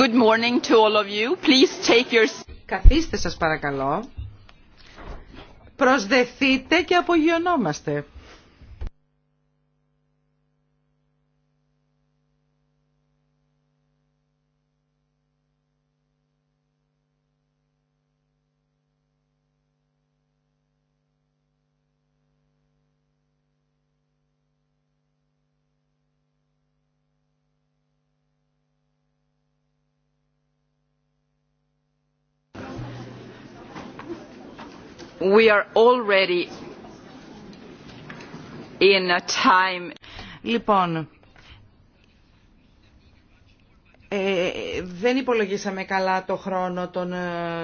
Good morning to all of you. Please take your... Καθίστε σας παρακαλώ. Προσδεθείτε και απογειωνόμαστε. We are already in a time. Λοιπόν, ε, δεν υπολογίσαμε καλά το χρόνο των ε,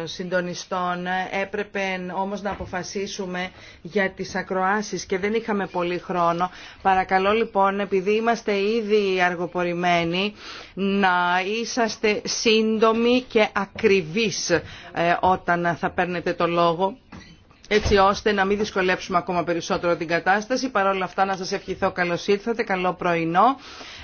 συντονιστών. Έπρεπε όμως να αποφασίσουμε για τις ακροάσεις και δεν είχαμε πολύ χρόνο. Παρακαλώ λοιπόν, επειδή είμαστε ήδη αργοπορημένοι, να είσαστε σύντομοι και ακριβείς ε, όταν θα παίρνετε το λόγο έτσι ώστε να μην δυσκολέψουμε ακόμα περισσότερο την κατάσταση. Παρ' όλα αυτά να σας ευχηθώ καλώς ήρθατε, καλό πρωινό.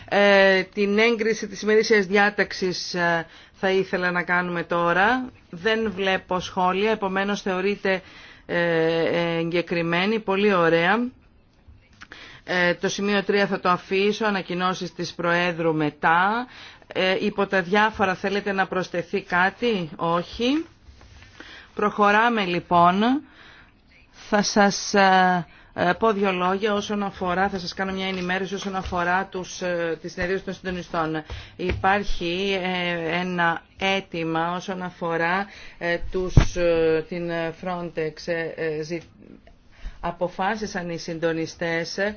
Ε, την έγκριση της ημερήσιας διάταξης ε, θα ήθελα να κάνουμε τώρα. Δεν βλέπω σχόλια, επομένως θεωρείται ε, εγκεκριμένη, πολύ ωραία. Ε, το σημείο 3 θα το αφήσω, ανακοινώσεις της Προέδρου μετά. Ε, υπό τα διάφορα θέλετε να προσθεθεί κάτι, όχι. Προχωράμε λοιπόν θα σας ε, ε, πω δύο λόγια όσον αφορά, θα σας κάνω μια ενημέρωση όσον αφορά τους, ε, τις συνεδρίες των συντονιστών. Υπάρχει ένα αίτημα όσον αφορά τους, την Frontex αποφάσισαν οι συντονιστές ε,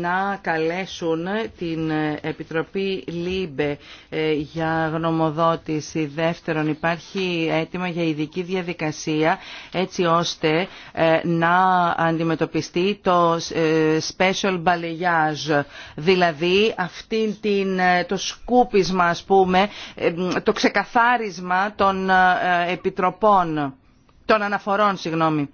να καλέσουν την Επιτροπή ΛΥΜΠΕ ε, για γνωμοδότηση. Δεύτερον, υπάρχει αίτημα για ειδική διαδικασία έτσι ώστε ε, να αντιμετωπιστεί το special balayage, δηλαδή αυτή την, το σκούπισμα πούμε, το ξεκαθάρισμα των επιτροπών, των αναφορών συγγνώμη.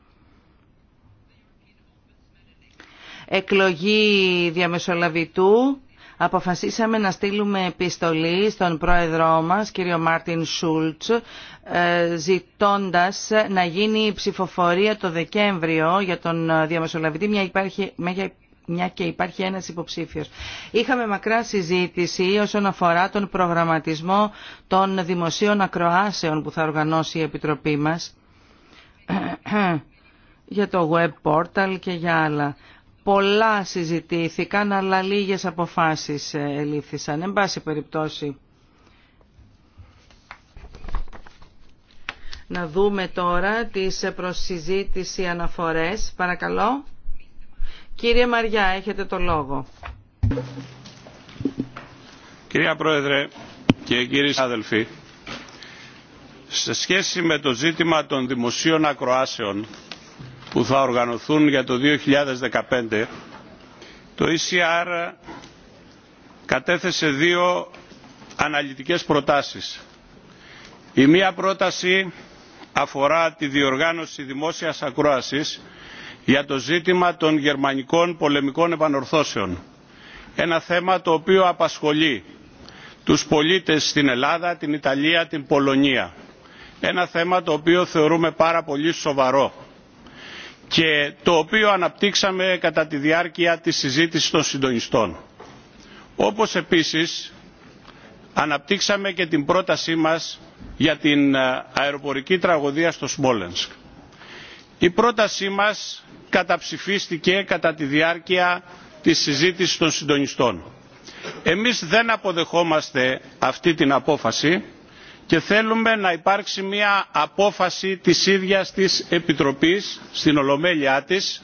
εκλογή διαμεσολαβητού αποφασίσαμε να στείλουμε επιστολή στον πρόεδρό μας, κύριο Μάρτιν Σούλτς, ε, ζητώντας να γίνει ψηφοφορία το Δεκέμβριο για τον ε, διαμεσολαβητή, μια υπάρχει, μια και υπάρχει ένας υποψήφιος. Είχαμε μακρά συζήτηση όσον αφορά τον προγραμματισμό των δημοσίων ακροάσεων που θα οργανώσει η Επιτροπή μας ε, για το web portal και για άλλα πολλά συζητήθηκαν, αλλά λίγες αποφάσεις ε, ελήφθησαν. Εν πάση περιπτώσει, να δούμε τώρα τις προσυζήτηση αναφορές. Παρακαλώ. Κύριε Μαριά, έχετε το λόγο. Κυρία Πρόεδρε και κύριοι αδελφοί, σε σχέση με το ζήτημα των δημοσίων ακροάσεων, που θα οργανωθούν για το 2015, το ECR κατέθεσε δύο αναλυτικές προτάσεις. Η μία πρόταση αφορά τη διοργάνωση δημόσιας ακρόασης για το ζήτημα των γερμανικών πολεμικών επανορθώσεων. Ένα θέμα το οποίο απασχολεί τους πολίτες στην Ελλάδα, την Ιταλία, την Πολωνία. Ένα θέμα το οποίο θεωρούμε πάρα πολύ σοβαρό και το οποίο αναπτύξαμε κατά τη διάρκεια της συζήτησης των συντονιστών. Όπως επίσης αναπτύξαμε και την πρότασή μας για την ε, αεροπορική τραγωδία στο Σμόλενσκ. Η πρότασή μας καταψηφίστηκε κατά τη διάρκεια της συζήτησης των συντονιστών. Εμείς δεν αποδεχόμαστε αυτή την απόφαση και θέλουμε να υπάρξει μια απόφαση της ίδιας της Επιτροπής στην Ολομέλειά της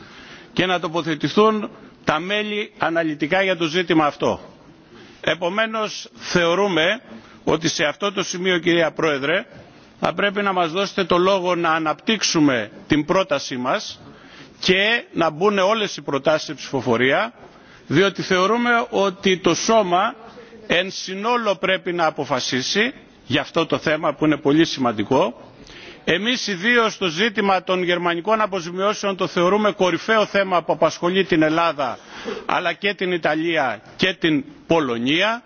και να τοποθετηθούν τα μέλη αναλυτικά για το ζήτημα αυτό. Επομένως θεωρούμε ότι σε αυτό το σημείο κυρία Πρόεδρε θα πρέπει να μας δώσετε το λόγο να αναπτύξουμε την πρότασή μας και να μπουν όλες οι προτάσεις σε ψηφοφορία διότι θεωρούμε ότι το σώμα εν συνόλο πρέπει να αποφασίσει για αυτό το θέμα που είναι πολύ σημαντικό. Εμείς ιδίω το ζήτημα των γερμανικών αποζημιώσεων το θεωρούμε κορυφαίο θέμα που απασχολεί την Ελλάδα αλλά και την Ιταλία και την Πολωνία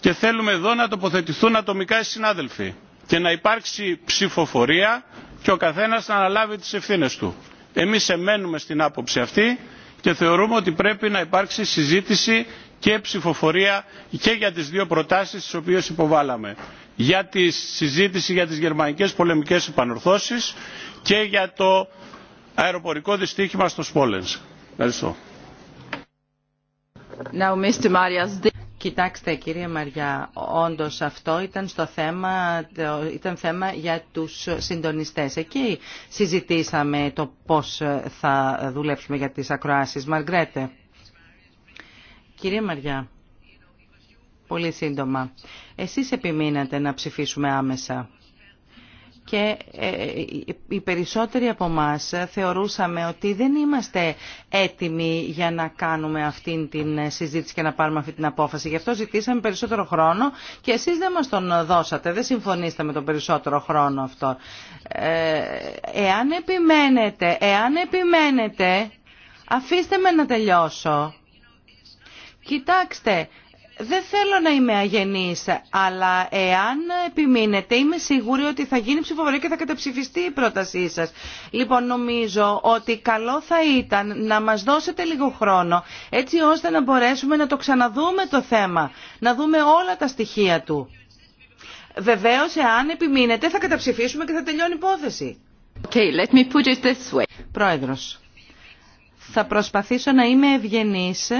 και θέλουμε εδώ να τοποθετηθούν ατομικά οι συνάδελφοι και να υπάρξει ψηφοφορία και ο καθένας να αναλάβει τις ευθύνες του. Εμείς εμένουμε στην άποψη αυτή και θεωρούμε ότι πρέπει να υπάρξει συζήτηση και ψηφοφορία και για τις δύο προτάσεις τις οποίες υποβάλαμε για τη συζήτηση για τις γερμανικές πολεμικές επανορθώσεις και για το αεροπορικό δυστύχημα στο Σπόλενς. Ευχαριστώ. Κοιτάξτε κύριε Μαριά, όντως αυτό ήταν, στο θέμα, ήταν θέμα για τους συντονιστές. Εκεί συζητήσαμε το πώς θα δουλέψουμε για τις ακροάσεις. Μαργκρέτε. Κύριε Μαριά, πολύ σύντομα. Εσείς επιμείνατε να ψηφίσουμε άμεσα και ε, οι περισσότεροι από εμά θεωρούσαμε ότι δεν είμαστε έτοιμοι για να κάνουμε αυτήν την συζήτηση και να πάρουμε αυτή την απόφαση. Γι' αυτό ζητήσαμε περισσότερο χρόνο και εσείς δεν μας τον δώσατε, δεν συμφωνήσατε με τον περισσότερο χρόνο αυτό. Ε, εάν επιμένετε, εάν επιμένετε, αφήστε με να τελειώσω. Κοιτάξτε, δεν θέλω να είμαι αγενής, αλλά εάν επιμείνετε είμαι σίγουρη ότι θα γίνει ψηφοφορία και θα καταψηφιστεί η πρότασή σας. Λοιπόν, νομίζω ότι καλό θα ήταν να μας δώσετε λίγο χρόνο, έτσι ώστε να μπορέσουμε να το ξαναδούμε το θέμα, να δούμε όλα τα στοιχεία του. Βεβαίως, εάν επιμείνετε θα καταψηφίσουμε και θα τελειώνει η υπόθεση. Okay, let me put it this way. Πρόεδρος, θα προσπαθήσω να είμαι ευγενής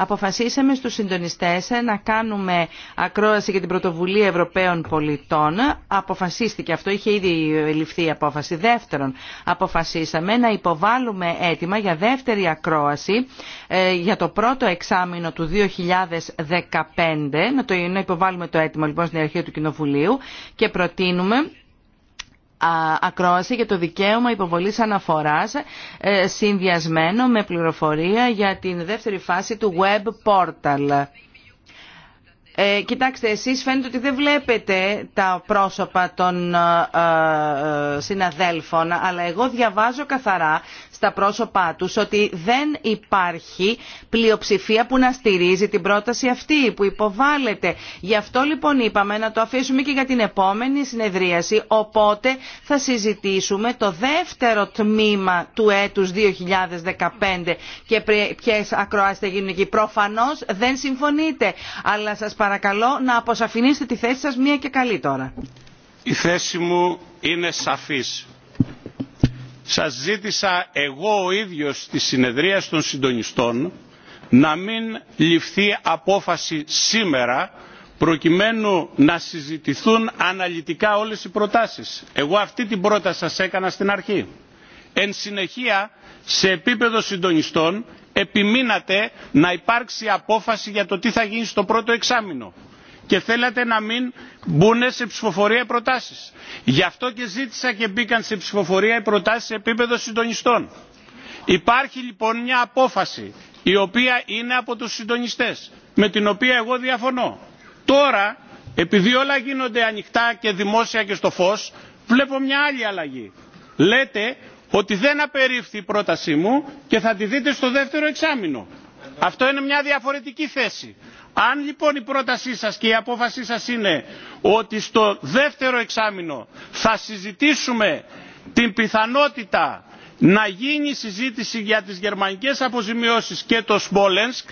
αποφασίσαμε στους συντονιστές να κάνουμε ακρόαση για την πρωτοβουλία Ευρωπαίων πολιτών. Αποφασίστηκε αυτό, είχε ήδη ληφθεί η απόφαση. Δεύτερον, αποφασίσαμε να υποβάλουμε αίτημα για δεύτερη ακρόαση ε, για το πρώτο εξάμεινο του 2015, να, το, να υποβάλουμε το αίτημα λοιπόν στην αρχή του Κοινοβουλίου και προτείνουμε ακρόαση για το δικαίωμα υποβολής αναφοράς ε, συνδυασμένο με πληροφορία για την δεύτερη φάση του web portal. Ε, κοιτάξτε, εσείς φαίνεται ότι δεν βλέπετε τα πρόσωπα των ε, ε, συναδέλφων, αλλά εγώ διαβάζω καθαρά στα πρόσωπά τους ότι δεν υπάρχει πλειοψηφία που να στηρίζει την πρόταση αυτή που υποβάλλεται. Γι' αυτό λοιπόν είπαμε να το αφήσουμε και για την επόμενη συνεδρίαση, οπότε θα συζητήσουμε το δεύτερο τμήμα του έτους 2015 και ποιες ακροάσεις θα γίνουν εκεί. Προφανώς δεν συμφωνείτε, αλλά σας παρακαλώ να αποσαφηνίσετε τη θέση σας μία και καλή τώρα. Η θέση μου είναι σαφής. Σας ζήτησα εγώ ο ίδιος στη συνεδρία των συντονιστών να μην ληφθεί απόφαση σήμερα προκειμένου να συζητηθούν αναλυτικά όλες οι προτάσεις. Εγώ αυτή την πρόταση σας έκανα στην αρχή. Εν συνεχεία, σε επίπεδο συντονιστών επιμείνατε να υπάρξει απόφαση για το τι θα γίνει στο πρώτο εξάμεινο και θέλατε να μην μπουν σε ψηφοφορία οι προτάσεις. Γι' αυτό και ζήτησα και μπήκαν σε ψηφοφορία οι προτάσεις σε επίπεδο συντονιστών. Υπάρχει λοιπόν μια απόφαση η οποία είναι από τους συντονιστές με την οποία εγώ διαφωνώ. Τώρα επειδή όλα γίνονται ανοιχτά και δημόσια και στο φως βλέπω μια άλλη αλλαγή. Λέτε ότι δεν απερίφθη η πρότασή μου και θα τη δείτε στο δεύτερο εξάμεινο. Αυτό είναι μια διαφορετική θέση. Αν λοιπόν η πρότασή σας και η απόφασή σας είναι ότι στο δεύτερο εξάμεινο θα συζητήσουμε την πιθανότητα να γίνει συζήτηση για τις γερμανικές αποζημιώσεις και το Σμόλενσκ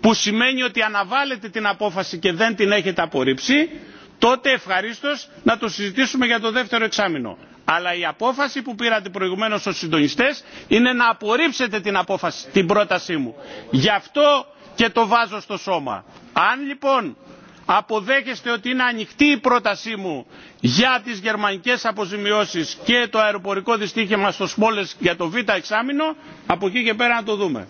που σημαίνει ότι αναβάλλετε την απόφαση και δεν την έχετε απορρίψει τότε ευχαρίστως να το συζητήσουμε για το δεύτερο εξάμεινο αλλά η απόφαση που πήρατε προηγουμένως στους συντονιστές είναι να απορρίψετε την, απόφαση, την πρότασή μου. Γι' αυτό και το βάζω στο σώμα. Αν λοιπόν αποδέχεστε ότι είναι ανοιχτή η πρότασή μου για τις γερμανικές αποζημιώσεις και το αεροπορικό δυστύχημα στο Σμόλες για το Β' εξάμεινο, από εκεί και πέρα να το δούμε.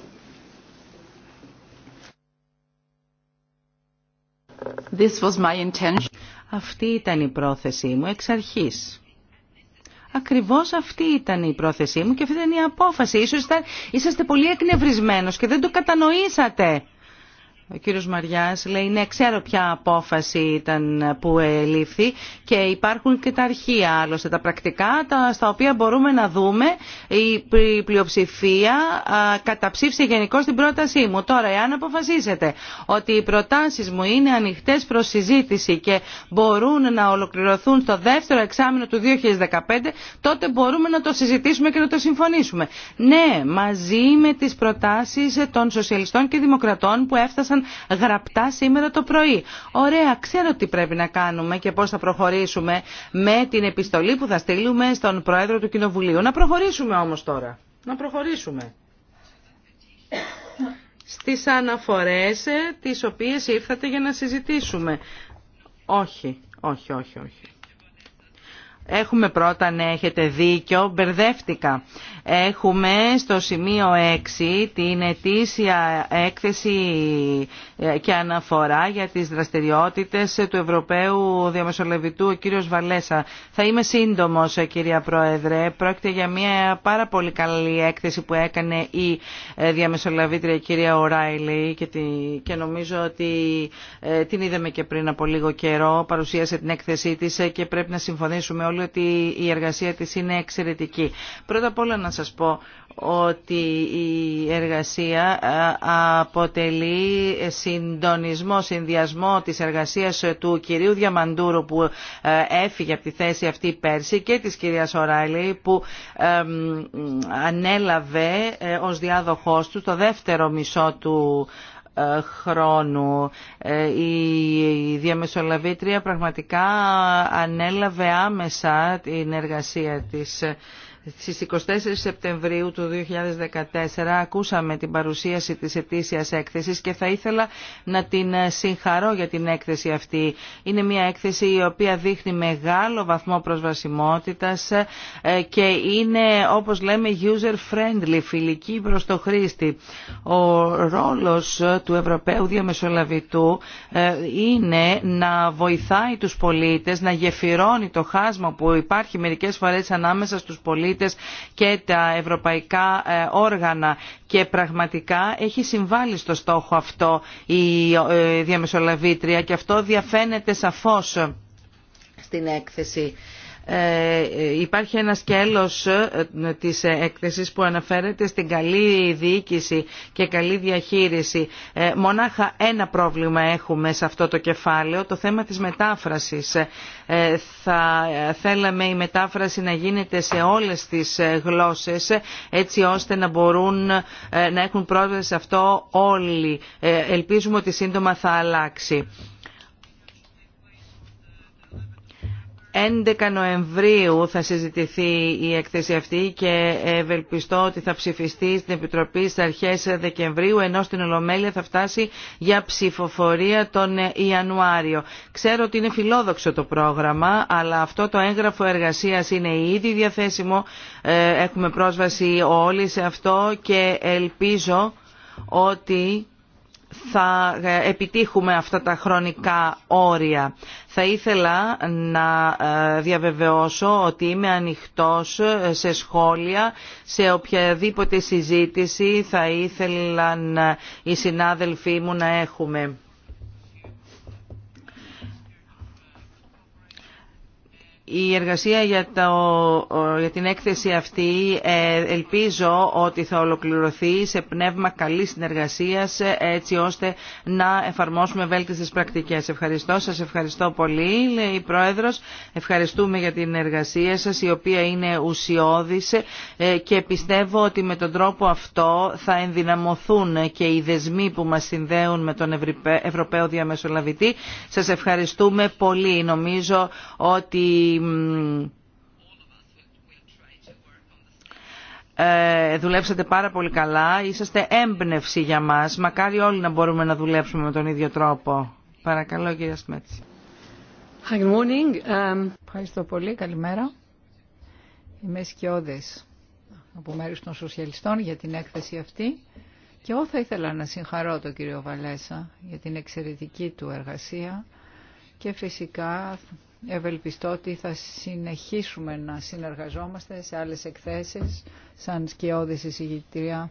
This was my intention. Αυτή ήταν η πρόθεσή μου εξ αρχής. Ακριβώς αυτή ήταν η πρόθεσή μου και αυτή ήταν η απόφαση. Ίσως ήταν, είσαστε πολύ εκνευρισμένο και δεν το κατανοήσατε. Ο κύριος Μαριάς λέει ναι ξέρω ποια απόφαση ήταν που λήφθη και υπάρχουν και τα αρχεία άλλωστε τα πρακτικά τα, στα οποία μπορούμε να δούμε η πλειοψηφία α, καταψήφισε γενικώ την πρότασή μου. Τώρα εάν αποφασίσετε ότι οι προτάσεις μου είναι ανοιχτές προς συζήτηση και μπορούν να ολοκληρωθούν στο δεύτερο εξάμεινο του 2015 τότε μπορούμε να το συζητήσουμε και να το συμφωνήσουμε. Ναι μαζί με τις προτάσεις των σοσιαλιστών και δημοκρατών που έφτασαν γραπτά σήμερα το πρωί. Ωραία, ξέρω τι πρέπει να κάνουμε και πώς θα προχωρήσουμε με την επιστολή που θα στείλουμε στον Πρόεδρο του Κοινοβουλίου. Να προχωρήσουμε όμως τώρα. Να προχωρήσουμε στις αναφορές ε, τις οποίες ήρθατε για να συζητήσουμε. Όχι, όχι, όχι, όχι. Έχουμε πρώτα, ναι, έχετε δίκιο, μπερδεύτηκα. Έχουμε στο σημείο 6 την ετήσια έκθεση ε, και αναφορά για τις δραστηριότητες του Ευρωπαίου Διαμεσολαβητού, ο κύριος Βαλέσα. Θα είμαι σύντομος, κυρία Πρόεδρε. Πρόκειται για μια πάρα πολύ καλή έκθεση που έκανε η ε, διαμεσολαβήτρια η κυρία Οράιλη και, νομίζω ότι ε, την είδαμε και πριν από λίγο καιρό, παρουσίασε την έκθεσή της και πρέπει να συμφωνήσουμε όλοι ότι η εργασία της είναι εξαιρετική. Πρώτα απ' όλα να σας πω ότι η εργασία ε, αποτελεί συντονισμό, συνδυασμό της εργασίας του κυρίου Διαμαντούρου που ε, έφυγε από τη θέση αυτή πέρσι και της κυρίας οράλή που ε, ανέλαβε ως διάδοχός του το δεύτερο μισό του χρόνου. Η διαμεσολαβήτρια πραγματικά ανέλαβε άμεσα την εργασία της στις 24 Σεπτεμβρίου του 2014 ακούσαμε την παρουσίαση της ετήσιας έκθεσης και θα ήθελα να την ε, συγχαρώ για την έκθεση αυτή. Είναι μια έκθεση η οποία δείχνει μεγάλο βαθμό προσβασιμότητας ε, και είναι όπως λέμε user friendly, φιλική προς το χρήστη. Ο ρόλος του Ευρωπαίου Διαμεσολαβητού ε, είναι να βοηθάει τους πολίτες, να γεφυρώνει το χάσμα που υπάρχει μερικές φορές ανάμεσα στους πολίτες και τα ευρωπαϊκά ε, όργανα και πραγματικά έχει συμβάλει στο στόχο αυτό η ε, διαμεσολαβήτρια και αυτό διαφαίνεται σαφώς στην έκθεση. Ε, υπάρχει ένα σκέλος ε, της έκθεσης που αναφέρεται στην καλή διοίκηση και καλή διαχείριση. Ε, μονάχα ένα πρόβλημα έχουμε σε αυτό το κεφάλαιο, το θέμα της μετάφρασης. Θα θέλαμε η μετάφραση να γίνεται σε όλες τις γλώσσες έτσι ώστε να μπορούν να έχουν πρόσβαση σε αυτό όλοι. Ελπίζουμε ότι σύντομα θα αλλάξει. 11 Νοεμβρίου θα συζητηθεί η έκθεση αυτή και ευελπιστώ ότι θα ψηφιστεί στην Επιτροπή στις αρχές Δεκεμβρίου ενώ στην Ολομέλεια θα φτάσει για ψηφοφορία τον Ιανουάριο. Ξέρω ότι είναι φιλόδοξο το πρόγραμμα αλλά αυτό το έγγραφο εργασίας είναι ήδη διαθέσιμο, ε, έχουμε πρόσβαση όλοι σε αυτό και ελπίζω ότι θα ε, επιτύχουμε αυτά τα χρονικά όρια. Θα ήθελα να ε, διαβεβαιώσω ότι είμαι ανοιχτός ε, σε σχόλια, σε οποιαδήποτε συζήτηση θα ήθελαν ε, οι συνάδελφοί μου να έχουμε. Η εργασία για, την έκθεση αυτή ε, ελπίζω ότι θα ολοκληρωθεί σε πνεύμα καλής συνεργασίας έτσι ώστε να εφαρμόσουμε βέλτιστες πρακτικές. Ευχαριστώ, σας ευχαριστώ πολύ, λέει η Πρόεδρος. Ευχαριστούμε για την εργασία σας η οποία είναι ουσιώδης ε, και πιστεύω ότι με τον τρόπο αυτό θα ενδυναμωθούν και οι δεσμοί που μας συνδέουν με τον Ευρωπαίο Διαμεσολαβητή. Σας ευχαριστούμε πολύ. Νομίζω ότι ε, δουλέψατε πάρα πολύ καλά. Είσαστε έμπνευση για μας. Μακάρι όλοι να μπορούμε να δουλέψουμε με τον ίδιο τρόπο. Παρακαλώ κυρία Σμέτση. Um, Ευχαριστώ πολύ. Καλημέρα. Είμαι σκιώδες από μέρους των σοσιαλιστών για την έκθεση αυτή. Και εγώ θα ήθελα να συγχαρώ τον κύριο Βαλέσα για την εξαιρετική του εργασία και φυσικά ευελπιστώ ότι θα συνεχίσουμε να συνεργαζόμαστε σε άλλες εκθέσεις σαν σκιώδης εισηγητρία.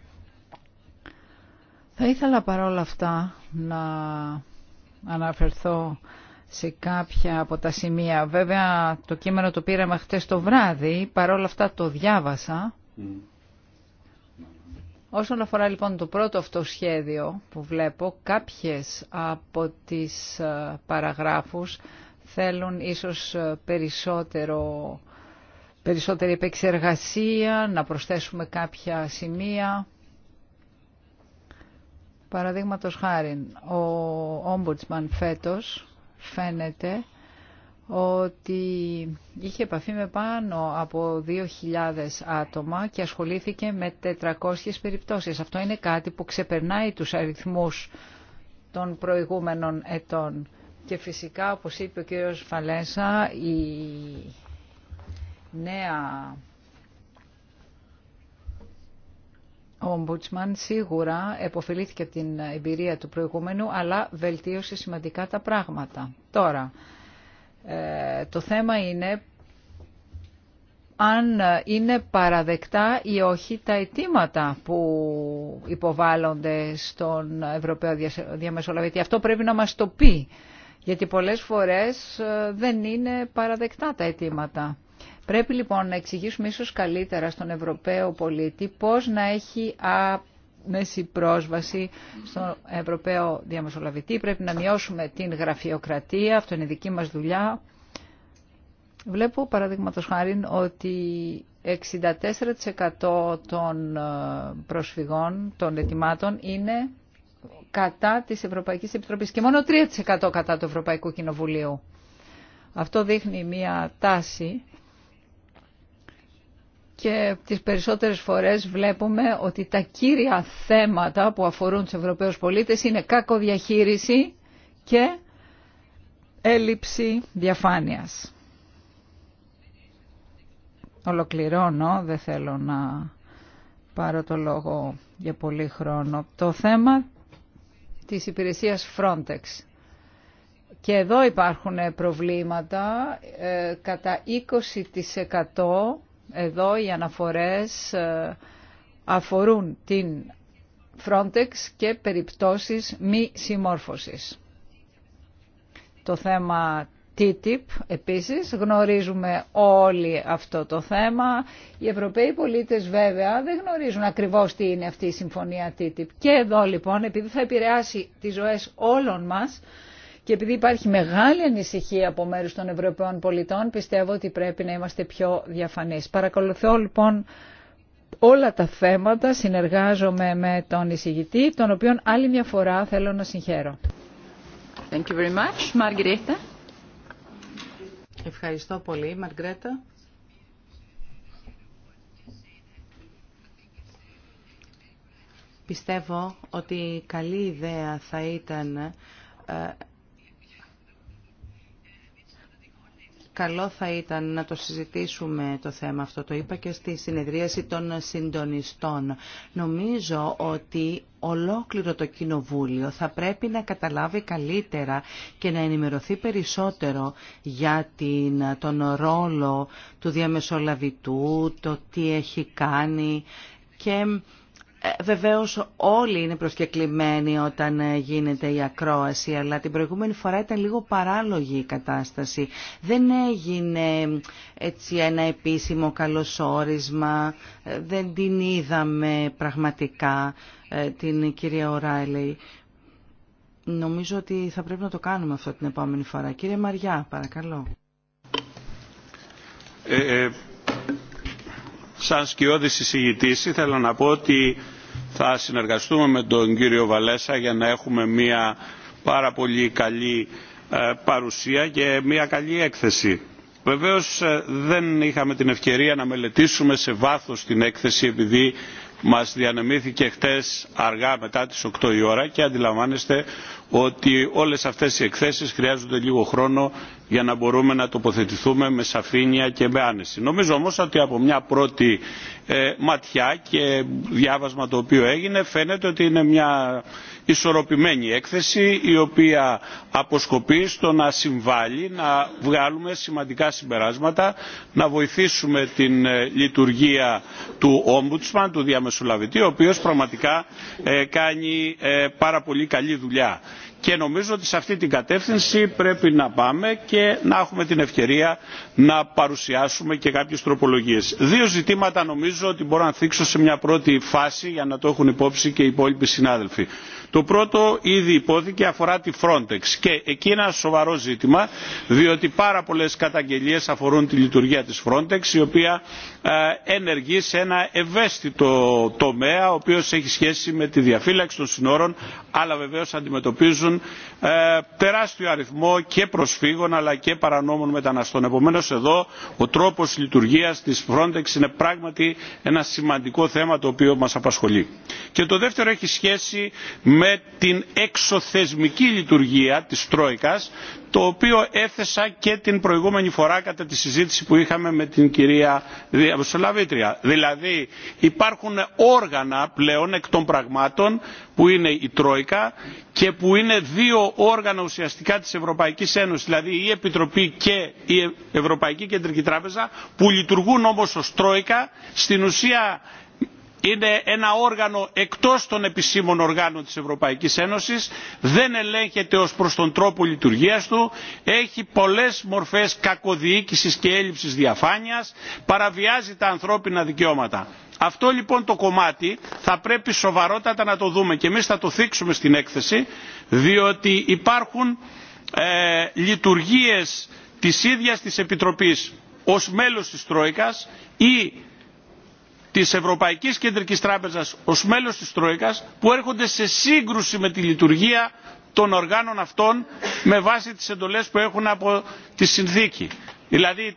Θα ήθελα παρόλα αυτά να αναφερθώ σε κάποια από τα σημεία. Βέβαια το κείμενο το πήραμε χτες το βράδυ, παρόλα αυτά το διάβασα. Όσον αφορά λοιπόν το πρώτο αυτό σχέδιο που βλέπω, κάποιες από τις ε, παραγράφους θέλουν ίσως περισσότερο, περισσότερη επεξεργασία, να προσθέσουμε κάποια σημεία. Παραδείγματο χάρη, ο Ombudsman φέτος φαίνεται ότι είχε επαφή με πάνω από 2.000 άτομα και ασχολήθηκε με 400 περιπτώσεις. Αυτό είναι κάτι που ξεπερνάει τους αριθμούς των προηγούμενων ετών. Και φυσικά, όπως είπε ο κύριος Φαλέσα, η νέα ομπούτσμαν σίγουρα εποφελήθηκε από την εμπειρία του προηγούμενου, αλλά βελτίωσε σημαντικά τα πράγματα. Τώρα, ε, το θέμα είναι αν είναι παραδεκτά ή όχι τα αιτήματα που υποβάλλονται στον Ευρωπαίο Διαμεσολαβητή. Αυτό πρέπει να μας το πει γιατί πολλές φορές ε, δεν είναι παραδεκτά τα αιτήματα. Πρέπει λοιπόν να εξηγήσουμε ίσως καλύτερα στον Ευρωπαίο πολίτη πώς να έχει άμεση πρόσβαση στον Ευρωπαίο διαμεσολαβητή. Πρέπει να μειώσουμε την γραφειοκρατία, αυτό είναι δική μας δουλειά. Βλέπω παραδείγματο χάρη ότι 64% των ε, προσφυγών, των ετοιμάτων είναι κατά της Ευρωπαϊκής Επιτροπής και μόνο 3% κατά του Ευρωπαϊκού Κοινοβουλίου. Αυτό δείχνει μία τάση και τις περισσότερες φορές βλέπουμε ότι τα κύρια θέματα που αφορούν τους Ευρωπαίους πολίτες είναι κακοδιαχείριση και έλλειψη διαφάνειας. Ολοκληρώνω, δεν θέλω να πάρω το λόγο για πολύ χρόνο. Το θέμα της υπηρεσίας Frontex. Και εδώ υπάρχουν ε, προβλήματα. Ε, κατά 20% εδώ οι αναφορές ε, αφορούν την Frontex και περιπτώσεις μη συμμόρφωσης. Το θέμα TTIP επίσης, γνωρίζουμε όλοι αυτό το θέμα. Οι Ευρωπαίοι πολίτες βέβαια δεν γνωρίζουν ακριβώς τι είναι αυτή η συμφωνία TTIP. Και εδώ λοιπόν, επειδή θα επηρεάσει τις ζωές όλων μας και επειδή υπάρχει μεγάλη ανησυχία από μέρους των Ευρωπαίων πολιτών, πιστεύω ότι πρέπει να είμαστε πιο διαφανείς. Παρακολουθώ λοιπόν όλα τα θέματα, συνεργάζομαι με τον εισηγητή, τον οποίον άλλη μια φορά θέλω να συγχαίρω. Thank you very much, Ευχαριστώ πολύ, Μαργκρέτα. Πιστεύω ότι καλή ιδέα θα ήταν ε, Καλό θα ήταν να το συζητήσουμε το θέμα αυτό, το είπα και στη συνεδρίαση των συντονιστών. Νομίζω ότι ολόκληρο το Κοινοβούλιο θα πρέπει να καταλάβει καλύτερα και να ενημερωθεί περισσότερο για την, τον ρόλο του διαμεσολαβητού, το τι έχει κάνει και ε, βεβαίως όλοι είναι προσκεκλημένοι όταν ε, γίνεται η ακρόαση, αλλά την προηγούμενη φορά ήταν λίγο παράλογη η κατάσταση. Δεν έγινε ε, έτσι ένα επίσημο καλωσόρισμα, δεν την είδαμε πραγματικά την κυρία Οράιλεϊ. Νομίζω ότι θα πρέπει να το κάνουμε αυτό την επόμενη φορά. Κύριε Μαριά, παρακαλώ. Ε, ε, σαν σκιώδης ήθελα να πω ότι θα συνεργαστούμε με τον κύριο Βαλέσα για να έχουμε μια πάρα πολύ καλή ε, παρουσία και μια καλή έκθεση. Βεβαίως ε, δεν είχαμε την ευκαιρία να μελετήσουμε σε βάθος την έκθεση επειδή μας διανεμήθηκε χτες αργά μετά τις 8 η ώρα και αντιλαμβάνεστε ότι όλες αυτές οι εκθέσεις χρειάζονται λίγο χρόνο για να μπορούμε να τοποθετηθούμε με σαφήνεια και με άνεση. Νομίζω όμως ότι από μια πρώτη ε, ματιά και διάβασμα το οποίο έγινε φαίνεται ότι είναι μια ισορροπημένη έκθεση η οποία αποσκοπεί στο να συμβάλλει να βγάλουμε σημαντικά συμπεράσματα να βοηθήσουμε την ε, λειτουργία του Ombudsman, του διαμεσολαβητή ο οποίος πραγματικά ε, κάνει πάρα πολύ καλή δουλειά και νομίζω ότι σε αυτή την κατεύθυνση πρέπει να πάμε και να έχουμε την ευκαιρία να παρουσιάσουμε και κάποιες τροπολογίες. Δύο ζητήματα νομίζω ότι μπορώ να θίξω σε μια πρώτη φάση για να το έχουν υπόψη και οι υπόλοιποι συνάδελφοι. Το πρώτο ήδη υπόθηκε αφορά τη Frontex και εκεί είναι ένα σοβαρό ζήτημα διότι πάρα πολλές καταγγελίες αφορούν τη λειτουργία της Frontex η οποία ε, ενεργεί σε ένα ευαίσθητο τομέα ο οποίος έχει σχέση με τη διαφύλαξη των συνόρων αλλά βεβαίως αντιμετωπίζουν ε, τεράστιο αριθμό και προσφύγων αλλά και παρανόμων μεταναστών. Επομένως εδώ ο τρόπος λειτουργίας της Frontex είναι πράγματι ένα σημαντικό θέμα το οποίο μας απασχολεί. Και το δεύτερο έχει σχέση με με την εξωθεσμική λειτουργία της Τρόικας, το οποίο έθεσα και την προηγούμενη φορά κατά τη συζήτηση που είχαμε με την κυρία Διαμεσολαβήτρια. Δηλαδή υπάρχουν όργανα πλέον εκ των πραγμάτων που είναι η Τρόικα και που είναι δύο όργανα ουσιαστικά της Ευρωπαϊκής Ένωσης, δηλαδή η Επιτροπή και η Ευρωπαϊκή Κεντρική Τράπεζα που λειτουργούν όμως ως Τρόικα, στην ουσία είναι ένα όργανο εκτός των επισήμων οργάνων της Ευρωπαϊκής Ένωσης, δεν ελέγχεται ως προς τον τρόπο λειτουργίας του, έχει πολλές μορφές κακοδιοίκησης και έλλειψης διαφάνειας, παραβιάζει τα ανθρώπινα δικαιώματα. Αυτό λοιπόν το κομμάτι θα πρέπει σοβαρότατα να το δούμε και εμείς θα το θίξουμε στην έκθεση, διότι υπάρχουν ε, λειτουργίες της ίδιας της Επιτροπής ως μέλος της Τρόικας ή της Ευρωπαϊκής Κεντρικής Τράπεζας ως μέλος της Τρόικας που έρχονται σε σύγκρουση με τη λειτουργία των οργάνων αυτών με βάση τις εντολές που έχουν από τη συνθήκη. Δηλαδή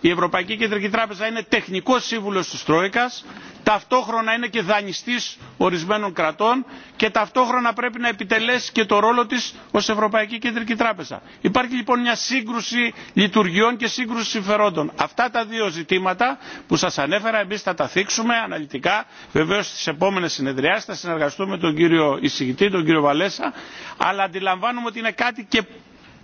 η, Ευρωπαϊκή Κεντρική Τράπεζα είναι τεχνικός σύμβουλος της Τρόικας, ταυτόχρονα είναι και δανειστής ορισμένων κρατών και ταυτόχρονα πρέπει να επιτελέσει και το ρόλο της ως Ευρωπαϊκή Κεντρική Τράπεζα. Υπάρχει λοιπόν μια σύγκρουση λειτουργιών και σύγκρουση συμφερόντων. Αυτά τα δύο ζητήματα που σας ανέφερα εμείς θα τα θίξουμε αναλυτικά. Βεβαίως στις επόμενες συνεδριάσεις θα συνεργαστούμε με τον κύριο εισηγητή, τον κύριο Βαλέσα, αλλά αντιλαμβάνομαι ότι είναι κάτι και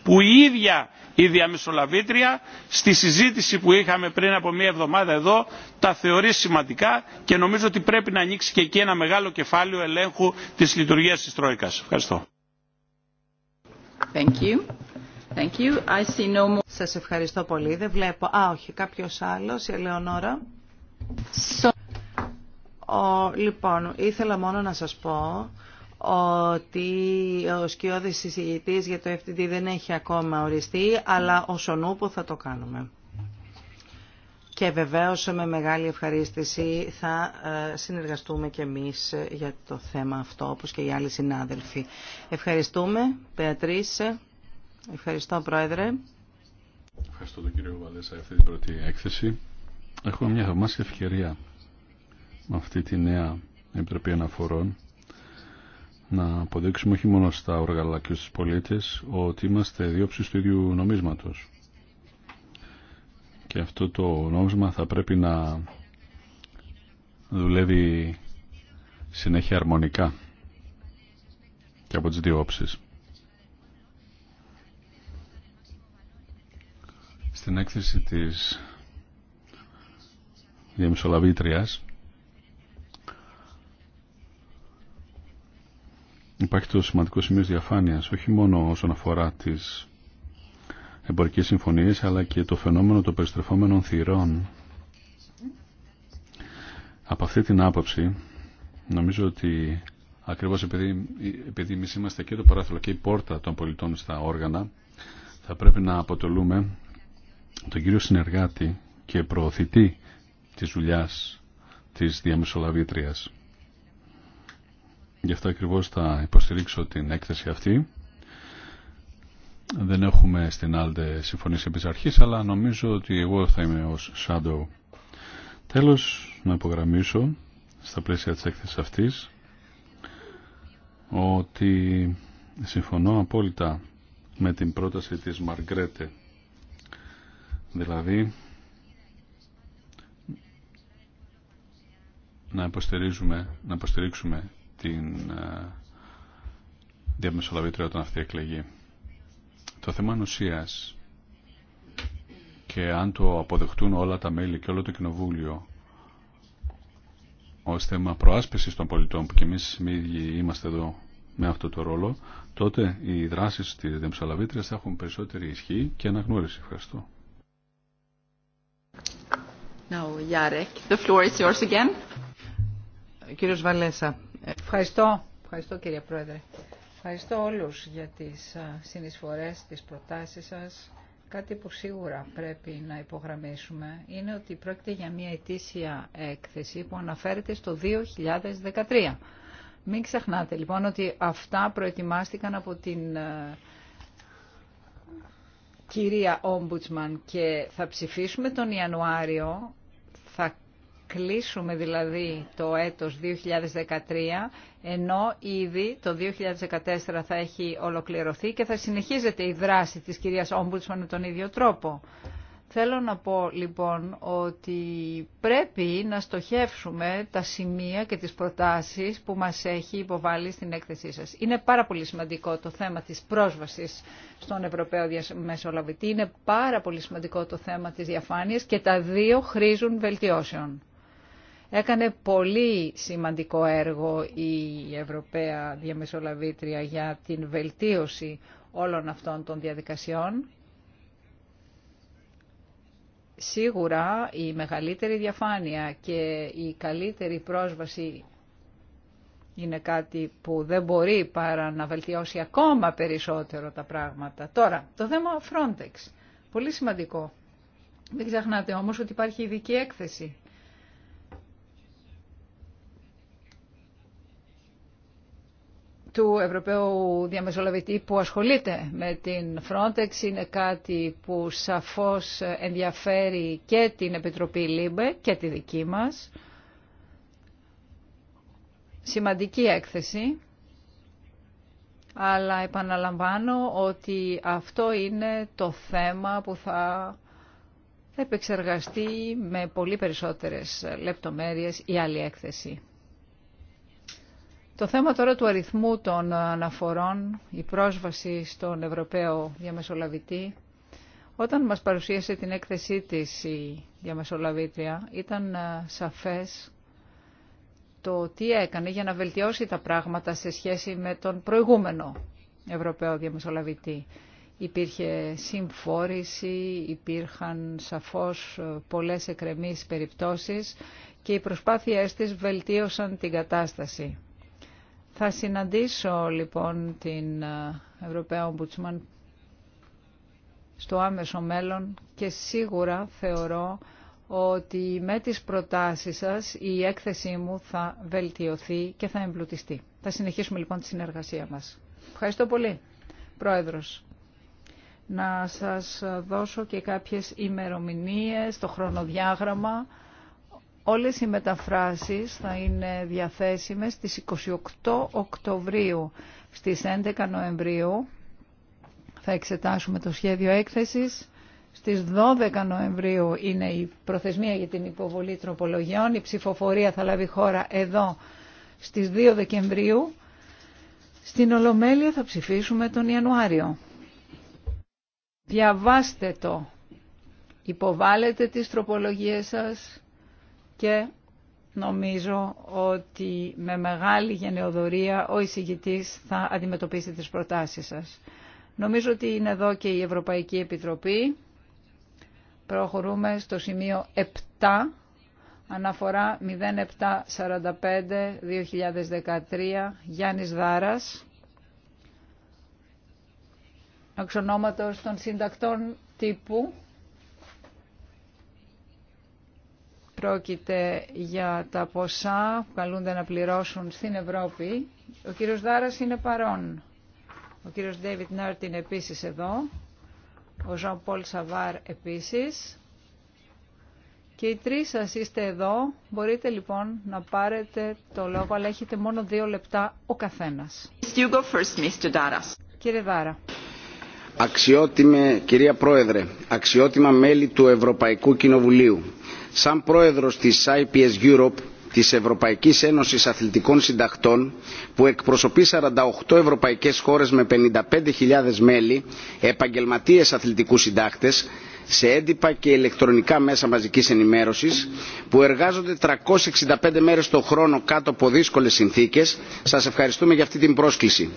που η ίδια η διαμεσολαβήτρια στη συζήτηση που είχαμε πριν από μία εβδομάδα εδώ τα θεωρεί σημαντικά και νομίζω ότι πρέπει να ανοίξει και εκεί ένα μεγάλο κεφάλαιο ελέγχου της λειτουργίας της Τρόικας. Ευχαριστώ. Thank you. Thank you. I Σας ευχαριστώ πολύ. Δεν βλέπω. Α, όχι, κάποιος άλλος, η Ελεονόρα. Ο, λοιπόν, ήθελα μόνο να σας πω ότι ο σκιώδης συζητητής για το FTD δεν έχει ακόμα οριστεί, αλλά ως θα το κάνουμε. Και βεβαίως με μεγάλη ευχαρίστηση θα ε, συνεργαστούμε και εμείς για το θέμα αυτό, όπως και οι άλλοι συνάδελφοι. Ευχαριστούμε, Πεατρίς. Ευχαριστώ, Πρόεδρε. Ευχαριστώ τον κύριο για αυτή την πρώτη έκθεση. Έχουμε μια θαυμάσια ευκαιρία με αυτή τη νέα Επιτροπή Αναφορών να αποδείξουμε όχι μόνο στα όργαλα και στους πολίτες ότι είμαστε διόψεις του ίδιου νομίσματος. Και αυτό το νόμισμα θα πρέπει να δουλεύει συνέχεια αρμονικά και από τις δύο όψεις. Στην έκθεση της διαμεσολαβήτριας Υπάρχει το σημαντικό σημείο διαφάνειας, όχι μόνο όσον αφορά τις εμπορικές συμφωνίες, αλλά και το φαινόμενο των περιστρεφόμενων θυρών. Από αυτή την άποψη, νομίζω ότι ακριβώς επειδή, επειδή εμείς είμαστε και το παράθυρο και η πόρτα των πολιτών στα όργανα, θα πρέπει να αποτελούμε τον κύριο συνεργάτη και προωθητή της δουλειά της διαμεσολαβήτριας. Γι' αυτό ακριβώς θα υποστηρίξω την έκθεση αυτή. Δεν έχουμε στην Άλντε συμφωνήσει επί αρχής, αλλά νομίζω ότι εγώ θα είμαι ως shadow. Τέλος, να υπογραμμίσω στα πλαίσια της έκθεσης αυτής ότι συμφωνώ απόλυτα με την πρόταση της Μαργκρέτε. Δηλαδή, να υποστηρίξουμε, να υποστηρίξουμε την ε, διαμεσολαβήτρια όταν αυτή εκλεγεί. Το θέμα ανοσίας και αν το αποδεχτούν όλα τα μέλη και όλο το κοινοβούλιο ως θέμα προάσπισης των πολιτών που και εμείς οι ίδιοι είμαστε εδώ με αυτό το ρόλο, τότε οι δράσεις της Δεμψαλαβήτριας θα έχουν περισσότερη ισχύ και αναγνώριση. Ευχαριστώ. Now, Yarek, the floor is yours again. Κύριος Βαλέσα, Ευχαριστώ. Ευχαριστώ κύριε Πρόεδρε. Ευχαριστώ όλους για τις συνεισφορές, τις προτάσεις σας. Κάτι που σίγουρα πρέπει να υπογραμμίσουμε είναι ότι πρόκειται για μια ετήσια έκθεση που αναφέρεται στο 2013. Μην ξεχνάτε λοιπόν ότι αυτά προετοιμάστηκαν από την κυρία Ομπουτσμαν και θα ψηφίσουμε τον Ιανουάριο, κλείσουμε δηλαδή το έτος 2013, ενώ ήδη το 2014 θα έχει ολοκληρωθεί και θα συνεχίζεται η δράση της κυρίας Όμπουτσμαν με τον ίδιο τρόπο. Θέλω να πω λοιπόν ότι πρέπει να στοχεύσουμε τα σημεία και τις προτάσεις που μας έχει υποβάλει στην έκθεσή σας. Είναι πάρα πολύ σημαντικό το θέμα της πρόσβασης στον Ευρωπαίο Μεσολαβητή. Είναι πάρα πολύ σημαντικό το θέμα της διαφάνειας και τα δύο χρήζουν βελτιώσεων. Έκανε πολύ σημαντικό έργο η Ευρωπαία Διαμεσολαβήτρια για την βελτίωση όλων αυτών των διαδικασιών. Σίγουρα η μεγαλύτερη διαφάνεια και η καλύτερη πρόσβαση είναι κάτι που δεν μπορεί παρά να βελτιώσει ακόμα περισσότερο τα πράγματα. Τώρα, το θέμα Frontex. Πολύ σημαντικό. Δεν ξεχνάτε όμως ότι υπάρχει ειδική έκθεση του Ευρωπαίου Διαμεσολαβητή που ασχολείται με την Frontex είναι κάτι που σαφώς ενδιαφέρει και την Επιτροπή ΛΥΜΠΕ και τη δική μας. Σημαντική έκθεση, αλλά επαναλαμβάνω ότι αυτό είναι το θέμα που θα επεξεργαστεί με πολύ περισσότερες λεπτομέρειες η άλλη έκθεση. Το θέμα τώρα του αριθμού των αναφορών, η πρόσβαση στον Ευρωπαίο διαμεσολαβητή, όταν μας παρουσίασε την έκθεσή της η διαμεσολαβήτρια, ήταν ε, σαφές το τι έκανε για να βελτιώσει τα πράγματα σε σχέση με τον προηγούμενο Ευρωπαίο διαμεσολαβητή. Υπήρχε συμφόρηση, υπήρχαν σαφώς ε, πολλές εκρεμείς περιπτώσεις και οι προσπάθειές της βελτίωσαν την κατάσταση. Θα συναντήσω λοιπόν την ε, Ευρωπαία Ομπουτσμαν στο άμεσο μέλλον και σίγουρα θεωρώ ότι με τις προτάσεις σας η έκθεσή μου θα βελτιωθεί και θα εμπλουτιστεί. Θα συνεχίσουμε λοιπόν τη συνεργασία μας. Ευχαριστώ πολύ, Πρόεδρος. Να σας δώσω και κάποιες ημερομηνίες, το χρονοδιάγραμμα. Όλες οι μεταφράσεις θα είναι διαθέσιμες στις 28 Οκτωβρίου. Στις 11 Νοεμβρίου θα εξετάσουμε το σχέδιο έκθεσης. Στις 12 Νοεμβρίου είναι η προθεσμία για την υποβολή τροπολογιών. Η ψηφοφορία θα λάβει χώρα εδώ στις 2 Δεκεμβρίου. Στην Ολομέλεια θα ψηφίσουμε τον Ιανουάριο. Διαβάστε το. Υποβάλλετε τις τροπολογίες σας και νομίζω ότι με μεγάλη γενεοδορία ο εισηγητής θα αντιμετωπίσει τις προτάσεις σας. Νομίζω ότι είναι εδώ και η Ευρωπαϊκή Επιτροπή. Προχωρούμε στο σημείο 7, αναφορά 0745-2013, Γιάννης Δάρας, εξ των συντακτών τύπου Πρόκειται για τα ποσά που καλούνται να πληρώσουν στην Ευρώπη. Ο κύριος Δάρας είναι παρόν. Ο κύριος Ντέιβιτ Νέρτ είναι επίσης εδώ. Ο Ζαν Πολ Σαβάρ επίσης. Και οι τρεις σας είστε εδώ. Μπορείτε λοιπόν να πάρετε το λόγο, αλλά έχετε μόνο δύο λεπτά ο καθένας. Κύριε Δάρα. Αξιότιμε, κυρία Πρόεδρε, αξιότιμα μέλη του Ευρωπαϊκού Κοινοβουλίου σαν πρόεδρος της IPS Europe της Ευρωπαϊκής Ένωσης Αθλητικών Συντακτών που εκπροσωπεί 48 ευρωπαϊκές χώρες με 55.000 μέλη, επαγγελματίες αθλητικούς συντάκτες, σε έντυπα και ηλεκτρονικά μέσα μαζικής ενημέρωσης που εργάζονται 365 μέρες το χρόνο κάτω από δύσκολες συνθήκες. Σας ευχαριστούμε για αυτή την πρόσκληση.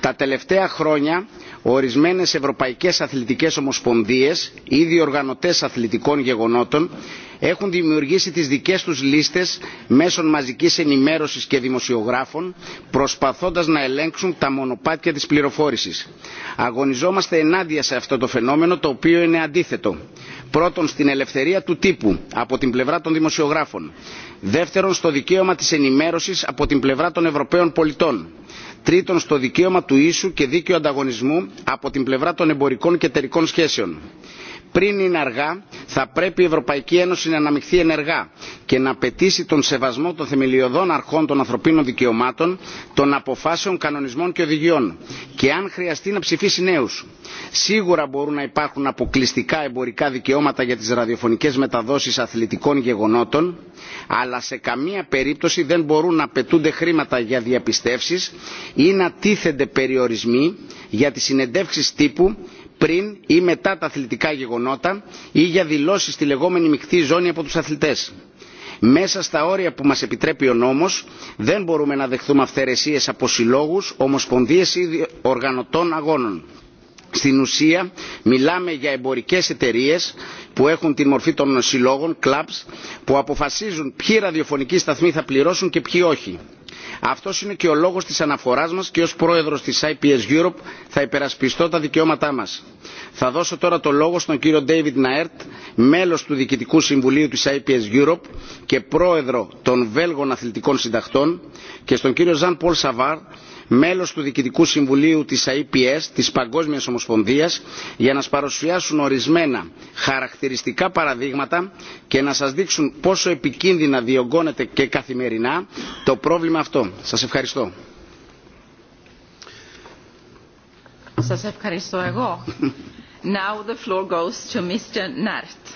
Τα τελευταία χρόνια ορισμένες ευρωπαϊκές αθλητικές ομοσπονδίες ή διοργανωτές αθλητικών γεγονότων έχουν δημιουργήσει τις δικές τους λίστες μέσων μαζικής ενημέρωσης και δημοσιογράφων προσπαθώντας να ελέγξουν τα μονοπάτια της πληροφόρησης. Αγωνιζόμαστε ενάντια σε αυτό το φαινόμενο το οποίο είναι αντίθετο. Πρώτον στην ελευθερία του τύπου από την πλευρά των δημοσιογράφων. Δεύτερον στο δικαίωμα της ενημέρωσης από την πλευρά των Ευρωπαίων πολιτών τρίτον στο δικαίωμα του ίσου και δίκαιου ανταγωνισμού από την πλευρά των εμπορικών και εταιρικών σχέσεων πριν είναι αργά θα πρέπει η ευρωπαϊκή ένωση να αναμειχθεί ενεργά και να απαιτήσει τον σεβασμό των θεμελιωδών αρχών των ανθρωπίνων δικαιωμάτων των αποφάσεων κανονισμών και οδηγιών και αν χρειαστεί να ψηφίσει νέου. σίγουρα μπορούν να υπάρχουν αποκλειστικά εμπορικά δικαιώματα για τις ραδιοφωνικές μεταδόσεις αθλητικών γεγονότων αλλά σε καμία περίπτωση δεν μπορούν να απαιτούνται χρήματα για διαπιστεύσει ή να τίθενται περιορισμοί για τι συνεντεύξει τύπου πριν ή μετά τα αθλητικά γεγονότα ή για δηλώσεις στη λεγόμενη μεικτή ζώνη από τους αθλητές. Μέσα στα όρια που μας επιτρέπει ο νόμος δεν μπορούμε να δεχθούμε αυθαιρεσίες από συλλόγου, ομοσπονδίες ή οργανωτών αγώνων. Στην ουσία μιλάμε για εμπορικές εταιρείες που έχουν την μορφή των συλλόγων, clubs, που αποφασίζουν ποιοι ραδιοφωνικοί σταθμοί θα πληρώσουν και ποιοι όχι αυτός είναι και ο λόγος της αναφοράς μας και ως πρόεδρος της IPS Europe θα υπερασπιστώ τα δικαιώματά μας. Θα δώσω τώρα το λόγο στον κύριο David Ναέρτ, μέλος του Διοικητικού Συμβουλίου της IPS Europe και πρόεδρο των Βέλγων Αθλητικών Συντακτών και στον κύριο Ζαν Πολ Σαβάρ, μέλος του Διοικητικού Συμβουλίου της IPS, της Παγκόσμιας Ομοσπονδίας, για να σας παρουσιάσουν ορισμένα χαρακτηριστικά παραδείγματα και να σας δείξουν πόσο επικίνδυνα διωγγώνεται και καθημερινά το πρόβλημα αυτό. Σας ευχαριστώ. Σας ευχαριστώ εγώ. Now the floor goes to Mr. Nart.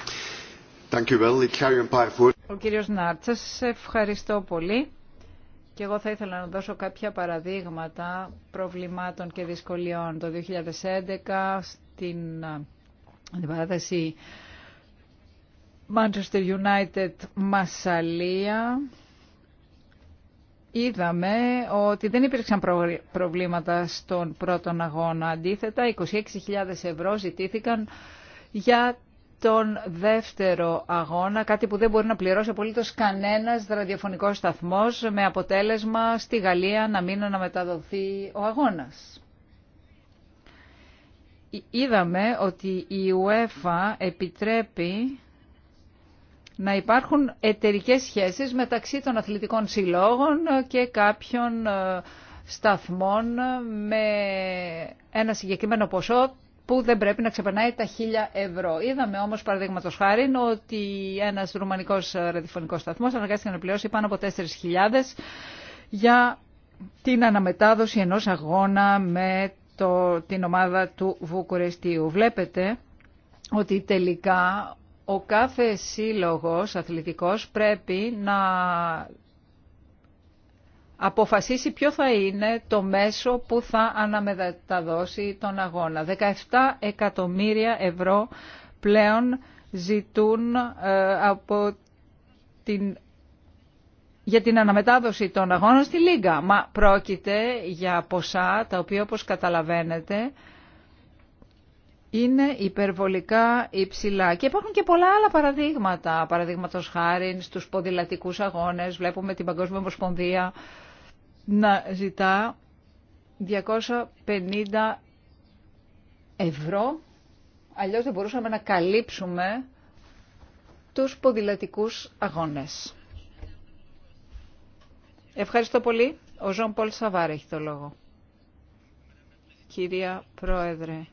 Ο κύριος Νάρτ, σας ευχαριστώ πολύ. Και εγώ θα ήθελα να δώσω κάποια παραδείγματα προβλημάτων και δυσκολιών. Το 2011 στην αντιπαράθεση Manchester United Μασαλία είδαμε ότι δεν υπήρξαν προβλήματα στον πρώτον αγώνα. Αντίθετα, 26.000 ευρώ ζητήθηκαν για τον δεύτερο αγώνα, κάτι που δεν μπορεί να πληρώσει απολύτω κανένα ραδιοφωνικό σταθμός, με αποτέλεσμα στη Γαλλία να μην αναμεταδοθεί ο αγώνας. Είδαμε ότι η UEFA επιτρέπει να υπάρχουν εταιρικές σχέσεις μεταξύ των αθλητικών συλλόγων και κάποιων ε, σταθμών με ένα συγκεκριμένο ποσό που δεν πρέπει να ξεπερνάει τα 1000 ευρώ. Είδαμε όμως παραδείγματο χάρη ότι ένας Ρουμανικό ραδιοφωνικός σταθμός αναγκάστηκε να πληρώσει πάνω από 4.000 για την αναμετάδοση ενός αγώνα με το, την ομάδα του Βουκουρεστίου. Βλέπετε ότι τελικά ο κάθε σύλλογος αθλητικός πρέπει να αποφασίσει ποιο θα είναι το μέσο που θα αναμεταδώσει τον αγώνα. 17 εκατομμύρια ευρώ πλέον ζητούν ε, από την για την αναμετάδοση των αγώνων στη Λίγκα. Μα πρόκειται για ποσά τα οποία όπως καταλαβαίνετε είναι υπερβολικά υψηλά. Και υπάρχουν και πολλά άλλα παραδείγματα. Παραδείγματος χάρη στους ποδηλατικούς αγώνες, βλέπουμε την Παγκόσμια Ομοσπονδία να ζητά 250 ευρώ, αλλιώς δεν μπορούσαμε να καλύψουμε τους ποδηλατικούς αγώνες. Ευχαριστώ πολύ. Ο Ζων Πολ Σαβάρ έχει το λόγο. Κυρία Πρόεδρε,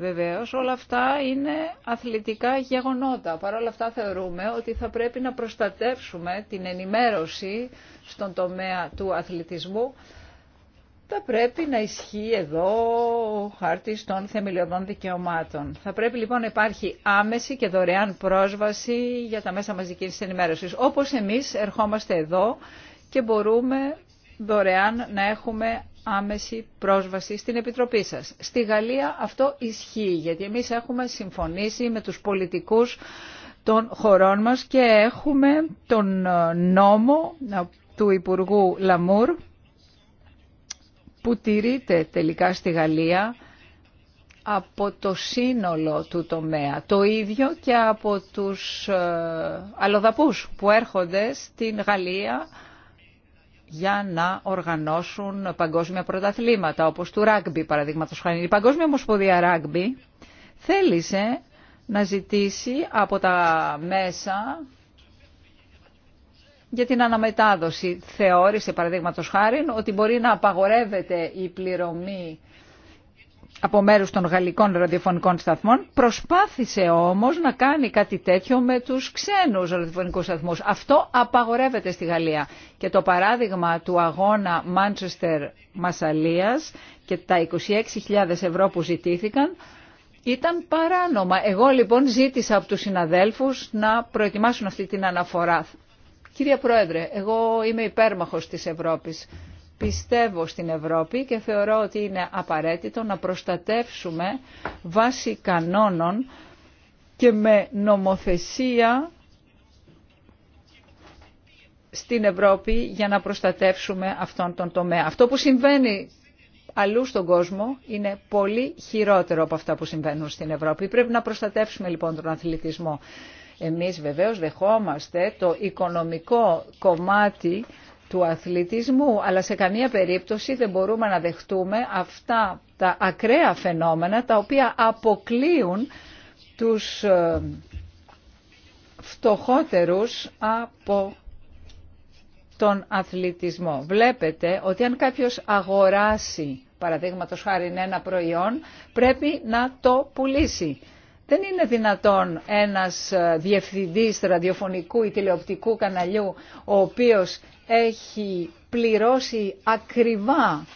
Βεβαίως όλα αυτά είναι αθλητικά γεγονότα. Παρ' όλα αυτά θεωρούμε ότι θα πρέπει να προστατεύσουμε την ενημέρωση στον τομέα του αθλητισμού. Θα πρέπει να ισχύει εδώ ο χάρτης των θεμελιωδών δικαιωμάτων. Θα πρέπει λοιπόν να υπάρχει άμεση και δωρεάν πρόσβαση για τα μέσα μαζικής ενημέρωσης. Όπως εμείς ερχόμαστε εδώ και μπορούμε δωρεάν να έχουμε άμεση πρόσβαση στην Επιτροπή σας. Στη Γαλλία αυτό ισχύει, γιατί εμείς έχουμε συμφωνήσει με τους πολιτικούς των χωρών μας και έχουμε τον ε, νόμο ε, του Υπουργού Λαμούρ που τηρείται τελικά στη Γαλλία από το σύνολο του τομέα. Το ίδιο και από τους ε, αλλοδαπούς που έρχονται στην Γαλλία για να οργανώσουν παγκόσμια πρωταθλήματα, όπως του ράγμπι παραδείγματο χάρη. Η Παγκόσμια Ομοσπονδία Ράγμπι θέλησε να ζητήσει από τα μέσα για την αναμετάδοση. Θεώρησε παραδείγματο χάρη ότι μπορεί να απαγορεύεται η πληρωμή από μέρους των γαλλικών ραδιοφωνικών σταθμών. Προσπάθησε όμως να κάνει κάτι τέτοιο με τους ξένους ραδιοφωνικούς σταθμούς. Αυτό απαγορεύεται στη Γαλλία. Και το παράδειγμα του αγώνα Μάντσεστερ Μασαλίας και τα 26.000 ευρώ που ζητήθηκαν ήταν παράνομα. Εγώ λοιπόν ζήτησα από τους συναδέλφους να προετοιμάσουν αυτή την αναφορά. Κύριε Πρόεδρε, εγώ είμαι υπέρμαχος της Ευρώπης πιστεύω στην Ευρώπη και θεωρώ ότι είναι απαραίτητο να προστατεύσουμε βάσει κανόνων και με νομοθεσία στην Ευρώπη για να προστατεύσουμε αυτόν τον τομέα. Αυτό που συμβαίνει αλλού στον κόσμο είναι πολύ χειρότερο από αυτά που συμβαίνουν στην Ευρώπη. Πρέπει να προστατεύσουμε λοιπόν τον αθλητισμό. Εμείς βεβαίως δεχόμαστε το οικονομικό κομμάτι του αθλητισμού, αλλά σε καμία περίπτωση δεν μπορούμε να δεχτούμε αυτά τα ακραία φαινόμενα τα οποία αποκλείουν τους ε, φτωχότερους από τον αθλητισμό. Βλέπετε ότι αν κάποιος αγοράσει, παραδείγματος χάρη ένα προϊόν, πρέπει να το πουλήσει. Δεν είναι δυνατόν ένας ε, διευθυντής ραδιοφωνικού ή τηλεοπτικού καναλιού ο οποίος έχει πληρώσει ακριβά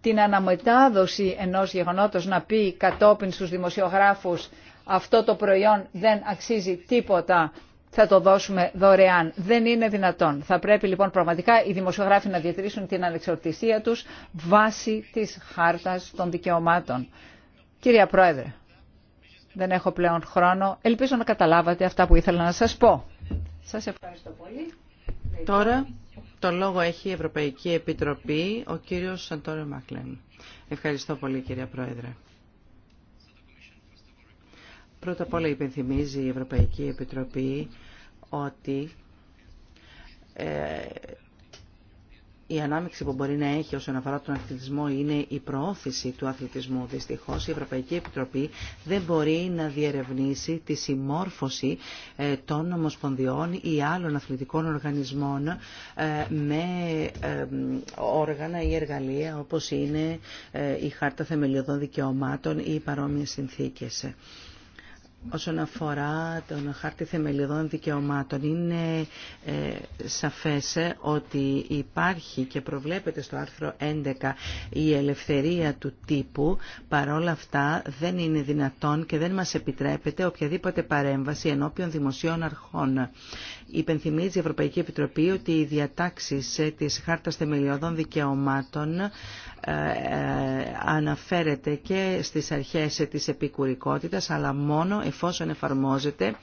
την αναμετάδοση ενός γεγονότος να πει κατόπιν στους δημοσιογράφους αυτό το προϊόν δεν αξίζει τίποτα, θα το δώσουμε δωρεάν. Δεν είναι δυνατόν. Θα πρέπει λοιπόν πραγματικά οι δημοσιογράφοι να διατηρήσουν την ανεξαρτησία τους βάσει της χάρτας των δικαιωμάτων. Κυρία Πρόεδρε, δεν έχω πλέον χρόνο. Ελπίζω να καταλάβατε αυτά που ήθελα να σας πω. Σας ευχαριστώ πολύ. Τώρα το λόγο έχει η Ευρωπαϊκή Επιτροπή, ο κύριος Σαντόριο Μάκλεν. Ευχαριστώ πολύ κυρία Πρόεδρε. Πρώτα απ' όλα υπενθυμίζει η Ευρωπαϊκή Επιτροπή ότι ε, η ανάμειξη που μπορεί να έχει όσον αφορά τον αθλητισμό είναι η προώθηση του αθλητισμού. Δυστυχώ, η Ευρωπαϊκή Επιτροπή δεν μπορεί να διερευνήσει τη συμμόρφωση ε, των ομοσπονδιών ή άλλων αθλητικών οργανισμών ε, με ε, όργανα ή εργαλεία όπως είναι η Χάρτα Θεμελιωδών Δικαιωμάτων ή παρόμοιες παρομοιες συνθηκε όσον αφορά τον χάρτη θεμελιδών δικαιωμάτων. Είναι ε, σαφές ε, ότι υπάρχει και προβλέπεται στο άρθρο 11 η ελευθερία του τύπου. Παρόλα αυτά δεν είναι δυνατόν και δεν μας επιτρέπεται οποιαδήποτε παρέμβαση ενώπιον δημοσίων αρχών υπενθυμίζει η Ευρωπαϊκή Επιτροπή ότι οι διατάξει ε, τη χάρτα Θεμελιωδών Δικαιωμάτων ε, ε, αναφέρεται και στις αρχές της επικουρικότητας, αλλά μόνο εφόσον εφαρμόζεται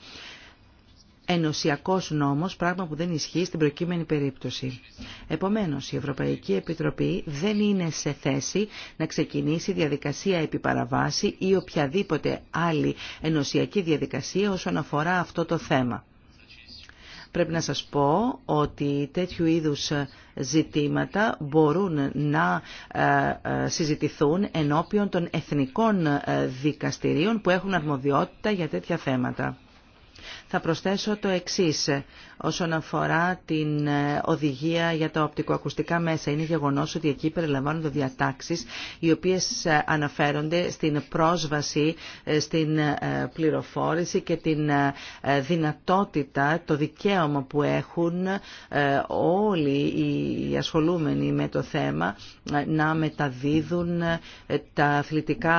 ενωσιακός νόμος, πράγμα που δεν ισχύει στην προκείμενη περίπτωση. Επομένως, η Ευρωπαϊκή Επιτροπή δεν είναι σε θέση να ξεκινήσει διαδικασία επιπαραβάση ή οποιαδήποτε άλλη ενωσιακή διαδικασία όσον αφορά αυτό το θέμα. Πρέπει να σας πω ότι τέτοιου είδους ζητήματα μπορούν να ε, ε, συζητηθούν ενώπιον των εθνικών ε, δικαστηρίων που έχουν αρμοδιότητα για τέτοια θέματα. Θα προσθέσω το εξής όσον αφορά την ε, οδηγία για τα οπτικοακουστικά μέσα. Είναι γεγονός ότι εκεί περιλαμβάνονται διατάξεις οι οποίες ε, αναφέρονται στην πρόσβαση, ε, στην πληροφόρηση και την δυνατότητα, το δικαίωμα που έχουν όλοι οι ασχολούμενοι με το θέμα να μεταδίδουν τα αθλητικά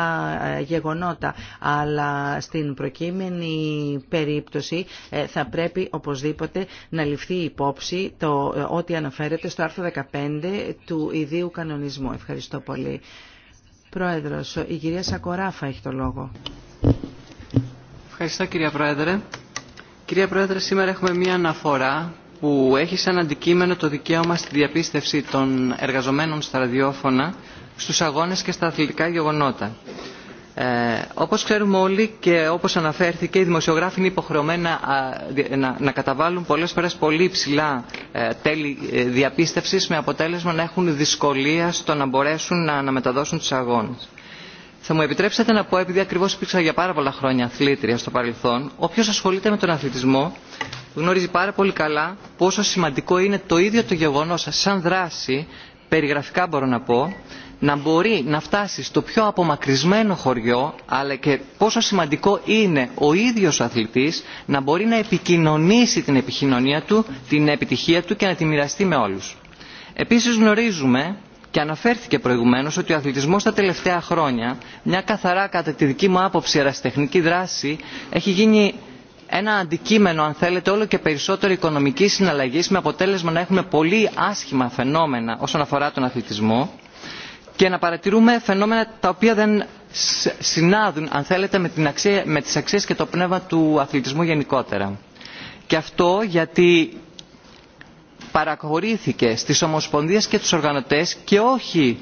γεγονότα. Αλλά στην προκείμενη περίπτωση ε, θα πρέπει οπωσδήποτε να ληφθεί υπόψη το ε, ό,τι αναφέρεται στο άρθρο 15 του ιδίου κανονισμού. Ευχαριστώ πολύ. Πρόεδρος, η κυρία Σακοράφα έχει το λόγο. Ευχαριστώ κυρία Πρόεδρε. Κυρία Πρόεδρε, σήμερα έχουμε μία αναφορά που έχει σαν αντικείμενο το δικαίωμα στη διαπίστευση των εργαζομένων στα ραδιόφωνα στους αγώνες και στα αθλητικά γεγονότα. Ε, όπως ξέρουμε όλοι και όπως αναφέρθηκε οι δημοσιογράφοι είναι υποχρεωμένοι να καταβάλουν πολλές φορές πολύ υψηλά ε, τέλη ε, διαπίστευσης με αποτέλεσμα να έχουν δυσκολία στο να μπορέσουν να μεταδώσουν τους αγώνες. Θα μου επιτρέψετε να πω, επειδή ακριβώ υπήρξα για πάρα πολλά χρόνια αθλήτρια στο παρελθόν, όποιο ασχολείται με τον αθλητισμό γνωρίζει πάρα πολύ καλά πόσο σημαντικό είναι το ίδιο το γεγονό σαν δράση περιγραφικά μπορώ να πω να μπορεί να φτάσει στο πιο απομακρυσμένο χωριό αλλά και πόσο σημαντικό είναι ο ίδιος ο αθλητής να μπορεί να επικοινωνήσει την επικοινωνία του, την επιτυχία του και να τη μοιραστεί με όλους. Επίσης γνωρίζουμε και αναφέρθηκε προηγουμένως ότι ο αθλητισμός τα τελευταία χρόνια μια καθαρά κατά τη δική μου άποψη αραστεχνική δράση έχει γίνει ένα αντικείμενο αν θέλετε όλο και περισσότερο οικονομική συναλλαγή με αποτέλεσμα να έχουμε πολύ άσχημα φαινόμενα όσον αφορά τον αθλητισμό και να παρατηρούμε φαινόμενα τα οποία δεν συνάδουν αν θέλετε με, την αξία, με τις αξίες και το πνεύμα του αθλητισμού γενικότερα. Και αυτό γιατί παρακορήθηκε στις ομοσπονδίες και τους οργανωτές και όχι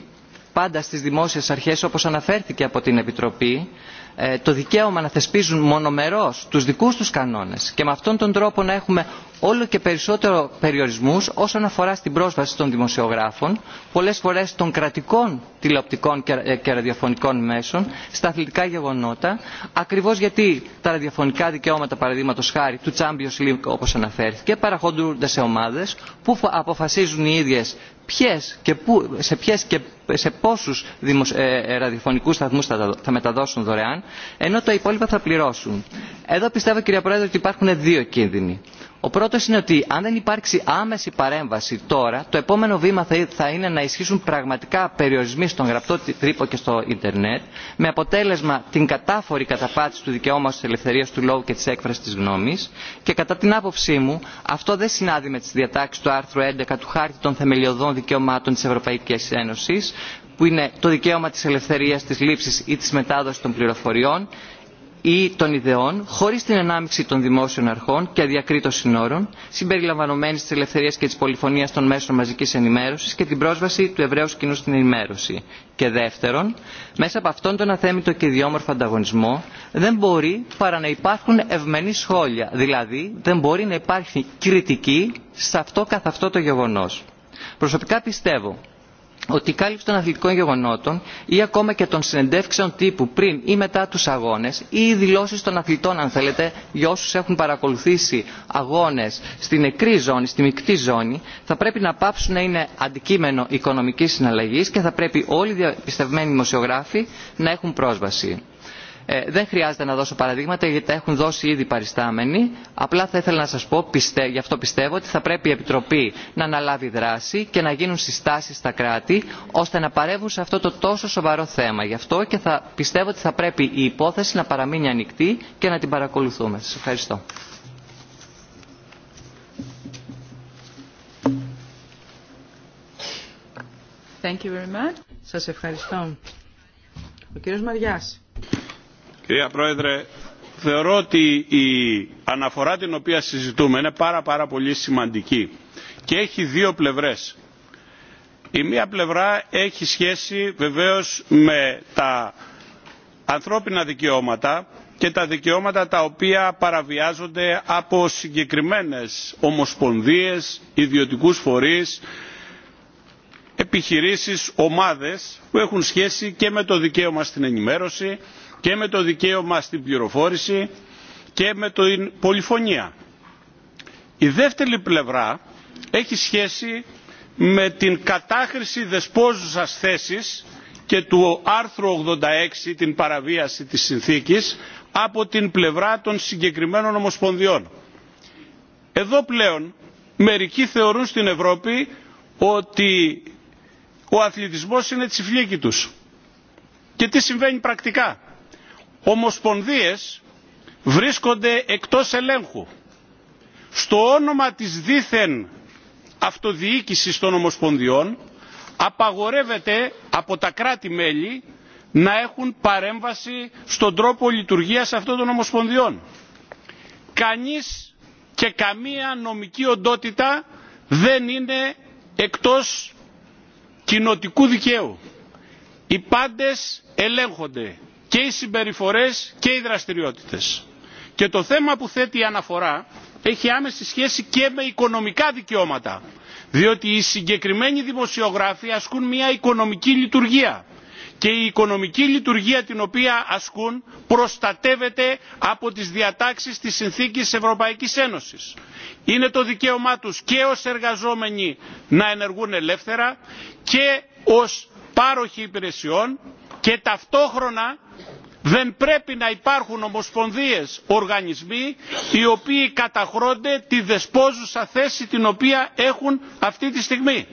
πάντα στις δημόσιες αρχές όπως αναφέρθηκε από την Επιτροπή ε, το δικαίωμα να θεσπίζουν μονομερώς τους δικούς τους κανόνες και με αυτόν τον τρόπο να έχουμε όλο και περισσότερο περιορισμούς όσον αφορά στην πρόσβαση των δημοσιογράφων, πολλές φορές των κρατικών τηλεοπτικών και ε, ραδιοφωνικών μέσων, στα αθλητικά γεγονότα, ακριβώς γιατί τα ραδιοφωνικά δικαιώματα, παραδείγματο χάρη, του Champions League όπως αναφέρθηκε, παραχωρούνται σε ομάδες που αποφασίζουν οι ίδιες σε ποιες και σε πόσους ε, ε, ραδιοφωνικούς σταθμούς θα, θα μεταδώσουν δωρεάν, ενώ τα υπόλοιπα θα πληρώσουν. Εδώ πιστεύω, κυρία Πρόεδρε, ότι υπάρχουν δύο κίνδυνοι. Ο πρώτος είναι ότι αν δεν υπάρξει άμεση παρέμβαση τώρα, το επόμενο βήμα θα είναι να ισχύσουν πραγματικά περιορισμοί στον γραπτό τρύπο και στο ίντερνετ, με αποτέλεσμα την κατάφορη καταπάτηση του δικαιώματος της ελευθερίας του λόγου και της έκφρασης της γνώμης και κατά την άποψή μου αυτό δεν συνάδει με τις διατάξεις του άρθρου 11 του Χάρτη των Θεμελιωδών Δικαιωμάτων της Ευρωπαϊκής Ένωσης, που είναι το δικαίωμα της ελευθερίας της λήψης ή της μετάδοση των πληροφοριών ή των ιδεών χωρίς την ενάμειξη των δημόσιων αρχών και αδιακρίτως συνόρων συμπεριλαμβανομένης της ελευθερίας και της πολυφωνίας των μέσων μαζικής ενημέρωσης και την πρόσβαση του Εβραίου κοινού στην ενημέρωση. Και δεύτερον, μέσα από αυτόν τον αθέμητο και ιδιόμορφο ανταγωνισμό δεν μπορεί παρά να υπάρχουν ευμενή σχόλια, δηλαδή δεν μπορεί να υπάρχει κριτική σε αυτό καθ' αυτό το γεγονός. Προσωπικά πιστεύω ότι η κάλυψη των αθλητικών γεγονότων ή ακόμα και των συνεντεύξεων τύπου πριν ή μετά τους αγώνες ή οι δηλώσεις των αθλητών αν θέλετε για όσους έχουν παρακολουθήσει αγώνες στη νεκρή ζώνη, στη μεικτή ζώνη θα πρέπει να πάψουν να είναι αντικείμενο οικονομικής συναλλαγής και θα πρέπει όλοι οι διαπιστευμένοι δημοσιογράφοι να έχουν πρόσβαση. Ε, δεν χρειάζεται να δώσω παραδείγματα γιατί τα έχουν δώσει ήδη παριστάμενοι. Απλά θα ήθελα να σας πω, γι' αυτό πιστεύω, ότι θα πρέπει η Επιτροπή να αναλάβει δράση και να γίνουν συστάσεις στα κράτη ώστε να παρεύουν σε αυτό το τόσο σοβαρό θέμα. Γι' αυτό και θα πιστεύω ότι θα πρέπει η υπόθεση να παραμείνει ανοιχτή και να την παρακολουθούμε. Σας ευχαριστώ. Thank ευχαριστώ. Ο κύριος Μαριάς. Κυρία Πρόεδρε, θεωρώ ότι η αναφορά την οποία συζητούμε είναι πάρα πάρα πολύ σημαντική και έχει δύο πλευρές. Η μία πλευρά έχει σχέση βεβαίως με τα ανθρώπινα δικαιώματα και τα δικαιώματα τα οποία παραβιάζονται από συγκεκριμένες ομοσπονδίες, ιδιωτικούς φορείς, επιχειρήσεις, ομάδες που έχουν σχέση και με το δικαίωμα στην ενημέρωση και με το δικαίωμα στην πληροφόρηση και με την πολυφωνία. Η δεύτερη πλευρά έχει σχέση με την κατάχρηση δεσπόζουσας θέσης και του άρθρου 86 την παραβίαση της συνθήκης από την πλευρά των συγκεκριμένων ομοσπονδιών. Εδώ πλέον μερικοί θεωρούν στην Ευρώπη ότι ο αθλητισμός είναι τσιφλίκι τους. Και τι συμβαίνει πρακτικά ομοσπονδίες βρίσκονται εκτός ελέγχου. Στο όνομα της δίθεν αυτοδιοίκησης των ομοσπονδιών απαγορεύεται από τα κράτη-μέλη να έχουν παρέμβαση στον τρόπο λειτουργίας αυτών των ομοσπονδιών. Κανείς και καμία νομική οντότητα δεν είναι εκτός κοινοτικού δικαίου. Οι πάντες ελέγχονται και οι συμπεριφορές και οι δραστηριότητες. Και το θέμα που θέτει η αναφορά έχει άμεση σχέση και με οικονομικά δικαιώματα. Διότι οι συγκεκριμένοι δημοσιογράφοι ασκούν μια οικονομική λειτουργία. Και η οικονομική λειτουργία την οποία ασκούν προστατεύεται από τις διατάξεις της Συνθήκης Ευρωπαϊκής Ένωσης. Είναι το δικαίωμά τους και ως εργαζόμενοι να ενεργούν ελεύθερα και ως πάροχοι υπηρεσιών και ταυτόχρονα δεν πρέπει να υπάρχουν ομοσπονδίες οργανισμοί οι οποίοι καταχρώνται τη δεσπόζουσα θέση την οποία έχουν αυτή τη στιγμή.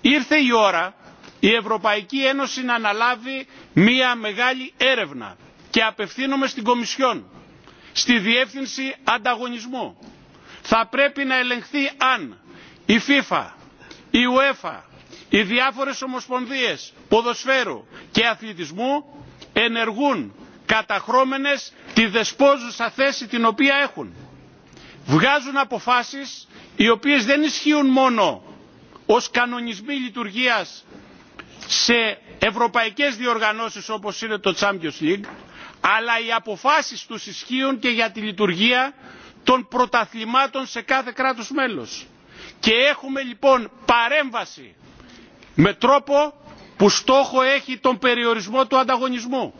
Ήρθε η ώρα η Ευρωπαϊκή Ένωση να αναλάβει μία μεγάλη έρευνα και απευθύνομαι στην Κομισιόν, στη Διεύθυνση Ανταγωνισμού. Θα πρέπει να ελεγχθεί αν η FIFA, η UEFA, οι διάφορες ομοσπονδίες ποδοσφαίρου και αθλητισμού ενεργούν καταχρώμενες τη δεσπόζουσα θέση την οποία έχουν. Βγάζουν αποφάσεις οι οποίες δεν ισχύουν μόνο ως κανονισμοί λειτουργίας σε ευρωπαϊκές διοργανώσεις όπως είναι το Champions League, αλλά οι αποφάσεις τους ισχύουν και για τη λειτουργία των πρωταθλημάτων σε κάθε κράτος μέλος. Και έχουμε λοιπόν παρέμβαση με τρόπο που στόχο έχει τον περιορισμό του ανταγωνισμού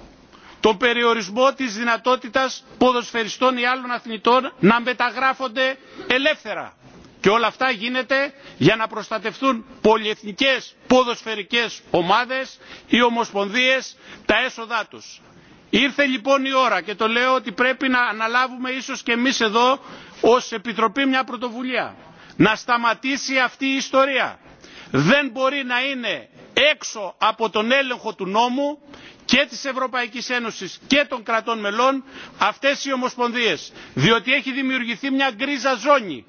τον περιορισμό της δυνατότητας ποδοσφαιριστών ή άλλων αθλητών να μεταγράφονται ελεύθερα. Και όλα αυτά γίνεται για να προστατευτούν πολυεθνικές ποδοσφαιρικές ομάδες ή ομοσπονδίες τα έσοδά τους. Ήρθε λοιπόν η ώρα και το λέω ότι πρέπει να αναλάβουμε ίσως και εμείς εδώ ως Επιτροπή μια πρωτοβουλία. Να σταματήσει αυτή η ιστορία. Δεν μπορεί να είναι έξω από τον έλεγχο του νόμου και της Ευρωπαϊκής Ένωσης και των κρατών μελών αυτές οι ομοσπονδίες. Διότι έχει δημιουργηθεί μια γκρίζα ζώνη,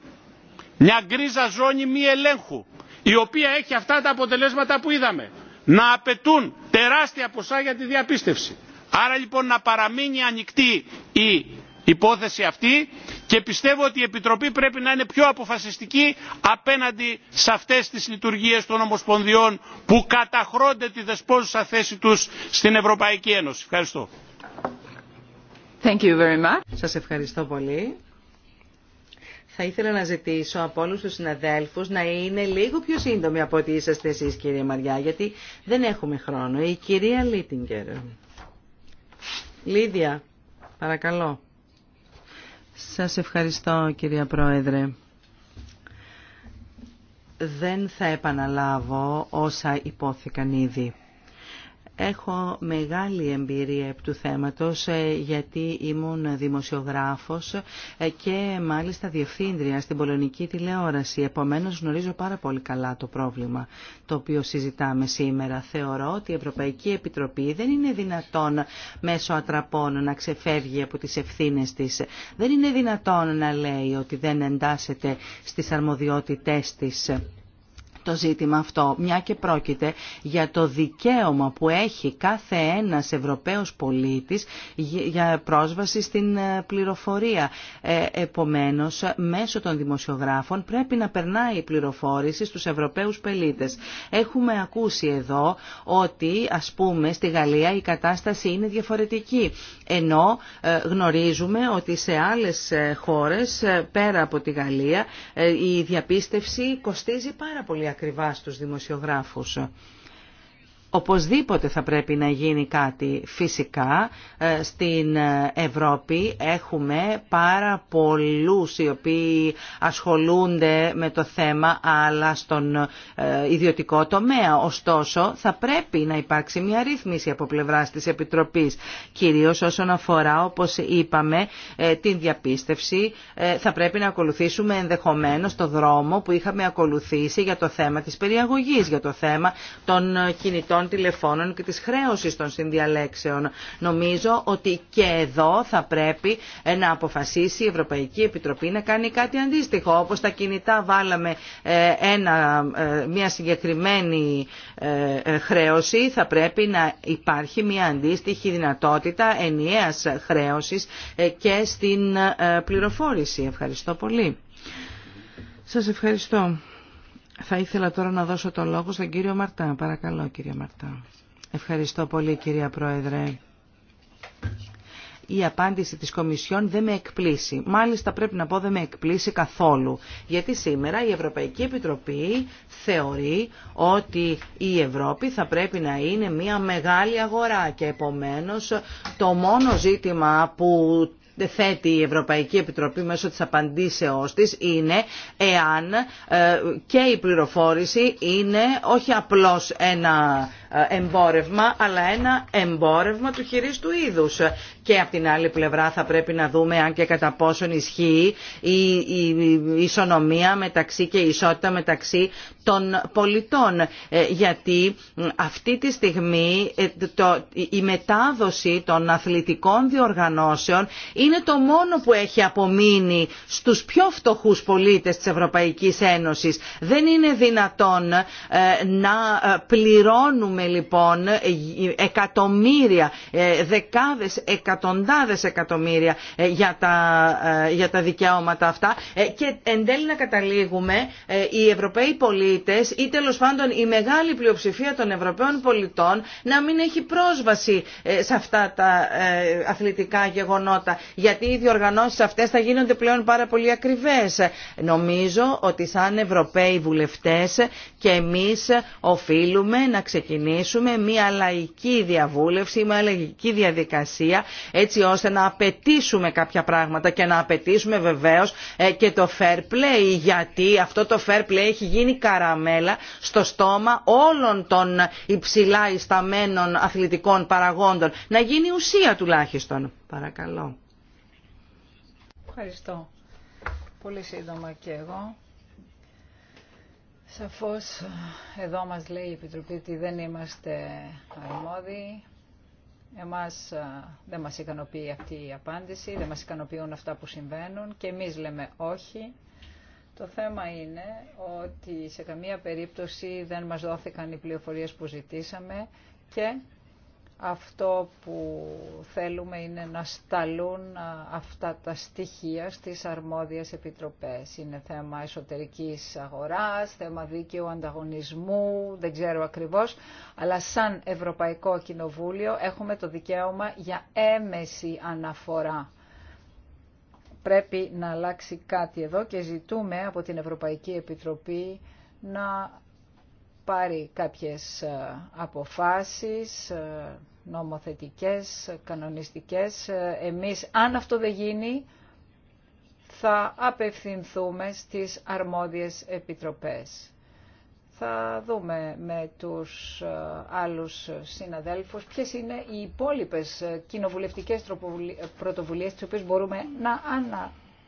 μια γκρίζα ζώνη μη ελέγχου, η οποία έχει αυτά τα αποτελέσματα που είδαμε. Να απαιτούν τεράστια ποσά για τη διαπίστευση. Άρα λοιπόν να παραμείνει ανοιχτή η υπόθεση αυτή και πιστεύω ότι η επιτροπή πρέπει να είναι πιο αποφασιστική απέναντι σε αυτές τις λειτουργίες των ομοσπονδιών που καταχρώνται τη δεσπόζουσα θέση τους στην ευρωπαϊκή ένωση. Ευχαριστώ. Thank Σας ευχαριστώ πολύ. Θα ήθελα να ζητήσω από όλους τους συναδέλφους να είναι λίγο πιο σύντομοι από ό,τι είσαστε εσείς κυρία Μαριά, γιατί δεν έχουμε χρόνο. Η κυρία Λίτιγκερ. Λίδια, παρακαλώ. Σας ευχαριστώ κυρία Πρόεδρε. Δεν θα επαναλάβω όσα υπόθηκαν ήδη. Έχω μεγάλη εμπειρία επί του θέματος ε, γιατί ήμουν δημοσιογράφος ε, και μάλιστα διευθύντρια στην πολωνική τηλεόραση. Επομένως γνωρίζω πάρα πολύ καλά το πρόβλημα το οποίο συζητάμε σήμερα. Θεωρώ ότι η Ευρωπαϊκή Επιτροπή δεν είναι δυνατόν μέσω ατραπών να ξεφεύγει από τις ευθύνες της. Δεν είναι δυνατόν να λέει ότι δεν εντάσσεται στις αρμοδιότητές της το ζήτημα αυτό, μια και πρόκειται για το δικαίωμα που έχει κάθε ένας Ευρωπαίος πολίτης για πρόσβαση στην ε, πληροφορία. Ε, επομένως, μέσω των δημοσιογράφων πρέπει να περνάει η πληροφόρηση στους Ευρωπαίους πελίτες. Έχουμε ακούσει εδώ ότι, ας πούμε, στη Γαλλία η κατάσταση είναι διαφορετική, ενώ ε, γνωρίζουμε ότι σε άλλες χώρες, πέρα από τη Γαλλία, η διαπίστευση κοστίζει πάρα πολύ ακριβά στους δημοσιογράφους. Οπωσδήποτε θα πρέπει να γίνει κάτι φυσικά. Ε, στην ε, Ευρώπη έχουμε πάρα πολλούς οι οποίοι ασχολούνται με το θέμα αλλά στον ε, ιδιωτικό τομέα. Ωστόσο θα πρέπει να υπάρξει μια ρύθμιση από πλευράς της Επιτροπής. Κυρίως όσον αφορά όπως είπαμε την διαπίστευση θα πρέπει να ακολουθήσουμε ενδεχομένως το δρόμο που είχαμε ακολουθήσει για το θέμα της περιαγωγής, για το θέμα των κινητών τηλεφώνων και της χρέωσης των συνδιαλέξεων. Νομίζω ότι και εδώ θα πρέπει να αποφασίσει η Ευρωπαϊκή Επιτροπή να κάνει κάτι αντίστοιχο. Όπως τα κινητά βάλαμε ε, ένα, ε, μια συγκεκριμένη ε, χρέωση, θα πρέπει να υπάρχει μια αντίστοιχη δυνατότητα ενιαίας χρέωσης και στην πληροφόρηση. Ευχαριστώ πολύ. Σας ευχαριστώ. Θα ήθελα τώρα να δώσω το λόγο στον κύριο Μαρτά. Παρακαλώ κύριε Μαρτά. Ευχαριστώ πολύ κυρία Πρόεδρε. Η απάντηση της Κομισιόν δεν με εκπλήσει. Μάλιστα πρέπει να πω δεν με εκπλήσει καθόλου. Γιατί σήμερα η Ευρωπαϊκή Επιτροπή θεωρεί ότι η Ευρώπη θα πρέπει να είναι μια μεγάλη αγορά και επομένως το μόνο ζήτημα που θέτει η Ευρωπαϊκή Επιτροπή μέσω της απαντήσεώς της είναι εάν ε, και η πληροφόρηση είναι όχι απλώς ένα ε, εμπόρευμα, αλλά ένα εμπόρευμα του χειρίστου είδους. Και από την άλλη πλευρά θα πρέπει να δούμε αν και κατά πόσον ισχύει η, ισονομία μεταξύ και η ισότητα μεταξύ των πολιτών. Ε, γιατί αυτή τη στιγμή ε, το, η μετάδοση των αθλητικών διοργανώσεων είναι το μόνο που έχει απομείνει στους πιο φτωχούς πολίτες της Ευρωπαϊκής Ένωσης. Δεν είναι δυνατόν να πληρώνουμε λοιπόν εκατομμύρια, ε, δεκάδες, εκατοντάδες εκατομμύρια ε, για τα, ε, για τα δικαιώματα αυτά και εν τέλει να καταλήγουμε οι Ευρωπαίοι πολίτες ή τέλος πάντων η μεγάλη πλειοψηφία των Ευρωπαίων πολιτών να μην έχει πρόσβαση σε αυτά τα αθλητικά γεγονότα γιατί οι διοργανώσεις αυτές θα γίνονται πλέον πάρα πολύ ακριβές. Νομίζω ότι σαν Ευρωπαίοι βουλευτές και εμείς οφείλουμε να ξεκινήσουμε ξεκινήσουμε μια λαϊκή διαβούλευση, μια λαϊκή διαδικασία έτσι ώστε να απαιτήσουμε κάποια πράγματα και να απαιτήσουμε βεβαίως ε, και το fair play γιατί αυτό το fair play έχει γίνει καραμέλα στο στόμα όλων των υψηλά ισταμένων αθλητικών παραγόντων. Να γίνει ουσία τουλάχιστον. Παρακαλώ. Ευχαριστώ. Πολύ σύντομα και εγώ. Σαφώς εδώ μας λέει η Επιτροπή ότι δεν είμαστε αρμόδιοι. Εμάς δεν μας ικανοποιεί αυτή η απάντηση, δεν μας ικανοποιούν αυτά που συμβαίνουν και εμείς λέμε όχι. Το θέμα είναι ότι σε καμία περίπτωση δεν μας δόθηκαν οι πληροφορίες που ζητήσαμε και αυτό που θέλουμε είναι να σταλούν αυτά τα στοιχεία στις αρμόδιες επιτροπές. Είναι θέμα εσωτερικής αγοράς, θέμα δίκαιου ανταγωνισμού, δεν ξέρω ακριβώς, αλλά σαν Ευρωπαϊκό Κοινοβούλιο έχουμε το δικαίωμα για έμεση αναφορά. Πρέπει να αλλάξει κάτι εδώ και ζητούμε από την Ευρωπαϊκή Επιτροπή να πάρει κάποιες ε, αποφάσεις ε, νομοθετικές, κανονιστικές. Ε, εμείς, αν αυτό δεν γίνει, θα απευθυνθούμε στις αρμόδιες επιτροπές. Θα δούμε με τους άλλους συναδέλφους ποιες είναι οι υπόλοιπες κοινοβουλευτικές πρωτοβουλίες τις οποίες μπορούμε να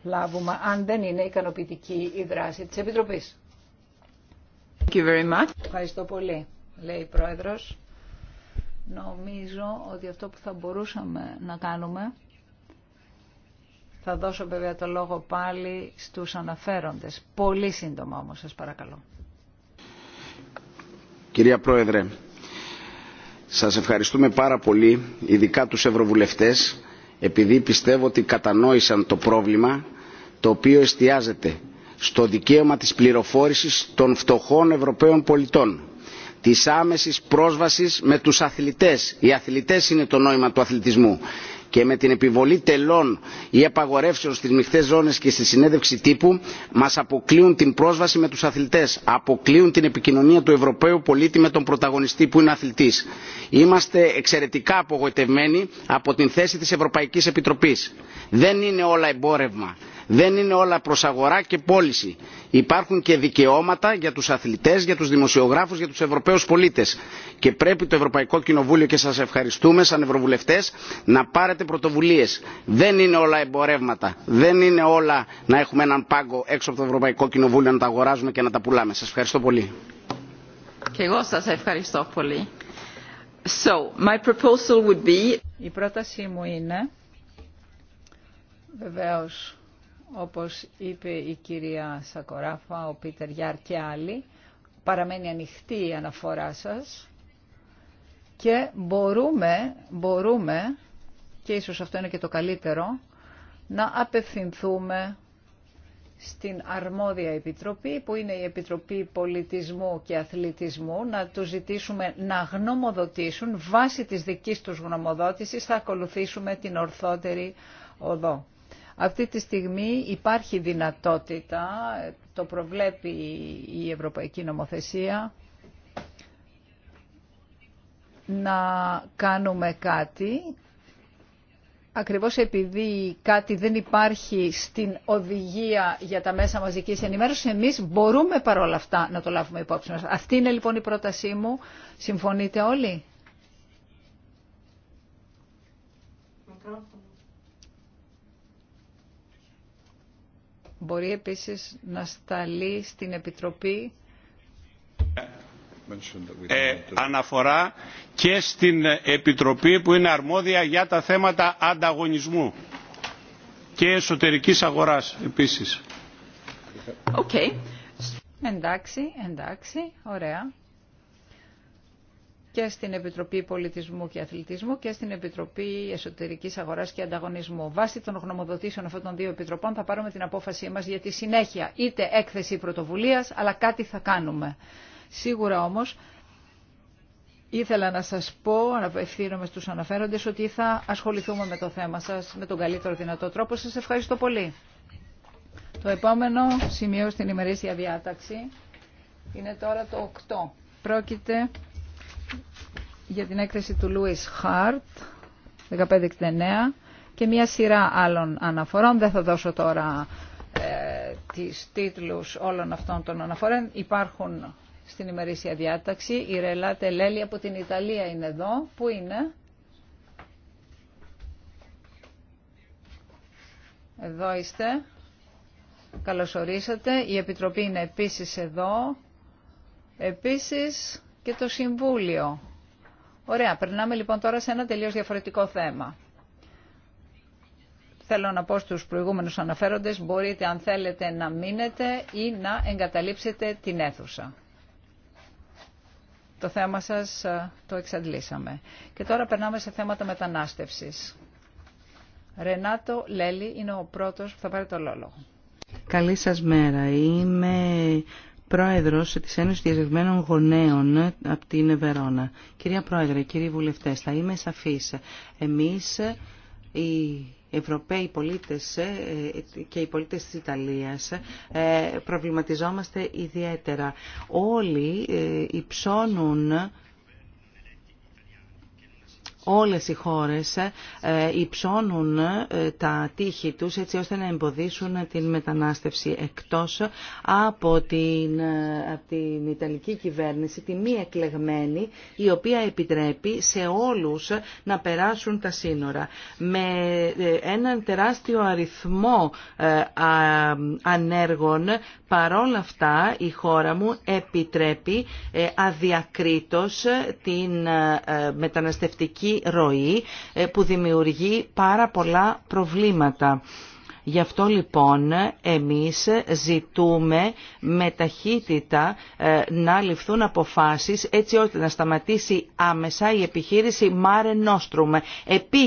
αναλάβουμε αν δεν είναι ικανοποιητική η δράση της Επιτροπής. Ευχαριστώ πολύ, λέει η Πρόεδρος. Νομίζω ότι αυτό που θα μπορούσαμε να κάνουμε θα δώσω βέβαια το λόγο πάλι στους αναφέροντες. Πολύ σύντομα όμως, σας παρακαλώ. Κυρία Πρόεδρε, σας ευχαριστούμε πάρα πολύ, ειδικά τους Ευρωβουλευτές, επειδή πιστεύω ότι κατανόησαν το πρόβλημα το οποίο εστιάζεται στο δικαίωμα της πληροφόρησης των φτωχών Ευρωπαίων πολιτών, της άμεσης πρόσβασης με τους αθλητές. Οι αθλητές είναι το νόημα του αθλητισμού και με την επιβολή τελών ή απαγορεύσεων στις μειχτές ζώνες και στη συνέντευξη τύπου μας αποκλείουν την πρόσβαση με τους αθλητές, αποκλείουν την επικοινωνία του Ευρωπαίου πολίτη με τον πρωταγωνιστή που είναι αθλητής. Είμαστε εξαιρετικά απογοητευμένοι από την θέση της Ευρωπαϊκής Επιτροπής. Δεν είναι όλα εμπόρευμα δεν είναι όλα προς αγορά και πώληση. Υπάρχουν και δικαιώματα για τους αθλητές, για τους δημοσιογράφους, για τους Ευρωπαίους πολίτες. Και πρέπει το Ευρωπαϊκό Κοινοβούλιο και σας ευχαριστούμε σαν Ευρωβουλευτές να πάρετε πρωτοβουλίες. Δεν είναι όλα εμπορεύματα. Δεν είναι όλα να έχουμε έναν πάγκο έξω από το Ευρωπαϊκό Κοινοβούλιο να τα αγοράζουμε και να τα πουλάμε. Σας ευχαριστώ πολύ. Και εγώ σας ευχαριστώ πολύ. So, my proposal would be... Η πρότασή μου είναι, βεβαίως, όπως είπε η κυρία Σακοράφα, ο Πίτερ Γιάρ και άλλοι, παραμένει ανοιχτή η αναφορά σας και μπορούμε, μπορούμε, και ίσως αυτό είναι και το καλύτερο, να απευθυνθούμε στην αρμόδια επιτροπή που είναι η Επιτροπή Πολιτισμού και Αθλητισμού να τους ζητήσουμε να γνωμοδοτήσουν βάσει της δικής τους γνωμοδότησης θα ακολουθήσουμε την ορθότερη οδό. Αυτή τη στιγμή υπάρχει δυνατότητα, το προβλέπει η Ευρωπαϊκή Νομοθεσία, να κάνουμε κάτι Ακριβώς επειδή κάτι δεν υπάρχει στην οδηγία για τα μέσα μαζικής ενημέρωσης, εμείς μπορούμε παρόλα αυτά να το λάβουμε υπόψη μας. Αυτή είναι λοιπόν η πρότασή μου. Συμφωνείτε όλοι? Μπορεί επίσης να σταλεί στην Επιτροπή ε, αναφορά και στην Επιτροπή που είναι αρμόδια για τα θέματα ανταγωνισμού και εσωτερικής αγοράς επίσης. Okay. Εντάξει, εντάξει, ωραία και στην Επιτροπή Πολιτισμού και Αθλητισμού και στην Επιτροπή εσωτερική αγορά και Ανταγωνισμού. Βάσει των γνωμοδοτήσεων αυτών των δύο επιτροπών θα πάρουμε την απόφασή μα για τη συνέχεια, είτε έκθεση πρωτοβουλία, αλλά κάτι θα κάνουμε. Σίγουρα όμω, Ήθελα να σας πω, ευθύνομαι στους αναφέροντες, ότι θα ασχοληθούμε με το θέμα σας με τον καλύτερο δυνατό τρόπο. Σας ευχαριστώ πολύ. Το επόμενο σημείο στην ημερήσια διάταξη είναι τώρα το 8. Πρόκειται για την έκθεση του Λούις Χάρτ 1569 και μια σειρά άλλων αναφορών. Δεν θα δώσω τώρα ε, τις τίτλους όλων αυτών των αναφορών. Υπάρχουν στην ημερήσια διάταξη. Η Ρελά Τελέλη από την Ιταλία είναι εδώ. Πού είναι? Εδώ είστε. Καλωσορίσατε. Η Επιτροπή είναι επίσης εδώ. Επίσης, και το Συμβούλιο. Ωραία, περνάμε λοιπόν τώρα σε ένα τελείως διαφορετικό θέμα. Θέλω να πω στους προηγούμενους αναφέροντες, μπορείτε αν θέλετε να μείνετε ή να εγκαταλείψετε την αίθουσα. Το θέμα σας ε, το εξαντλήσαμε. Και τώρα περνάμε σε θέματα μετανάστευσης. Ρενάτο Λέλη είναι ο πρώτος που θα πάρει το λόγο. Καλή σας μέρα πρόεδρος της Ένωσης Διαζευμένων Γονέων ε, από την Βερόνα. Κυρία Πρόεδρε, κύριοι βουλευτές, θα είμαι σαφής. Εμείς οι Ευρωπαίοι πολίτες ε, και οι πολίτες της Ιταλίας ε, προβληματιζόμαστε ιδιαίτερα. Όλοι υψώνουν όλες οι χώρες ε, ε, υψώνουν ε, τα τείχη τους έτσι ώστε να εμποδίσουν την μετανάστευση εκτός από την, την Ιταλική κυβέρνηση, τη μία εκλεγμένη η οποία επιτρέπει σε όλους να περάσουν τα σύνορα. Με έναν τεράστιο αριθμό ανέργων παρόλα αυτά η χώρα μου επιτρέπει αδιακρίτως την μεταναστευτική ε, που δημιουργεί πάρα πολλά προβλήματα. Γι' αυτό λοιπόν εμείς ζητούμε με ταχύτητα ε, να ληφθούν αποφάσεις έτσι ώστε να σταματήσει άμεσα η επιχείρηση Mare Nostrum.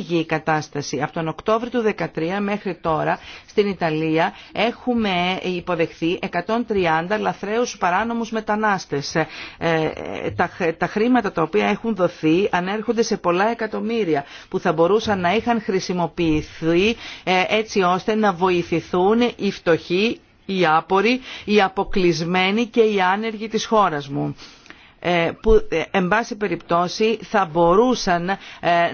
η κατάσταση. Από τον Οκτώβριο του 2013 μέχρι τώρα στην Ιταλία έχουμε υποδεχθεί 130 λαθρέους παράνομους μετανάστες. Ε, τα χρήματα τα οποία έχουν δοθεί ανέρχονται σε πολλά εκατομμύρια που θα μπορούσαν να είχαν χρησιμοποιηθεί ε, έτσι ώστε να βοηθηθούν οι φτωχοί, οι άποροι, οι αποκλεισμένοι και οι άνεργοι της χώρας μου ε, που ε, εν πάση περιπτώσει θα μπορούσαν ε,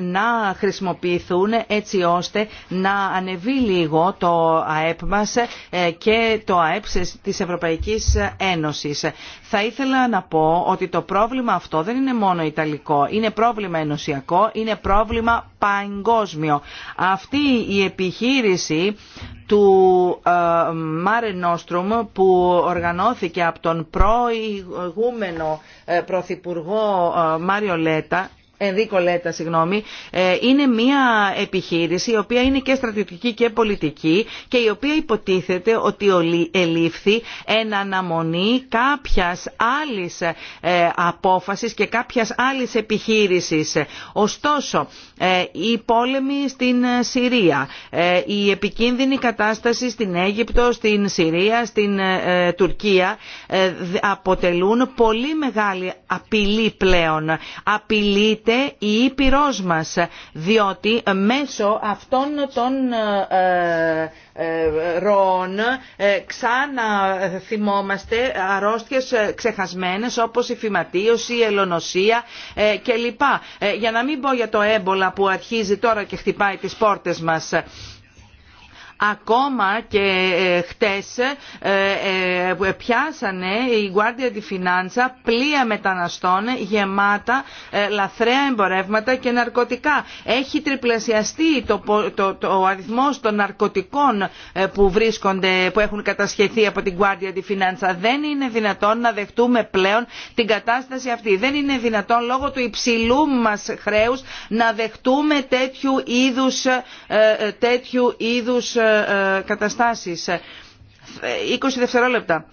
να χρησιμοποιηθούν έτσι ώστε να ανεβεί λίγο το ΑΕΠ μας και το ΑΕΠ της Ευρωπαϊκής Ένωσης θα ήθελα να πω ότι το πρόβλημα αυτό δεν είναι μόνο ιταλικό, είναι πρόβλημα ενωσιακό, είναι πρόβλημα παγκόσμιο. Αυτή η επιχείρηση του Μάρε που οργανώθηκε από τον προηγούμενο ε, πρωθυπουργό ε, Μάριο Λέτα ενδίκολετα Λέτα, ε, είναι μια επιχείρηση η οποία είναι και στρατιωτική και πολιτική και η οποία υποτίθεται ότι ελήφθη εν αναμονή κάποιας άλλης ε, απόφασης και κάποιας άλλης επιχείρησης. Ωστόσο, οι ε, πόλεμοι στην Συρία, η επικίνδυνη κατάσταση στην Αίγυπτο, στην Συρία, στην Τουρκία αποτελούν πολύ μεγάλη απειλή πλέον. Απειλείται η Ήπειρός μας, διότι μέσω αυτών των ε, ε, ροών ε, ξανά θυμόμαστε αρρώστιες ξεχασμένες όπως η φυματίωση, η ελονοσία κλπ. Για να μην πω για το έμπολα που αρχίζει τώρα και χτυπάει τις πόρτες μας. Ακόμα και ε, χτες ε, ε, πιάσανε η Guardia di Finanza πλοία μεταναστών γεμάτα λαθρέα εμπορεύματα και ναρκωτικά. Έχει τριπλασιαστεί το, το, ο αριθμός των ναρκωτικών που, βρίσκονται, που έχουν κατασχεθεί από την Guardia di Finanza. Δεν είναι δυνατόν να δεχτούμε πλέον την κατάσταση αυτή. Δεν είναι δυνατόν λόγω του υψηλού μας χρέους να δεχτούμε τέτοιου είδους, τέτοιου είδους ε, ε, καταστάσεις. 20 δευτερόλεπτα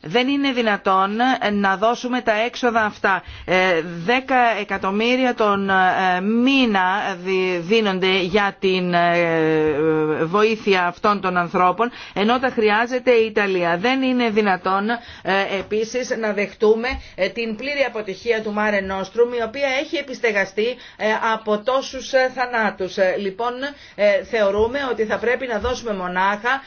δεν είναι δυνατόν να δώσουμε τα έξοδα αυτά. 10 ε, εκατομμύρια τον ε, μήνα δίνονται για την ε, βοήθεια αυτών των ανθρώπων, ενώ τα χρειάζεται η Ιταλία. Δεν είναι δυνατόν επίσης να δεχτούμε την πλήρη αποτυχία του Μάρε Νόστρουμ, η οποία έχει επιστεγαστεί από τόσους θανάτους. Λοιπόν, θεωρούμε ότι θα πρέπει να δώσουμε μονάχα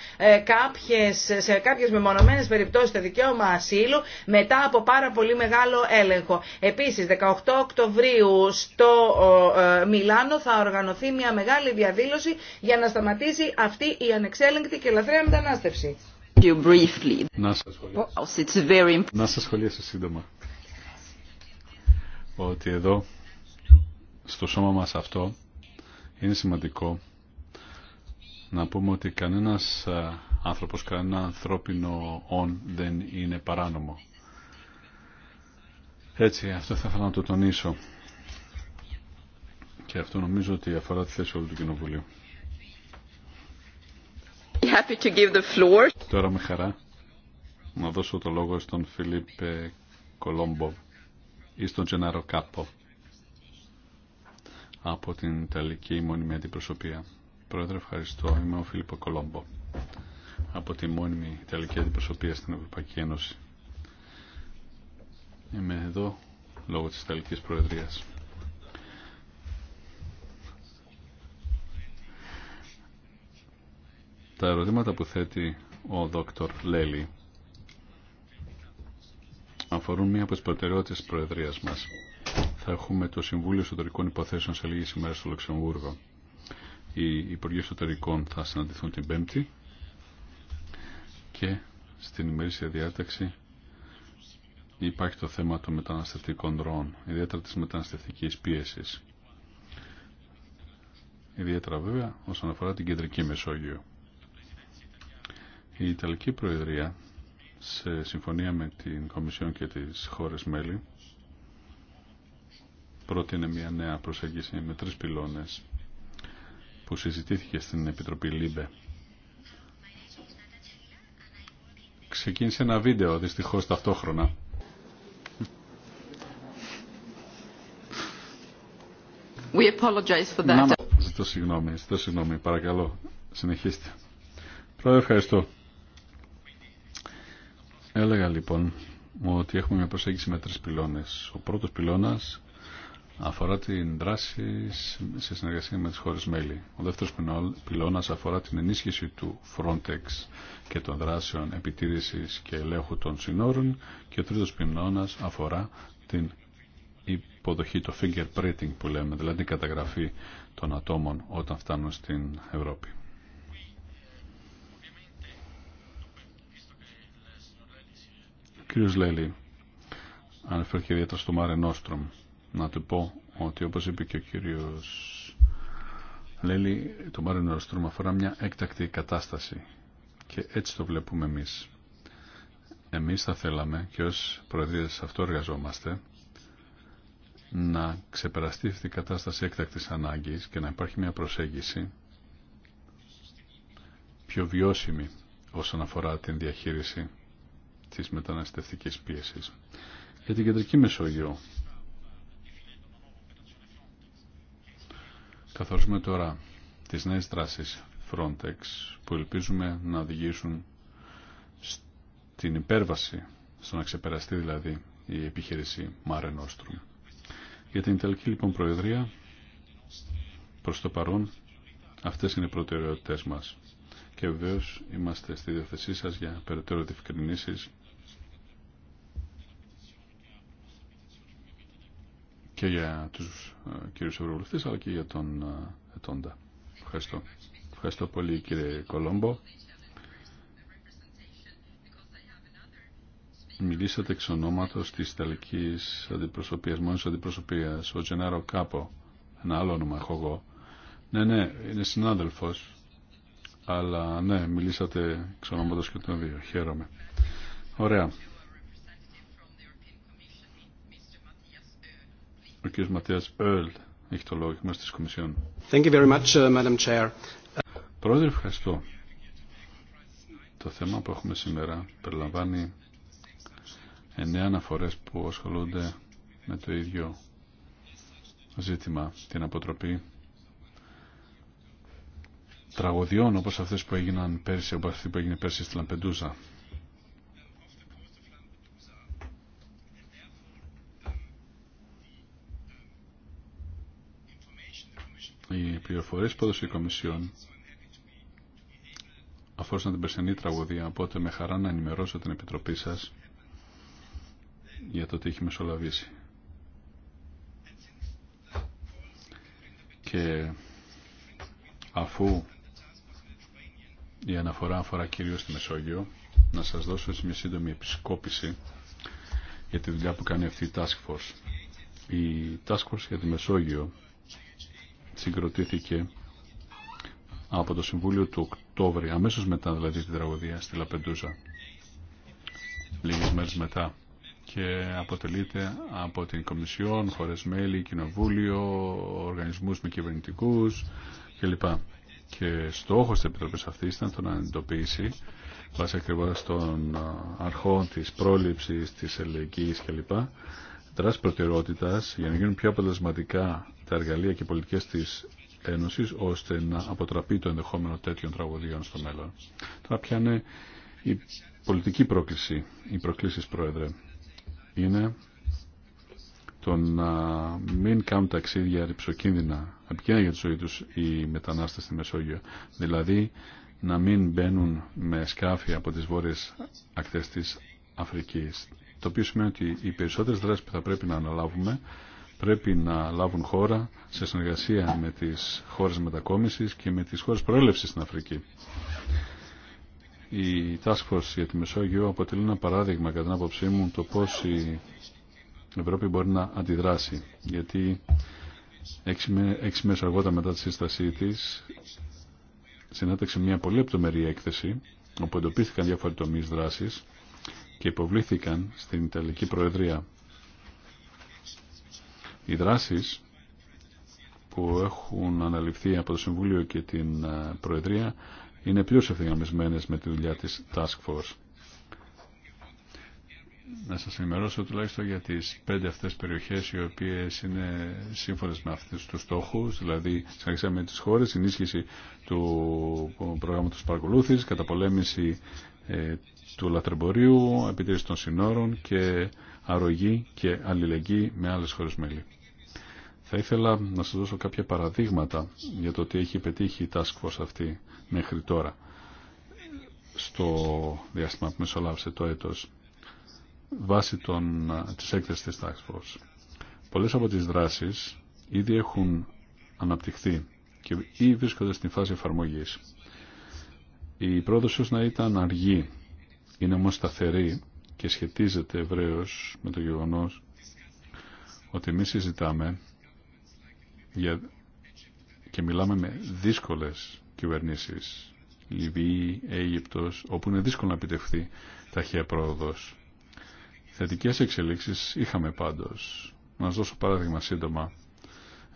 σε κάποιες μεμονωμένες περιπτώσεις τα δικαιώματα δικαίωμα ασύλου μετά από πάρα πολύ μεγάλο έλεγχο. Επίσης, 18 Οκτωβρίου στο ε, Μιλάνο θα οργανωθεί μια μεγάλη διαδήλωση για να σταματήσει αυτή η ανεξέλεγκτη και λαθρέα μετανάστευση. Να σα σχολιάσω, very... να σας σχολιάσω σύντομα ότι εδώ στο σώμα μας αυτό είναι σημαντικό να πούμε ότι κανένας ε, άνθρωπος, κανένα ανθρώπινο όν δεν είναι παράνομο. Έτσι, αυτό θα ήθελα να το τονίσω. Και αυτό νομίζω ότι αφορά τη θέση όλου του Κοινοβουλίου. the Τώρα με χαρά να δώσω το λόγο στον Φιλίπ Κολόμπο ή στον Τζενάρο Κάπο από την Ιταλική Μονιμή Αντιπροσωπεία. Πρόεδρε, ευχαριστώ. Είμαι ο Φίλιππο Κολόμπο από τη μόνιμη Ιταλική Αντιπροσωπεία στην Ευρωπαϊκή Ένωση. Είμαι εδώ λόγω της Ιταλικής Προεδρίας. Τα ερωτήματα που θέτει ο Δόκτωρ Λέλη αφορούν μία από τις προτεραιότητες της Προεδρίας μας. Θα έχουμε το Συμβούλιο Εσωτερικών Υποθέσεων σε λίγες ημέρες στο Λουξεμβούργο. Οι Υπουργοί Εσωτερικών θα συναντηθούν την Πέμπτη και στην ημερήσια διάταξη υπάρχει το θέμα των μεταναστευτικών ροών, ιδιαίτερα της μεταναστευτικής πίεσης. Ιδιαίτερα βέβαια όσον αφορά την κεντρική Μεσόγειο. Η Ιταλική Προεδρία, σε συμφωνία με την Κομισιόν και τις χώρες μέλη, πρότεινε μια νέα προσέγγιση με τρεις πυλώνες που συζητήθηκε στην Επιτροπή ΛΥΜΠΕ ξεκίνησε ένα βίντεο δυστυχώς ταυτόχρονα. We apologize for that. Ζητώ συγγνώμη, ζητώ συγγνώμη, παρακαλώ, συνεχίστε. Πρόεδρε, ευχαριστώ. Έλεγα λοιπόν ότι έχουμε μια προσέγγιση με τρεις πυλώνες. Ο πρώτος πυλώνας αφορά την δράση σε συνεργασία με τις χώρες μέλη. Ο δεύτερος πυλώνας αφορά την ενίσχυση του Frontex και των δράσεων επιτήρησης και ελέγχου των συνόρων και ο τρίτος πυλώνας αφορά την υποδοχή, το fingerprinting που λέμε, δηλαδή την καταγραφή των ατόμων όταν φτάνουν στην Ευρώπη. κύριος Λέλη αναφέρθηκε ιδιαίτερα στο Μάρε Νόστρομ να του πω ότι όπως είπε και ο κύριος Λέλη, το Μάριο Νοροστρούμ αφορά μια έκτακτη κατάσταση και έτσι το βλέπουμε εμείς. Εμείς θα θέλαμε και ως προεδρίες αυτό εργαζόμαστε να ξεπεραστεί αυτή η κατάσταση έκτακτης ανάγκης και να υπάρχει μια προσέγγιση πιο βιώσιμη όσον αφορά την διαχείριση της μεταναστευτικής πίεσης. Για την Κεντρική Μεσόγειο Καθορίζουμε τώρα τις νέες δράσεις Frontex που ελπίζουμε να οδηγήσουν στην υπέρβαση, στο να ξεπεραστεί δηλαδή η επιχείρηση Mare Nostrum. Για την Ιταλική λοιπόν Προεδρία, προς το παρόν, αυτές είναι οι προτεραιότητες μας. Και βεβαίω είμαστε στη διαθεσή σας για περαιτέρω διευκρινήσεις και για τους ε, κύριους ευρωβουλευτές αλλά και για τον ε, Ετώντα. Ευχαριστώ. Ευχαριστώ πολύ κύριε Κολόμπο. Μιλήσατε εξ ονόματος της Ιταλικής αντιπροσωπείας, μόνης αντιπροσωπείας, ο Τζενάρο Κάπο, ένα άλλο όνομα έχω εγώ. Ναι, ναι, είναι συνάδελφος, αλλά ναι, μιλήσατε εξ ονόματος και των δύο. Χαίρομαι. Ωραία. Ο κ. Ματίας Ερλ έχει το λόγο μέσα στις Κομισιόν. Thank you very much, uh, Madam Πρόεδρε, ευχαριστώ. Το θέμα που έχουμε σήμερα περιλαμβάνει εννέα αναφορές που ασχολούνται με το ίδιο ζήτημα, την αποτροπή τραγωδιών όπως αυτές που έγιναν πέρσι, όπως αυτή που έγινε πέρσι στη Λαμπεντούζα. Οι πληροφορίε που έδωσε η Κομισιόν αφορούσαν την περσινή τραγωδία, οπότε με χαρά να ενημερώσω την Επιτροπή σας για το τι έχει μεσολαβήσει. Και αφού η αναφορά αφορά κυρίως τη Μεσόγειο, να σας δώσω έτσι μια σύντομη επισκόπηση για τη δουλειά που κάνει αυτή η Task Force. Η Task Force για τη Μεσόγειο συγκροτήθηκε από το Συμβούλιο του Οκτώβρη, αμέσως μετά δηλαδή την τραγωδία στη Λαπεντούζα, λίγες μέρες μετά και αποτελείται από την Κομισιόν, χώρες μέλη, κοινοβούλιο, οργανισμούς με κυβερνητικού κλπ. Και στόχος της Επιτροπής αυτή ήταν το να εντοπίσει βάσει ακριβώς των αρχών της πρόληψης, της ελεγγύης κλπ δράση προτεραιότητα, για να γίνουν πιο αποτελεσματικά τα εργαλεία και οι πολιτικές της Ένωσης ώστε να αποτραπεί το ενδεχόμενο τέτοιων τραγωδιών στο μέλλον. Τώρα ποια είναι η πολιτική πρόκληση, οι προκλήσει, πρόεδρε. Είναι το να μην κάνουν ταξίδια ρηψοκίνδυνα, επικίνδυνα για τη ζωή τους οι μετανάστες στη Μεσόγειο. Δηλαδή να μην μπαίνουν με σκάφη από τις βόρειες ακτές της Αφρικής το οποίο σημαίνει ότι οι περισσότερες δράσεις που θα πρέπει να αναλάβουμε πρέπει να λάβουν χώρα σε συνεργασία με τις χώρες μετακόμισης και με τις χώρες προέλευσης στην Αφρική. Η Task Force για τη Μεσόγειο αποτελεί ένα παράδειγμα κατά την άποψή μου το πώς η Ευρώπη μπορεί να αντιδράσει. Γιατί έξι μέρες αργότερα μετά τη σύστασή της συνέταξε μια πολύ επτομερή έκθεση όπου εντοπίστηκαν διάφοροι τομείς δράσης και υποβλήθηκαν στην Ιταλική Προεδρία. Οι δράσεις που έχουν αναλυφθεί από το Συμβούλιο και την ε, Προεδρία είναι πλήρως ευθυγραμμισμένες με τη δουλειά της Task Force. Να σας ενημερώσω τουλάχιστον για τις πέντε αυτές περιοχές οι οποίες είναι σύμφωνες με αυτούς τους στόχους, δηλαδή συνεχίσαμε με τις χώρες, ενίσχυση του προγράμματος παρακολούθησης, καταπολέμηση ε, του λατρεμπορίου, επιτήρηση των συνόρων και αρρωγή και αλληλεγγύη με άλλες χώρες μέλη. Θα ήθελα να σας δώσω κάποια παραδείγματα για το τι έχει πετύχει η Task Force αυτή μέχρι τώρα στο διάστημα που μεσολάβησε το έτος βάσει των, της έκθεσης της Task Force. Πολλές από τις δράσεις ήδη έχουν αναπτυχθεί και ή βρίσκονται στην φάση εφαρμογής η πρόοδος να ήταν αργή, είναι όμως σταθερή και σχετίζεται ευρέως με το γεγονός ότι εμείς συζητάμε για... και μιλάμε με δύσκολες κυβερνήσεις, Λιβύη, Αίγυπτος, όπου είναι δύσκολο να επιτευχθεί ταχεία πρόοδος. Θετικές εξελίξεις είχαμε πάντως. Να σας δώσω παράδειγμα σύντομα.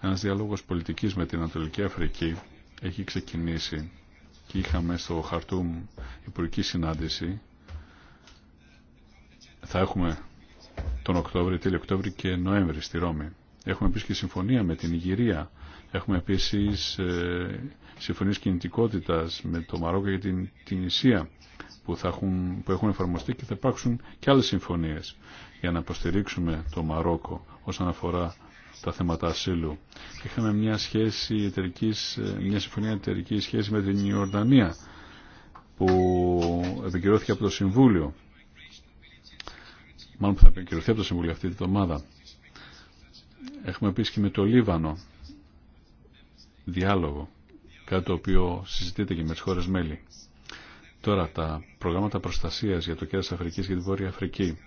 Ένας διάλογος πολιτικής με την Ανατολική Αφρική έχει ξεκινήσει και είχαμε στο Χαρτούμ υπουργική συνάντηση. Θα έχουμε τον Οκτώβριο, τέλειο Οκτώβριο και Νοέμβρη στη Ρώμη. Έχουμε επίσης και συμφωνία με την Ιγυρία. Έχουμε επίσης ε, συμφωνίες κινητικότητας με το Μαρόκο και την, την Ισία που, θα έχουν, που έχουν εφαρμοστεί και θα υπάρξουν και άλλες συμφωνίες για να υποστηρίξουμε το Μαρόκο όσον αφορά τα θέματα ασύλου. Είχαμε μια, σχέση εταιρικής, μια συμφωνία εταιρική σχέση με την Ιορδανία που επικυρώθηκε από το Συμβούλιο. Μάλλον που θα επικυρωθεί από το Συμβούλιο αυτή την εβδομάδα. Έχουμε επίσης και με το Λίβανο διάλογο, κάτι το οποίο συζητείται και με τις χώρες μέλη. Τώρα τα προγράμματα προστασίας για το κέντρο Αφρικής και τη Βόρεια Αφρική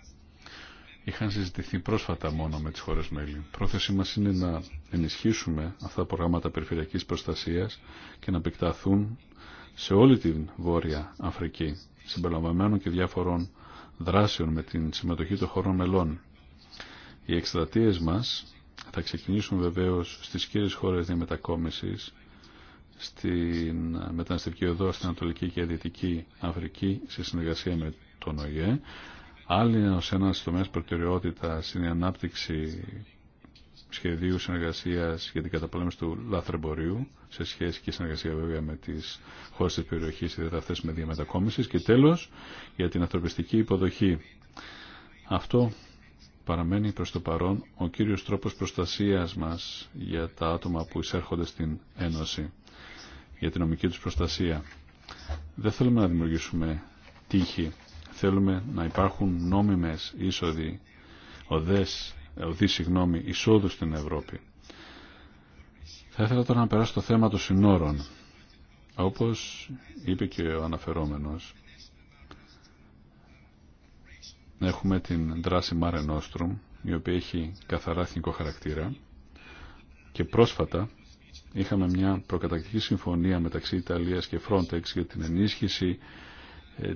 είχαν συζητηθεί πρόσφατα μόνο με τις χώρες μέλη. Πρόθεσή μας είναι να ενισχύσουμε αυτά τα προγράμματα περιφερειακής προστασίας και να επεκταθούν σε όλη την Βόρεια Αφρική, συμπεριλαμβανομένων και διάφορων δράσεων με την συμμετοχή των χωρών μελών. Οι εκστρατείες μας θα ξεκινήσουν βεβαίως στις κύριες χώρες διαμετακόμισης, στην μεταναστευτική οδό στην Ανατολική και Δυτική Αφρική σε συνεργασία με τον ΟΙΕ. Άλλη ως ένας τομέας προτεραιότητας είναι η ανάπτυξη σχεδίου συνεργασίας για την καταπολέμηση του λαθρεμπορίου σε σχέση και συνεργασία βέβαια με τις χώρες της περιοχής ιδιαίτερα αυτές με διαμετακόμισης και τέλος για την ανθρωπιστική υποδοχή. Αυτό παραμένει προς το παρόν ο κύριος τρόπος προστασίας μας για τα άτομα που εισέρχονται στην Ένωση για την νομική τους προστασία. Δεν θέλουμε να δημιουργήσουμε τύχη Θέλουμε να υπάρχουν νόμιμες είσοδοι, οδές, συγγνώμη, εισόδου στην Ευρώπη. Θα ήθελα τώρα να περάσω στο θέμα των συνόρων. Όπως είπε και ο αναφερόμενος, έχουμε την δράση Mare η οποία έχει καθαρά εθνικό χαρακτήρα και πρόσφατα είχαμε μια προκατακτική συμφωνία μεταξύ Ιταλίας και Frontex για την ενίσχυση ε,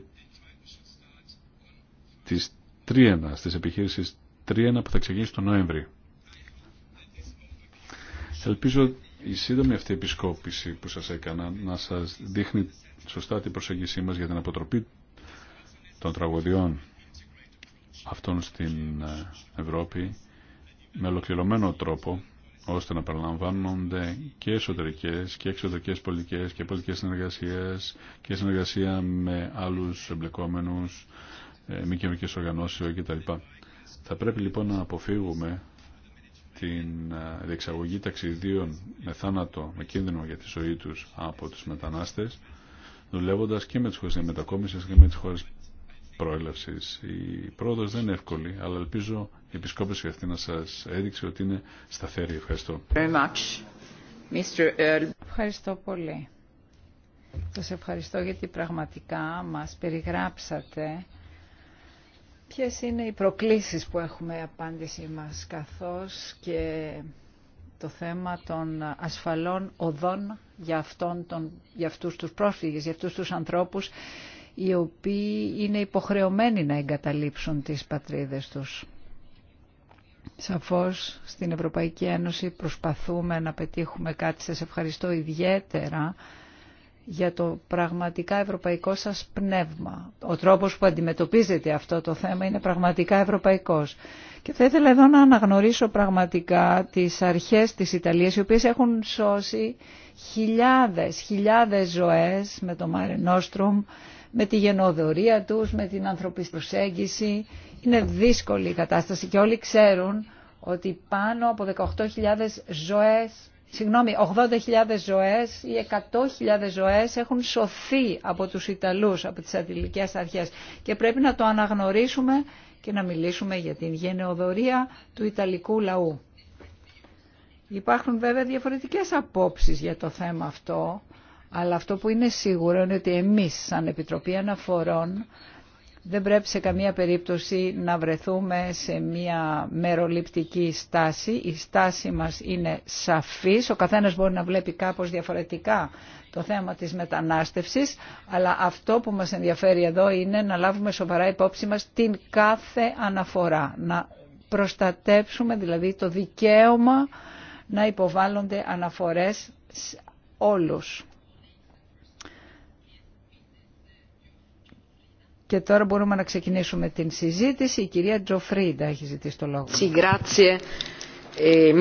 Τη Τρίενα, της επιχείρηση Τρίενα που θα ξεκινήσει τον Νοέμβρη. Ελπίζω η σύντομη αυτή επισκόπηση που σας έκανα να σας δείχνει σωστά την προσέγγισή μας για την αποτροπή των τραγωδιών αυτών στην ε, Ευρώπη με ολοκληρωμένο τρόπο ώστε να παραλαμβάνονται και εσωτερικές και εξωτερικές πολιτικές και πολιτικές συνεργασίες και συνεργασία με άλλους εμπλεκόμενους ε, μη κοινωνικέ οργανώσεις κτλ. Θα πρέπει λοιπόν να αποφύγουμε την ε, διεξαγωγή ταξιδίων με θάνατο, με κίνδυνο για τη ζωή τους από τους μετανάστες, δουλεύοντας και με τις χώρες μετακόμισης και με τις χώρες προέλευσης. Η πρόοδος δεν είναι εύκολη, αλλά ελπίζω η επισκόπηση αυτή να σας έδειξε ότι είναι σταθερή. Ευχαριστώ. Ευχαριστώ πολύ. Σας ευχαριστώ γιατί πραγματικά μας περιγράψατε ποιες είναι οι προκλήσεις που έχουμε απάντησή μας καθώς και το θέμα των ασφαλών οδών για, αυτόν τον, για αυτούς τους πρόσφυγες, για αυτούς τους ανθρώπους οι οποίοι είναι υποχρεωμένοι να εγκαταλείψουν τις πατρίδες τους. Σαφώς στην Ευρωπαϊκή Ένωση προσπαθούμε να πετύχουμε κάτι. Σας ευχαριστώ ιδιαίτερα για το πραγματικά ευρωπαϊκό σας πνεύμα. Ο τρόπος που αντιμετωπίζετε αυτό το θέμα είναι πραγματικά ευρωπαϊκός. Και θα ήθελα εδώ να αναγνωρίσω πραγματικά τις αρχές της Ιταλίας, οι οποίες έχουν σώσει χιλιάδες, χιλιάδες ζωές με το Mare με τη γενοδορία τους, με την ανθρωπιστική προσέγγιση. Είναι δύσκολη η κατάσταση και όλοι ξέρουν ότι πάνω από 18.000 ζωές συγγνώμη, 80.000 ζωές ή 100.000 ζωές έχουν σωθεί από τους Ιταλούς, από τις αντιλικές αρχές. Και πρέπει να το αναγνωρίσουμε και να μιλήσουμε για την γενεοδορία του Ιταλικού λαού. Υπάρχουν βέβαια διαφορετικές απόψεις για το θέμα αυτό, αλλά αυτό που είναι σίγουρο είναι ότι εμείς σαν Επιτροπή Αναφορών δεν πρέπει σε καμία περίπτωση να βρεθούμε σε μια μεροληπτική στάση. Η στάση μας είναι σαφής. Ο καθένας μπορεί να βλέπει κάπως διαφορετικά το θέμα της μετανάστευσης, αλλά αυτό που μας ενδιαφέρει εδώ είναι να λάβουμε σοβαρά υπόψη μας την κάθε αναφορά. Να προστατέψουμε δηλαδή το δικαίωμα να υποβάλλονται αναφορές όλους. Και τώρα μπορούμε να ξεκινήσουμε την συζήτηση. Η κυρία Τζοφρίντα έχει ζητήσει το λόγο. Ε,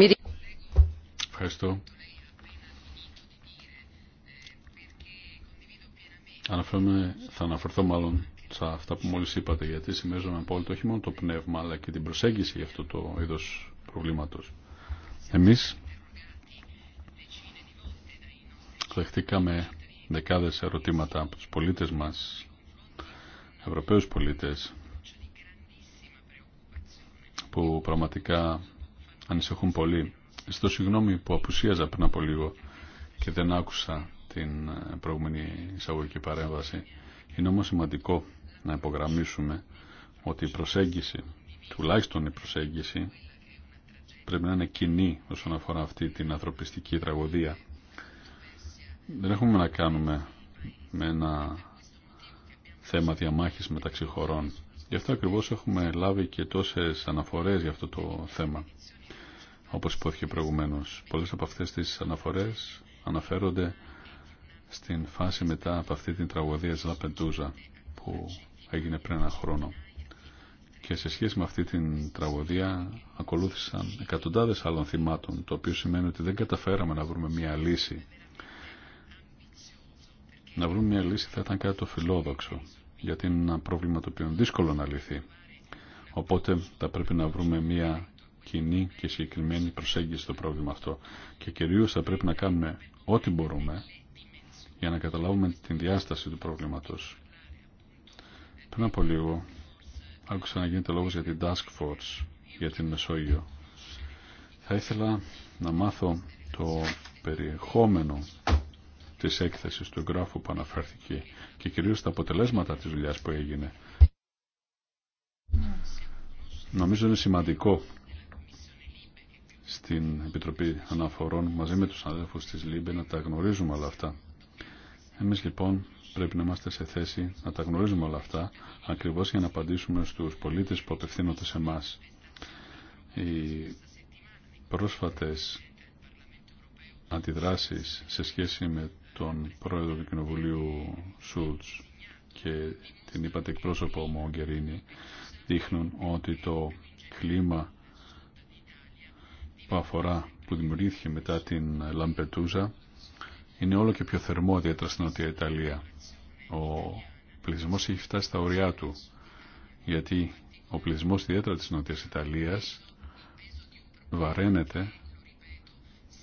Ευχαριστώ. Αναφέρομαι, θα αναφερθώ μάλλον σε αυτά που μόλις είπατε, γιατί σημαίζομαι απόλυτο όχι μόνο το πνεύμα, αλλά και την προσέγγιση για αυτό το είδος προβλήματος. Εμείς δεχτήκαμε δεκάδες ερωτήματα από τους πολίτες μας, Ευρωπαίους πολίτες που πραγματικά ανησυχούν πολύ. Στο συγγνώμη που απουσίαζα πριν από λίγο και δεν άκουσα την ε, προηγούμενη εισαγωγική παρέμβαση. Είναι όμως σημαντικό να υπογραμμίσουμε ότι η προσέγγιση, τουλάχιστον η προσέγγιση, πρέπει να είναι κοινή όσον αφορά αυτή την ανθρωπιστική τραγωδία. Δεν έχουμε να κάνουμε με ένα θέμα διαμάχης μεταξύ χωρών. Γι' αυτό ακριβώς έχουμε λάβει και τόσες αναφορές για αυτό το θέμα, όπως υπόθηκε προηγουμένως. Πολλές από αυτές τις αναφορές αναφέρονται στην φάση μετά από αυτή την τραγωδία Λαπεντούζα, που έγινε πριν ένα χρόνο. Και σε σχέση με αυτή την τραγωδία ακολούθησαν εκατοντάδες άλλων θυμάτων, το οποίο σημαίνει ότι δεν καταφέραμε να βρούμε μια λύση να βρούμε μια λύση θα ήταν κάτι το φιλόδοξο, γιατί είναι ένα πρόβλημα το οποίο είναι δύσκολο να λυθεί. Οπότε θα πρέπει να βρούμε μια κοινή και συγκεκριμένη προσέγγιση στο πρόβλημα αυτό. Και κυρίως θα πρέπει να κάνουμε ό,τι μπορούμε για να καταλάβουμε την διάσταση του προβλήματος. Πριν από λίγο άκουσα να γίνεται λόγος για την Task Force για την Μεσόγειο. Θα ήθελα να μάθω το περιεχόμενο της έκθεσης του εγγράφου που αναφέρθηκε και κυρίως τα αποτελέσματα της δουλειάς που έγινε. Νομίζω είναι σημαντικό στην Επιτροπή Αναφορών μαζί με τους αδέλφους της ΛΥΜΠΕ να τα γνωρίζουμε όλα αυτά. Εμείς λοιπόν πρέπει να είμαστε σε θέση να τα γνωρίζουμε όλα αυτά ακριβώς για να απαντήσουμε στους πολίτες που απευθύνονται σε εμά. Οι πρόσφατες αντιδράσεις σε σχέση με τον πρόεδρο του Κοινοβουλίου Σούλτς και την είπατε εκπρόσωπο Μογκερίνη δείχνουν ότι το κλίμα που αφορά που δημιουργήθηκε μετά την Λαμπετούζα είναι όλο και πιο θερμό ιδιαίτερα στην Νότια Ιταλία. Ο πληθυσμό έχει φτάσει στα ωριά του γιατί ο πληθυσμός ιδιαίτερα της Νότιας Ιταλίας βαραίνεται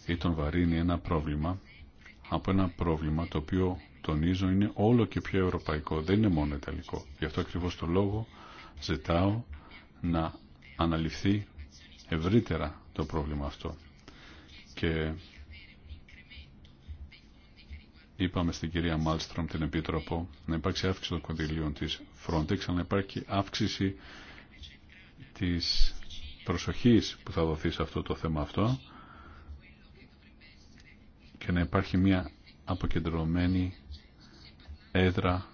ή τον βαρύνει ένα πρόβλημα από ένα πρόβλημα το οποίο τονίζω είναι όλο και πιο ευρωπαϊκό, δεν είναι μόνο ιταλικό. Γι' αυτό ακριβώς το λόγο ζητάω να αναλυφθεί ευρύτερα το πρόβλημα αυτό. Και είπαμε στην κυρία Μάλστρομ την Επίτροπο να υπάρξει αύξηση των κονδυλίων της Frontex, αλλά να υπάρχει αύξηση της προσοχής που θα δοθεί σε αυτό το θέμα αυτό και να υπάρχει μια αποκεντρωμένη έδρα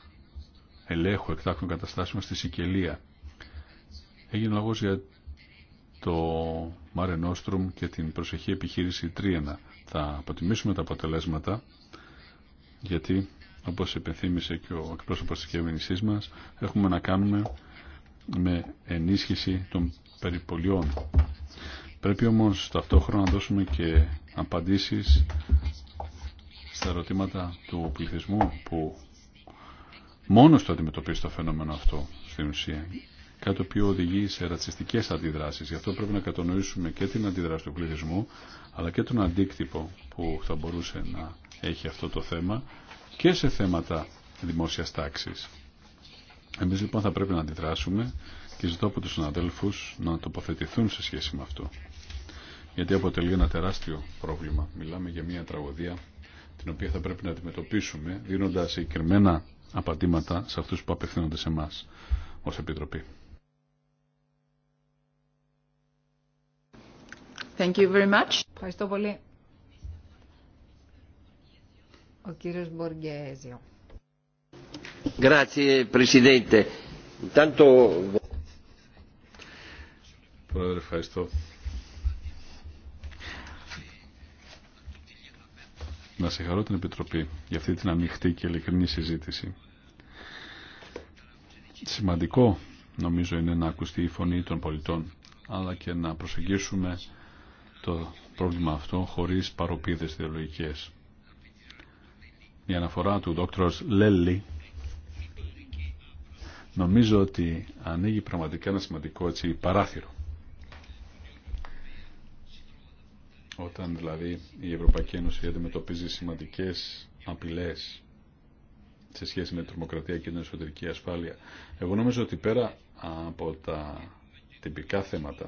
ελέγχου εκτάκτων καταστάσεων στη Σικελία. Έγινε λόγος για το μάρενόστρουμ Nostrum και την προσεχή επιχείρηση Τρίανα. Θα αποτιμήσουμε τα αποτελέσματα γιατί όπως υπενθύμησε και ο εκπρόσωπος της κυβέρνησής μας έχουμε να κάνουμε με ενίσχυση των περιπολιών. Πρέπει όμως ταυτόχρονα να δώσουμε και απαντήσεις στα ερωτήματα του πληθυσμού που μόνος το αντιμετωπίζει το φαινόμενο αυτό στην ουσία. Κάτι το οποίο οδηγεί σε ρατσιστικές αντιδράσεις. Γι' αυτό πρέπει να κατανοήσουμε και την αντίδραση του πληθυσμού αλλά και τον αντίκτυπο που θα μπορούσε να έχει αυτό το θέμα και σε θέματα δημόσιας τάξης. Εμείς λοιπόν θα πρέπει να αντιδράσουμε και ζητώ από τους συναδέλφους να τοποθετηθούν σε σχέση με αυτό γιατί αποτελεί ένα τεράστιο πρόβλημα. Μιλάμε για μια τραγωδία την οποία θα πρέπει να αντιμετωπίσουμε δίνοντας συγκεκριμένα απαντήματα σε αυτούς που απευθύνονται σε εμά ως Επιτροπή. Thank you very much. Ευχαριστώ πολύ. Ο Grazie, Presidente. Intanto... Πρόεδρε, ευχαριστώ. να συγχαρώ την Επιτροπή για αυτή την ανοιχτή και ειλικρινή συζήτηση. Σημαντικό νομίζω είναι να ακουστεί η φωνή των πολιτών αλλά και να προσεγγίσουμε το πρόβλημα αυτό χωρίς παροπίδες ιδεολογικές. Η αναφορά του δόκτρος Λέλλη νομίζω ότι ανοίγει πραγματικά ένα σημαντικό έτσι, παράθυρο Όταν δηλαδή η Ευρωπαϊκή Ένωση αντιμετωπίζει σημαντικές απειλές σε σχέση με την τρομοκρατία και την εσωτερική ασφάλεια. Εγώ νομίζω ότι πέρα από τα τυπικά θέματα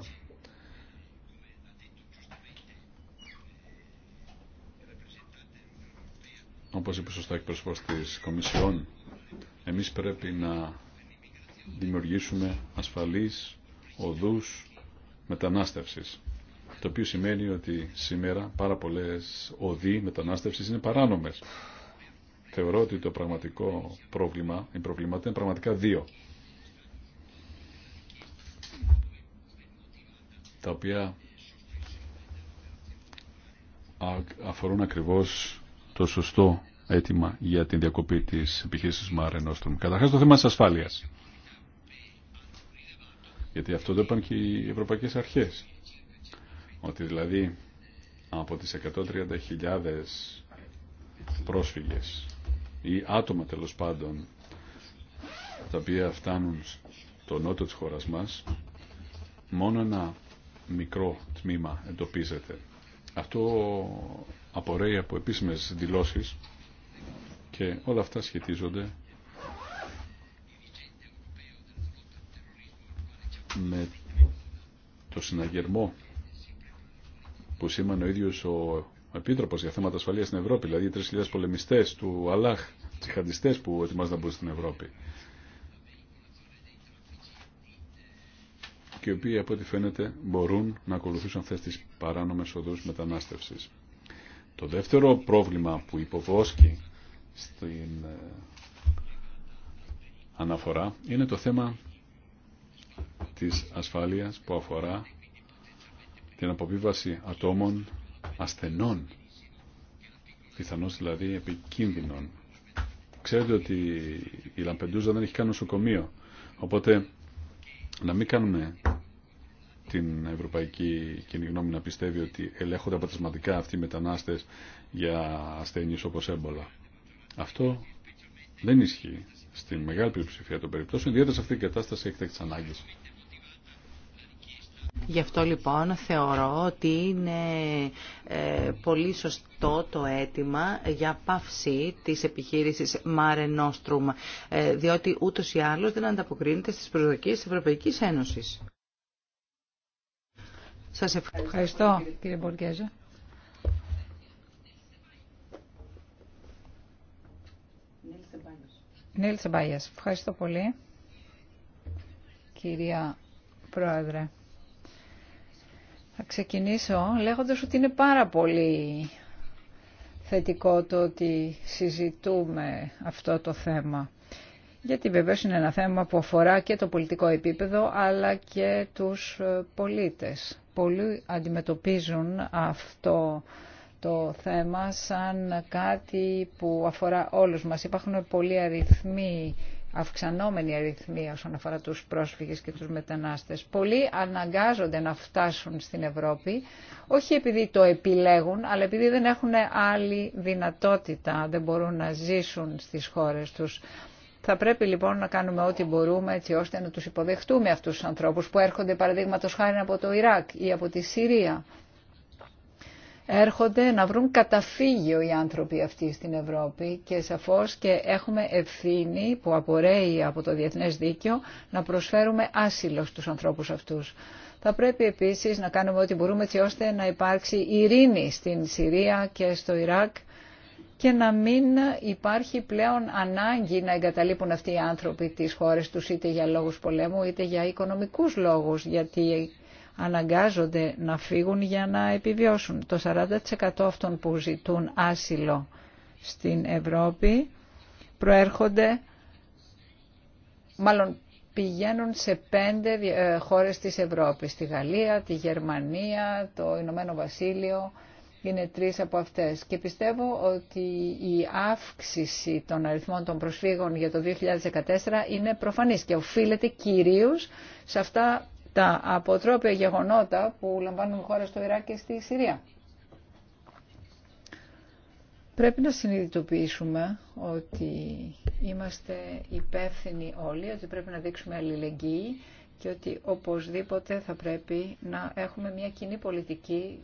όπως είπε σωστά προσφόρηση της Κομισιόν εμείς πρέπει να δημιουργήσουμε ασφαλείς οδούς μετανάστευσης το οποίο σημαίνει ότι σήμερα πάρα πολλέ οδοί μετανάστευση είναι παράνομες. Θεωρώ ότι το πραγματικό πρόβλημα, οι προβλήματα είναι πραγματικά δύο. Τα οποία αφορούν ακριβώς το σωστό αίτημα για την διακοπή της επιχείρησης Μάρε Καταρχά το θέμα της ασφάλειας. Γιατί αυτό το είπαν και οι ευρωπαϊκές αρχές. Ότι δηλαδή από τις 130.000 πρόσφυγες ή άτομα τέλος πάντων τα οποία φτάνουν στο νότο της χώρας μας μόνο ένα μικρό τμήμα εντοπίζεται. Αυτό απορρέει από επίσημες δηλώσεις και όλα αυτά σχετίζονται με το συναγερμό που σήμανε ο ίδιος ο Επίτροπος για θέματα ασφαλείας στην Ευρώπη, δηλαδή 3.000 πολεμιστές του Αλάχ, τσιχαντιστές που ετοιμάζονται να μπουν στην Ευρώπη. και οι οποίοι από ό,τι φαίνεται μπορούν να ακολουθήσουν αυτές τις παράνομες οδούς μετανάστευσης. Το δεύτερο πρόβλημα που υποβόσκει στην ε, αναφορά είναι το θέμα της ασφάλειας που αφορά την αποβίβαση ατόμων ασθενών, πιθανώς δηλαδή επικίνδυνων. Ξέρετε ότι η Λαμπεντούζα δεν έχει καν νοσοκομείο, οπότε να μην κάνουμε την ευρωπαϊκή κοινή γνώμη να πιστεύει ότι ελέγχονται αποτελεσματικά αυτοί οι μετανάστες για ασθένειες όπως έμπολα. Αυτό δεν ισχύει στην μεγάλη πλειοψηφία των περιπτώσεων, ιδιαίτερα σε αυτή την κατάσταση έκτακτη ανάγκη. Γι' αυτό λοιπόν θεωρώ ότι είναι ε, πολύ σωστό το αίτημα για πάυση της επιχείρησης Mare Nostrum, ε, διότι ούτως ή άλλως δεν ανταποκρίνεται στις προσδοκίες της Ευρωπαϊκής Ένωσης. Σας ευχαριστώ, ευχαριστώ κύριε Μποργέζα. Νίλ Σεμπάγιας, ευχαριστώ πολύ, κυρία Πρόεδρε. Θα ξεκινήσω λέγοντας ότι είναι πάρα πολύ θετικό το ότι συζητούμε αυτό το θέμα. Γιατί βεβαίω είναι ένα θέμα που αφορά και το πολιτικό επίπεδο αλλά και τους πολίτες. Πολλοί αντιμετωπίζουν αυτό το θέμα σαν κάτι που αφορά όλους μας. Υπάρχουν πολλοί αριθμοί αυξανόμενη αριθμή όσον αφορά τους πρόσφυγες και τους μετανάστες. Πολλοί αναγκάζονται να φτάσουν στην Ευρώπη, όχι επειδή το επιλέγουν, αλλά επειδή δεν έχουν άλλη δυνατότητα, δεν μπορούν να ζήσουν στις χώρες τους. Θα πρέπει λοιπόν να κάνουμε ό,τι μπορούμε έτσι ώστε να τους υποδεχτούμε αυτούς τους ανθρώπους που έρχονται παραδείγματος χάρη από το Ιράκ ή από τη Συρία έρχονται να βρουν καταφύγιο οι άνθρωποι αυτοί στην Ευρώπη και σαφώς και έχουμε ευθύνη που απορρέει από το διεθνές δίκαιο να προσφέρουμε άσυλο στους ανθρώπους αυτούς. Θα πρέπει επίσης να κάνουμε ό,τι μπορούμε έτσι ώστε να υπάρξει ειρήνη στην Συρία και στο Ιράκ και να μην υπάρχει πλέον ανάγκη να εγκαταλείπουν αυτοί οι άνθρωποι τις χώρες τους είτε για λόγους πολέμου είτε για οικονομικούς λόγους γιατί αναγκάζονται να φύγουν για να επιβιώσουν. Το 40% αυτών που ζητούν άσυλο στην Ευρώπη προέρχονται, μάλλον πηγαίνουν σε πέντε ε, χώρες της Ευρώπης. Τη Γαλλία, τη Γερμανία, το Ηνωμένο Βασίλειο είναι τρεις από αυτές. Και πιστεύω ότι η αύξηση των αριθμών των προσφύγων για το 2014 είναι προφανής και οφείλεται κυρίως σε αυτά τα αποτρόπια γεγονότα που λαμβάνουν χώρα στο Ιράκ και στη Συρία. Πρέπει να συνειδητοποιήσουμε ότι είμαστε υπεύθυνοι όλοι, ότι πρέπει να δείξουμε αλληλεγγύη και ότι οπωσδήποτε θα πρέπει να έχουμε μια κοινή πολιτική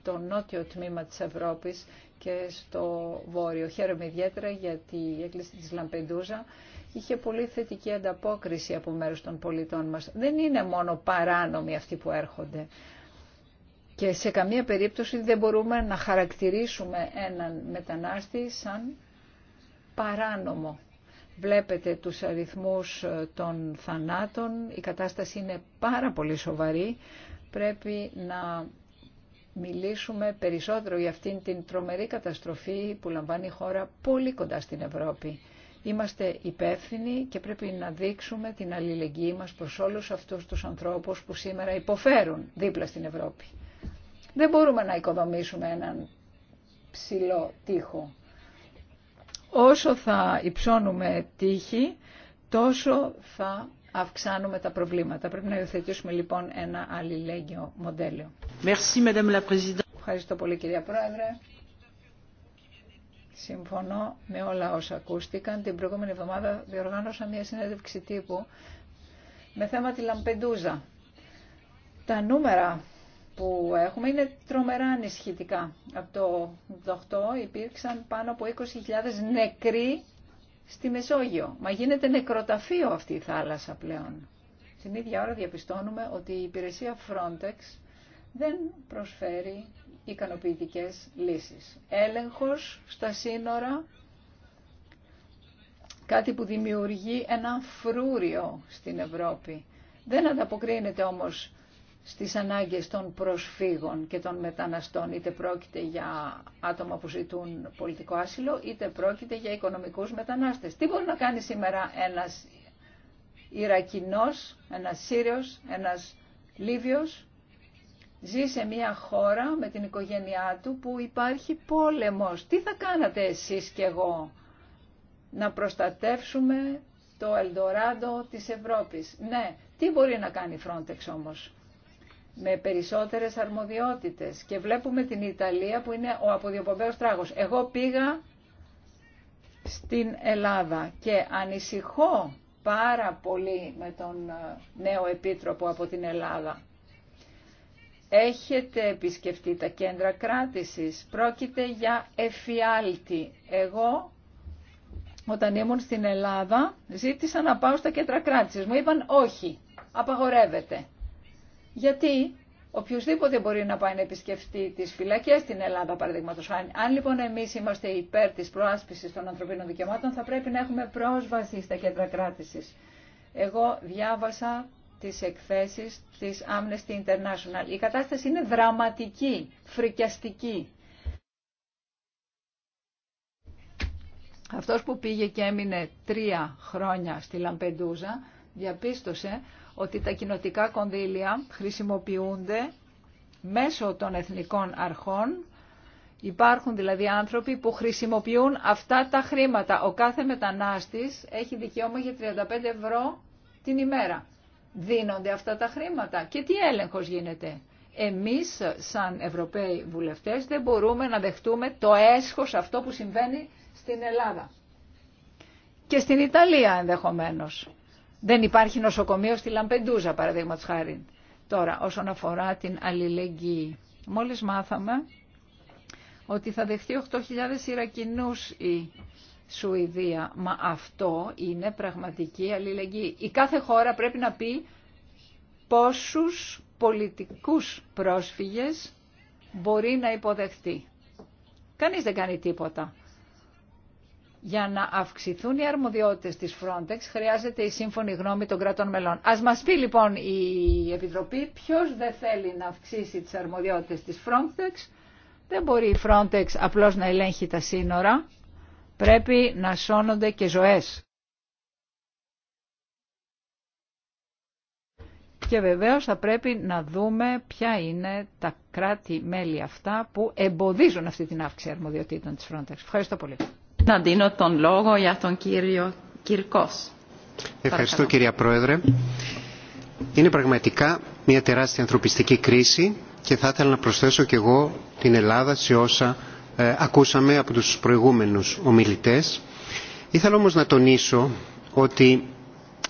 στο νότιο τμήμα της Ευρώπης και στο Βόρειο. Χαίρομαι ιδιαίτερα γιατί η έκκληση της Λαμπεντούζα είχε πολύ θετική ανταπόκριση από μέρους των πολιτών μας. Δεν είναι μόνο παράνομοι αυτοί που έρχονται. Και σε καμία περίπτωση δεν μπορούμε να χαρακτηρίσουμε έναν μετανάστη σαν παράνομο. Βλέπετε τους αριθμούς ε, των θανάτων, η κατάσταση είναι πάρα πολύ σοβαρή. Πρέπει να μιλήσουμε περισσότερο για αυτήν την τρομερή καταστροφή που λαμβάνει η χώρα πολύ κοντά στην Ευρώπη. Είμαστε υπεύθυνοι και πρέπει να δείξουμε την αλληλεγγύη μας προς όλους αυτούς τους ανθρώπους που σήμερα υποφέρουν δίπλα στην Ευρώπη. Δεν μπορούμε να οικοδομήσουμε έναν ψηλό τείχο. Όσο θα υψώνουμε τείχη, τόσο θα αυξάνουμε τα προβλήματα. Πρέπει να υιοθετήσουμε λοιπόν ένα αλληλέγγυο μοντέλο. Ευχαριστώ πολύ κυρία Πρόεδρε. Συμφωνώ με όλα όσα ακούστηκαν. Την προηγούμενη εβδομάδα διοργάνωσα μια συνέντευξη τύπου με θέμα τη Λαμπεντούζα. Τα νούμερα που έχουμε είναι τρομερά ανησυχητικά. Από το 2008 υπήρξαν πάνω από 20.000 νεκροί στη Μεσόγειο. Μα γίνεται νεκροταφείο αυτή η θάλασσα πλέον. Την ίδια ώρα διαπιστώνουμε ότι η υπηρεσία Frontex δεν προσφέρει ικανοποιητικές λύσεις. Έλεγχος στα σύνορα, κάτι που δημιουργεί ένα φρούριο στην Ευρώπη. Δεν ανταποκρίνεται όμως στις ανάγκες των προσφύγων και των μεταναστών, είτε πρόκειται για άτομα που ζητούν πολιτικό άσυλο, είτε πρόκειται για οικονομικούς μετανάστες. Τι μπορεί να κάνει σήμερα ένας Ιρακινός, ένας Σύριος, ένας Λίβιος, ζει σε μια χώρα με την οικογένειά του που υπάρχει πόλεμος. Τι θα κάνατε εσείς και εγώ να προστατεύσουμε το Ελντοράντο της Ευρώπης. Ναι, τι μπορεί να κάνει η Frontex όμως με περισσότερες αρμοδιότητες και βλέπουμε την Ιταλία που είναι ο αποδιοπομπαίος τράγος. Εγώ πήγα στην Ελλάδα και ανησυχώ πάρα πολύ με τον ε, νέο επίτροπο από την Ελλάδα. Έχετε επισκεφτεί τα κέντρα κράτησης. Πρόκειται για εφιάλτη. Εγώ όταν ήμουν στην Ελλάδα ζήτησα να πάω στα κέντρα κράτησης. Μου είπαν όχι, απαγορεύεται. Γιατί οποιοδήποτε μπορεί να πάει να επισκεφτεί τις φυλακές στην Ελλάδα, παραδείγματο χάρη. Αν λοιπόν εμείς είμαστε υπέρ τη προάσπιση των ανθρωπίνων δικαιωμάτων, θα πρέπει να έχουμε πρόσβαση στα κέντρα κράτηση. Εγώ διάβασα τις εκθέσεις της Amnesty International. Η κατάσταση είναι δραματική, φρικιαστική. Αυτός που πήγε και έμεινε τρία χρόνια στη Λαμπεντούζα διαπίστωσε ότι τα κοινοτικά κονδύλια χρησιμοποιούνται μέσω των εθνικών αρχών. Υπάρχουν δηλαδή άνθρωποι που χρησιμοποιούν αυτά τα χρήματα. Ο κάθε μετανάστης έχει δικαίωμα για 35 ευρώ την ημέρα. Δίνονται αυτά τα χρήματα και τι έλεγχος γίνεται. Εμείς σαν Ευρωπαίοι βουλευτές δεν μπορούμε να δεχτούμε το έσχος αυτό που συμβαίνει στην Ελλάδα. Και στην Ιταλία ενδεχομένως. Δεν υπάρχει νοσοκομείο στη Λαμπεντούζα, παραδείγματο χάρη. Τώρα, όσον αφορά την αλληλεγγύη. Μόλις μάθαμε ότι θα δεχτεί 8.000 Ιρακινούς η Σουηδία. Μα αυτό είναι πραγματική αλληλεγγύη. Η κάθε χώρα πρέπει να πει πόσους πολιτικούς πρόσφυγες μπορεί να υποδεχτεί. Κανείς δεν κάνει τίποτα για να αυξηθούν οι αρμοδιότητες της Frontex χρειάζεται η σύμφωνη γνώμη των κρατών μελών. Ας μας πει λοιπόν η Επιτροπή ποιος δεν θέλει να αυξήσει τις αρμοδιότητες της Frontex. Δεν μπορεί η Frontex απλώς να ελέγχει τα σύνορα. Πρέπει να σώνονται και ζωές. Και βεβαίως θα πρέπει να δούμε ποια είναι τα κράτη-μέλη αυτά που εμποδίζουν αυτή την αύξηση αρμοδιοτήτων της Frontex. Ευχαριστώ πολύ. Να δίνω τον λόγο για τον κύριο Κυρκός. Ευχαριστώ κυρία Πρόεδρε. Είναι πραγματικά μια τεράστια ανθρωπιστική κρίση και θα ήθελα να προσθέσω και εγώ την Ελλάδα σε όσα ε, ακούσαμε από τους προηγούμενους ομιλητές. Ήθελα όμως να τονίσω ότι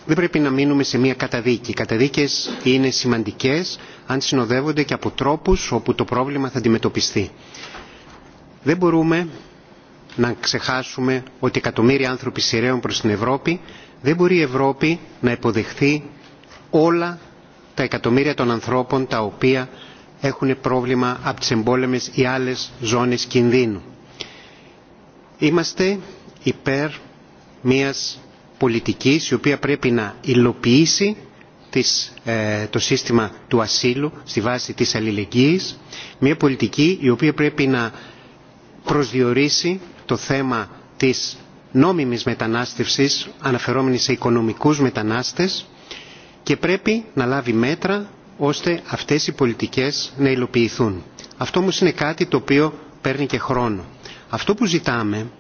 δεν πρέπει να μείνουμε σε μια καταδίκη. Οι καταδίκες είναι σημαντικές αν συνοδεύονται και από τρόπους όπου το πρόβλημα θα αντιμετωπιστεί. Δεν μπορούμε να ξεχάσουμε ότι εκατομμύρια άνθρωποι σειραίων προς την Ευρώπη δεν μπορεί η Ευρώπη να υποδεχθεί όλα τα εκατομμύρια των ανθρώπων τα οποία έχουν πρόβλημα από τις εμπόλεμες ή άλλες ζώνες κινδύνου. Είμαστε υπέρ μιας πολιτικής η οποία πρέπει να υλοποιήσει ε, το σύστημα του ασύλου στη βάση της αλληλεγγύης, μια πολιτική η οποία πρέπει να προσδιορίσει το θέμα της νόμιμης μετανάστευσης αναφερόμενη σε οικονομικούς μετανάστες και πρέπει να λάβει μέτρα ώστε αυτές οι πολιτικές να υλοποιηθούν. Αυτό όμως είναι κάτι το οποίο παίρνει και χρόνο. Αυτό που ζητάμε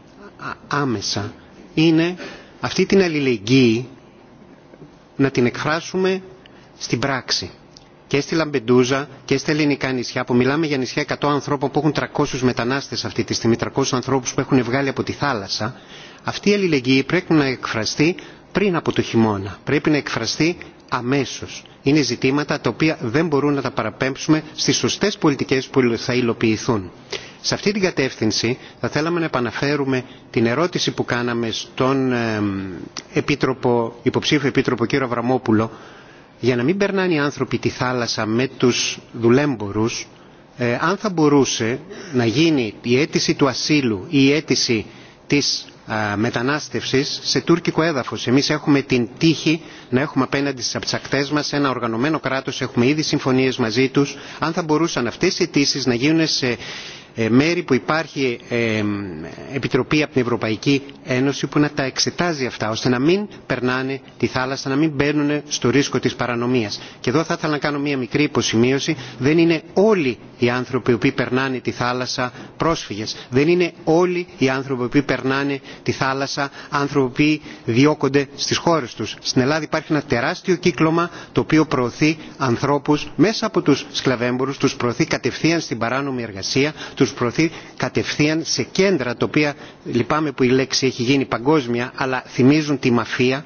άμεσα είναι αυτή την αλληλεγγύη να την εκφράσουμε στην πράξη και στη Λαμπεντούζα και στα ελληνικά νησιά που μιλάμε για νησιά 100 ανθρώπων που έχουν 300 μετανάστες αυτή τη στιγμή, 300 ανθρώπους που έχουν βγάλει από τη θάλασσα, αυτή η αλληλεγγύη πρέπει να εκφραστεί πριν από το χειμώνα. Πρέπει να εκφραστεί αμέσως. Είναι ζητήματα τα οποία δεν μπορούν να τα παραπέμψουμε στις σωστές πολιτικές που θα υλοποιηθούν. Σε αυτή την κατεύθυνση θα θέλαμε να επαναφέρουμε την ερώτηση που κάναμε στον Επίτροπο, υποψήφιο Επίτροπο κύριο Αβραμόπουλο για να μην περνάνε οι άνθρωποι τη θάλασσα με τους δουλέμπορους, ε, αν θα μπορούσε να γίνει η αίτηση του ασύλου ή η αίτηση της α, μετανάστευσης σε τουρκικό έδαφος. Εμείς έχουμε την τύχη να έχουμε απέναντι στις αψακτές μας ένα οργανωμένο κράτος, έχουμε ήδη συμφωνίες μαζί τους. Αν θα μπορούσαν αυτές οι αιτήσει να γίνουν σε ε, μέρη που υπάρχει ε, επιτροπή από την Ευρωπαϊκή Ένωση που να τα εξετάζει αυτά ώστε να μην περνάνε τη θάλασσα, να μην μπαίνουν στο ρίσκο της παρανομίας. Και εδώ θα ήθελα να κάνω μια μικρή υποσημείωση. Δεν είναι όλοι οι άνθρωποι οι οποίοι περνάνε τη θάλασσα πρόσφυγες. Δεν είναι όλοι οι άνθρωποι οι οποίοι περνάνε τη θάλασσα άνθρωποι που διώκονται στις χώρες τους. Στην Ελλάδα υπάρχει ένα τεράστιο κύκλωμα το οποίο προωθεί ανθρώπους μέσα από τους σκλαβέμπορους, τους προωθεί κατευθείαν στην παράνομη εργασία, τους προωθεί κατευθείαν σε κέντρα τα οποία λυπάμαι που η λέξη έχει γίνει παγκόσμια αλλά θυμίζουν τη μαφία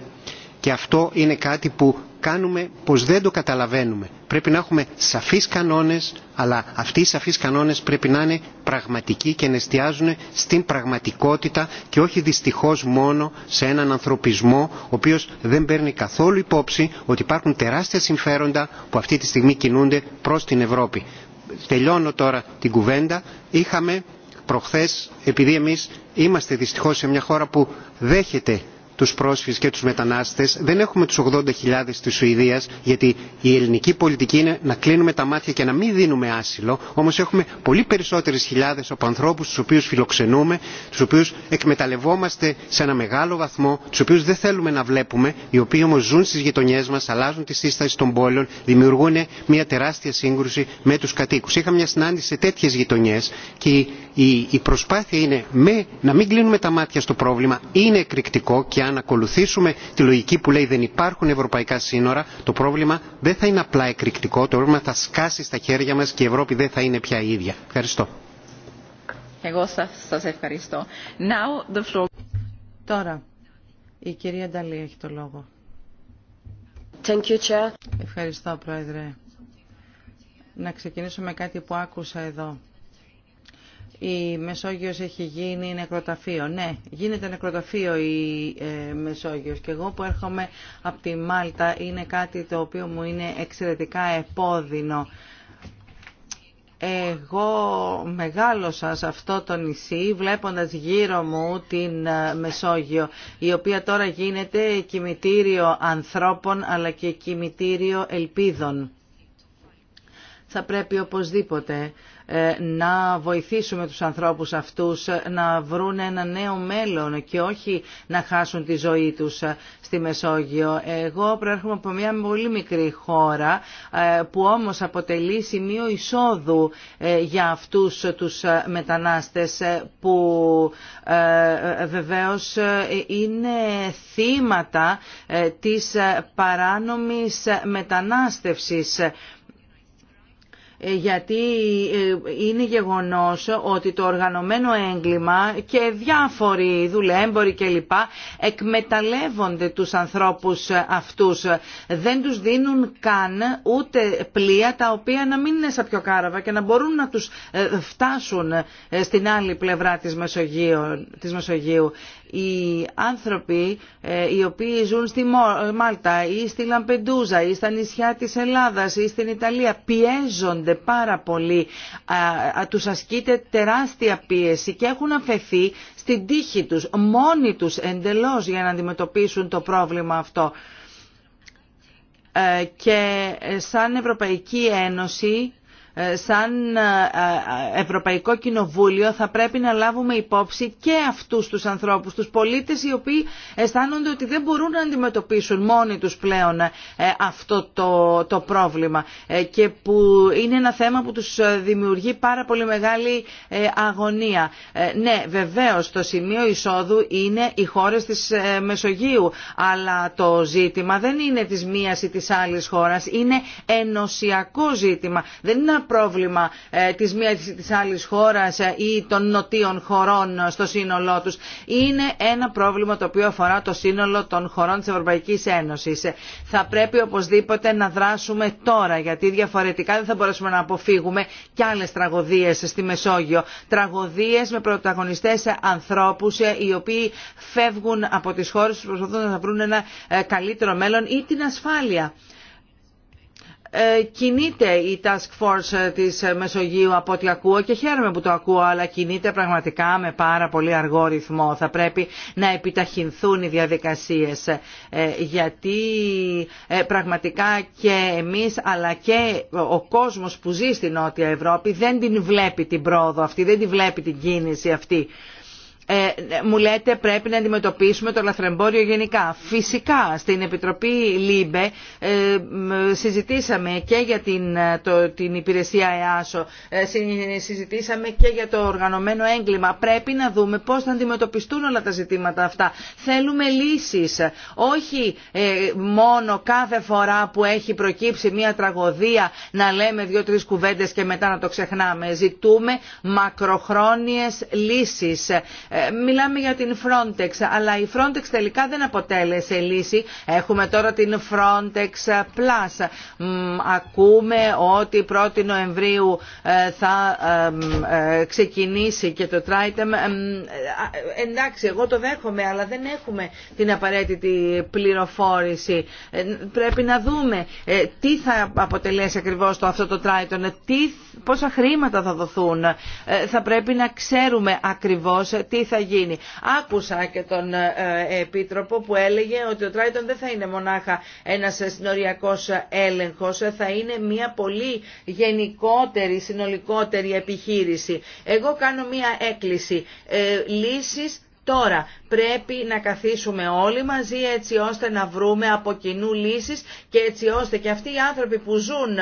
και αυτό είναι κάτι που κάνουμε πως δεν το καταλαβαίνουμε. Πρέπει να έχουμε σαφείς κανόνες, αλλά αυτοί οι σαφείς κανόνες πρέπει να είναι πραγματικοί και να εστιάζουν στην πραγματικότητα και όχι δυστυχώς μόνο σε έναν ανθρωπισμό ο οποίος δεν παίρνει καθόλου υπόψη ότι υπάρχουν τεράστια συμφέροντα που αυτή τη στιγμή κινούνται προς την Ευρώπη τελειώνω τώρα την κουβέντα είχαμε προχθές επειδή εμείς είμαστε δυστυχώς σε μια χώρα που δέχεται τους πρόσφυγες και τους μετανάστες δεν έχουμε τους 80.000 της Σουηδίας γιατί η ελληνική πολιτική είναι να κλείνουμε τα μάτια και να μην δίνουμε άσυλο όμως έχουμε πολύ περισσότερες χιλιάδες από ανθρώπους τους οποίους φιλοξενούμε τους οποίους εκμεταλλευόμαστε σε ένα μεγάλο βαθμό τους οποίους δεν θέλουμε να βλέπουμε οι οποίοι όμως ζουν στις γειτονιές μας αλλάζουν τη σύσταση των πόλεων δημιουργούν μια τεράστια σύγκρουση με τους κατοίκους. Είχα μια συνάντηση σε τέτοιες γειτονιές και η προσπάθεια είναι με, να μην κλείνουμε τα μάτια στο πρόβλημα, είναι εκρηκτικό και αν ακολουθήσουμε τη λογική που λέει δεν υπάρχουν ευρωπαϊκά σύνορα, το πρόβλημα δεν θα είναι απλά εκρηκτικό, το πρόβλημα θα σκάσει στα χέρια μας και η Ευρώπη δεν θα είναι πια η ίδια. Ευχαριστώ. Εγώ σας ευχαριστώ. Now the floor... Τώρα, η κυρία Νταλή έχει το λόγο. Ευχαριστώ, Πρόεδρε. Να ξεκινήσω με κάτι που άκουσα εδώ η Μεσόγειος έχει γίνει νεκροταφείο. Ναι, γίνεται νεκροταφείο η ε, Μεσόγειος και εγώ που έρχομαι από τη Μάλτα είναι κάτι το οποίο μου είναι εξαιρετικά επώδυνο. Εγώ μεγάλωσα σε αυτό το νησί βλέποντας γύρω μου την ε, Μεσόγειο η οποία τώρα γίνεται κημητήριο ανθρώπων αλλά και κημητήριο ελπίδων. Θα πρέπει οπωσδήποτε ε, να βοηθήσουμε τους ανθρώπους αυτούς να βρουν ένα νέο μέλλον και όχι να χάσουν τη ζωή τους ε, στη Μεσόγειο. Εγώ προέρχομαι από μια πολύ μικρή χώρα ε, που όμως αποτελεί σημείο εισόδου για αυτούς τους μετανάστες που βεβαίως είναι θύματα της παράνομης μετανάστευσης ε, γιατί ε, είναι γεγονός ότι το οργανωμένο έγκλημα και διάφοροι και κλπ εκμεταλλεύονται τους ανθρώπους αυτούς. Δεν τους δίνουν καν ούτε πλοία τα οποία να μην είναι πιο κάραβα και να μπορούν να τους ε, φτάσουν στην άλλη πλευρά της Μεσογείου οι άνθρωποι ε, οι οποίοι ζουν στη Μάλτα ή στη Λαμπεντούζα ή στα νησιά της Ελλάδας ή στην Ιταλία πιέζονται πάρα πολύ, τους ασκείται τεράστια πίεση και έχουν αφαιθεί στην τύχη τους, μόνοι τους εντελώς για να αντιμετωπίσουν το πρόβλημα αυτό. Ε, και σαν Ευρωπαϊκή Ένωση ε, σαν ε, ε, Ευρωπαϊκό Κοινοβούλιο θα πρέπει να λάβουμε υπόψη και αυτούς τους ανθρώπους, τους πολίτες οι οποίοι αισθάνονται ότι δεν μπορούν να αντιμετωπίσουν μόνοι τους πλέον αυτό το, πρόβλημα και που είναι ένα θέμα που τους δημιουργεί πάρα πολύ μεγάλη αγωνία. Ναι, βεβαίως το σημείο εισόδου είναι οι χώρες της Μεσογείου, αλλά το ζήτημα δεν είναι της μίας ή της άλλης χώρας, είναι ενωσιακό ζήτημα. Δεν είναι πρόβλημα ε, της μίας ή της άλλης χώρας ε, ή των νοτίων χωρών στο σύνολό τους. Είναι ένα πρόβλημα το οποίο αφορά το σύνολο των χωρών της Ευρωπαϊκής Ένωσης. Ε, θα πρέπει οπωσδήποτε να δράσουμε τώρα γιατί διαφορετικά δεν θα μπορέσουμε να αποφύγουμε και άλλες τραγωδίες στη Μεσόγειο. Τραγωδίες με πρωταγωνιστές ανθρώπους οι οποίοι φεύγουν από τις χώρες που προσπαθούν να βρουν ένα καλύτερο μέλλον ή την ασφάλεια. Ε, κινείται η task force ε, της ε, Μεσογείου από ό,τι ακούω και χαίρομαι που το ακούω αλλά κινείται πραγματικά με πάρα πολύ αργό ρυθμό. Θα πρέπει να επιταχυνθούν οι διαδικασίες γιατί πραγματικά και εμείς αλλά και ο κόσμος που ζει στην Νότια Ευρώπη δεν την βλέπει την πρόοδο αυτή, δεν την βλέπει την κίνηση αυτή. Ε, μου λέτε πρέπει να αντιμετωπίσουμε το λαθρεμπόριο γενικά. Φυσικά στην Επιτροπή ΛΥΜΠΕ ε, συζητήσαμε και για την, ε, το, την υπηρεσία ΕΑΣΟ, συζητήσαμε και για το οργανωμένο έγκλημα. Πρέπει να δούμε πώς θα αντιμετωπιστούν όλα τα ζητήματα αυτά. Θέλουμε λύσεις, όχι μόνο κάθε φορά που έχει προκύψει μια τραγωδία να λέμε δύο-τρεις κουβέντες και μετά να το ξεχνάμε. Ζητούμε μακροχρόνιες λύσεις ε, μιλάμε για την Frontex, αλλά η Frontex τελικά δεν αποτέλεσε λύση. Έχουμε τώρα την Frontex Plus. Ακούμε ότι 1η Νοεμβρίου ε, θα ε, ξεκινήσει και το Triton. Εντάξει, εγώ το δέχομαι, αλλά δεν έχουμε την απαραίτητη πληροφόρηση. Πρέπει να δούμε τι θα αποτελέσει ακριβώς το αυτό το Triton, πόσα χρήματα θα δοθούν. Θα πρέπει να ξέρουμε ακριβώς τι θα γίνει. Άκουσα και τον ε, ε, Επίτροπο που έλεγε ότι ο Τράιτον δεν θα είναι μονάχα ένας συνοριακός έλεγχος, θα είναι μια πολύ γενικότερη, συνολικότερη επιχείρηση. Εγώ κάνω μια έκκληση. Ε, λύσεις Τώρα πρέπει να καθίσουμε όλοι μαζί έτσι ώστε να βρούμε από κοινού λύσεις και έτσι ώστε και αυτοί οι άνθρωποι που ζουν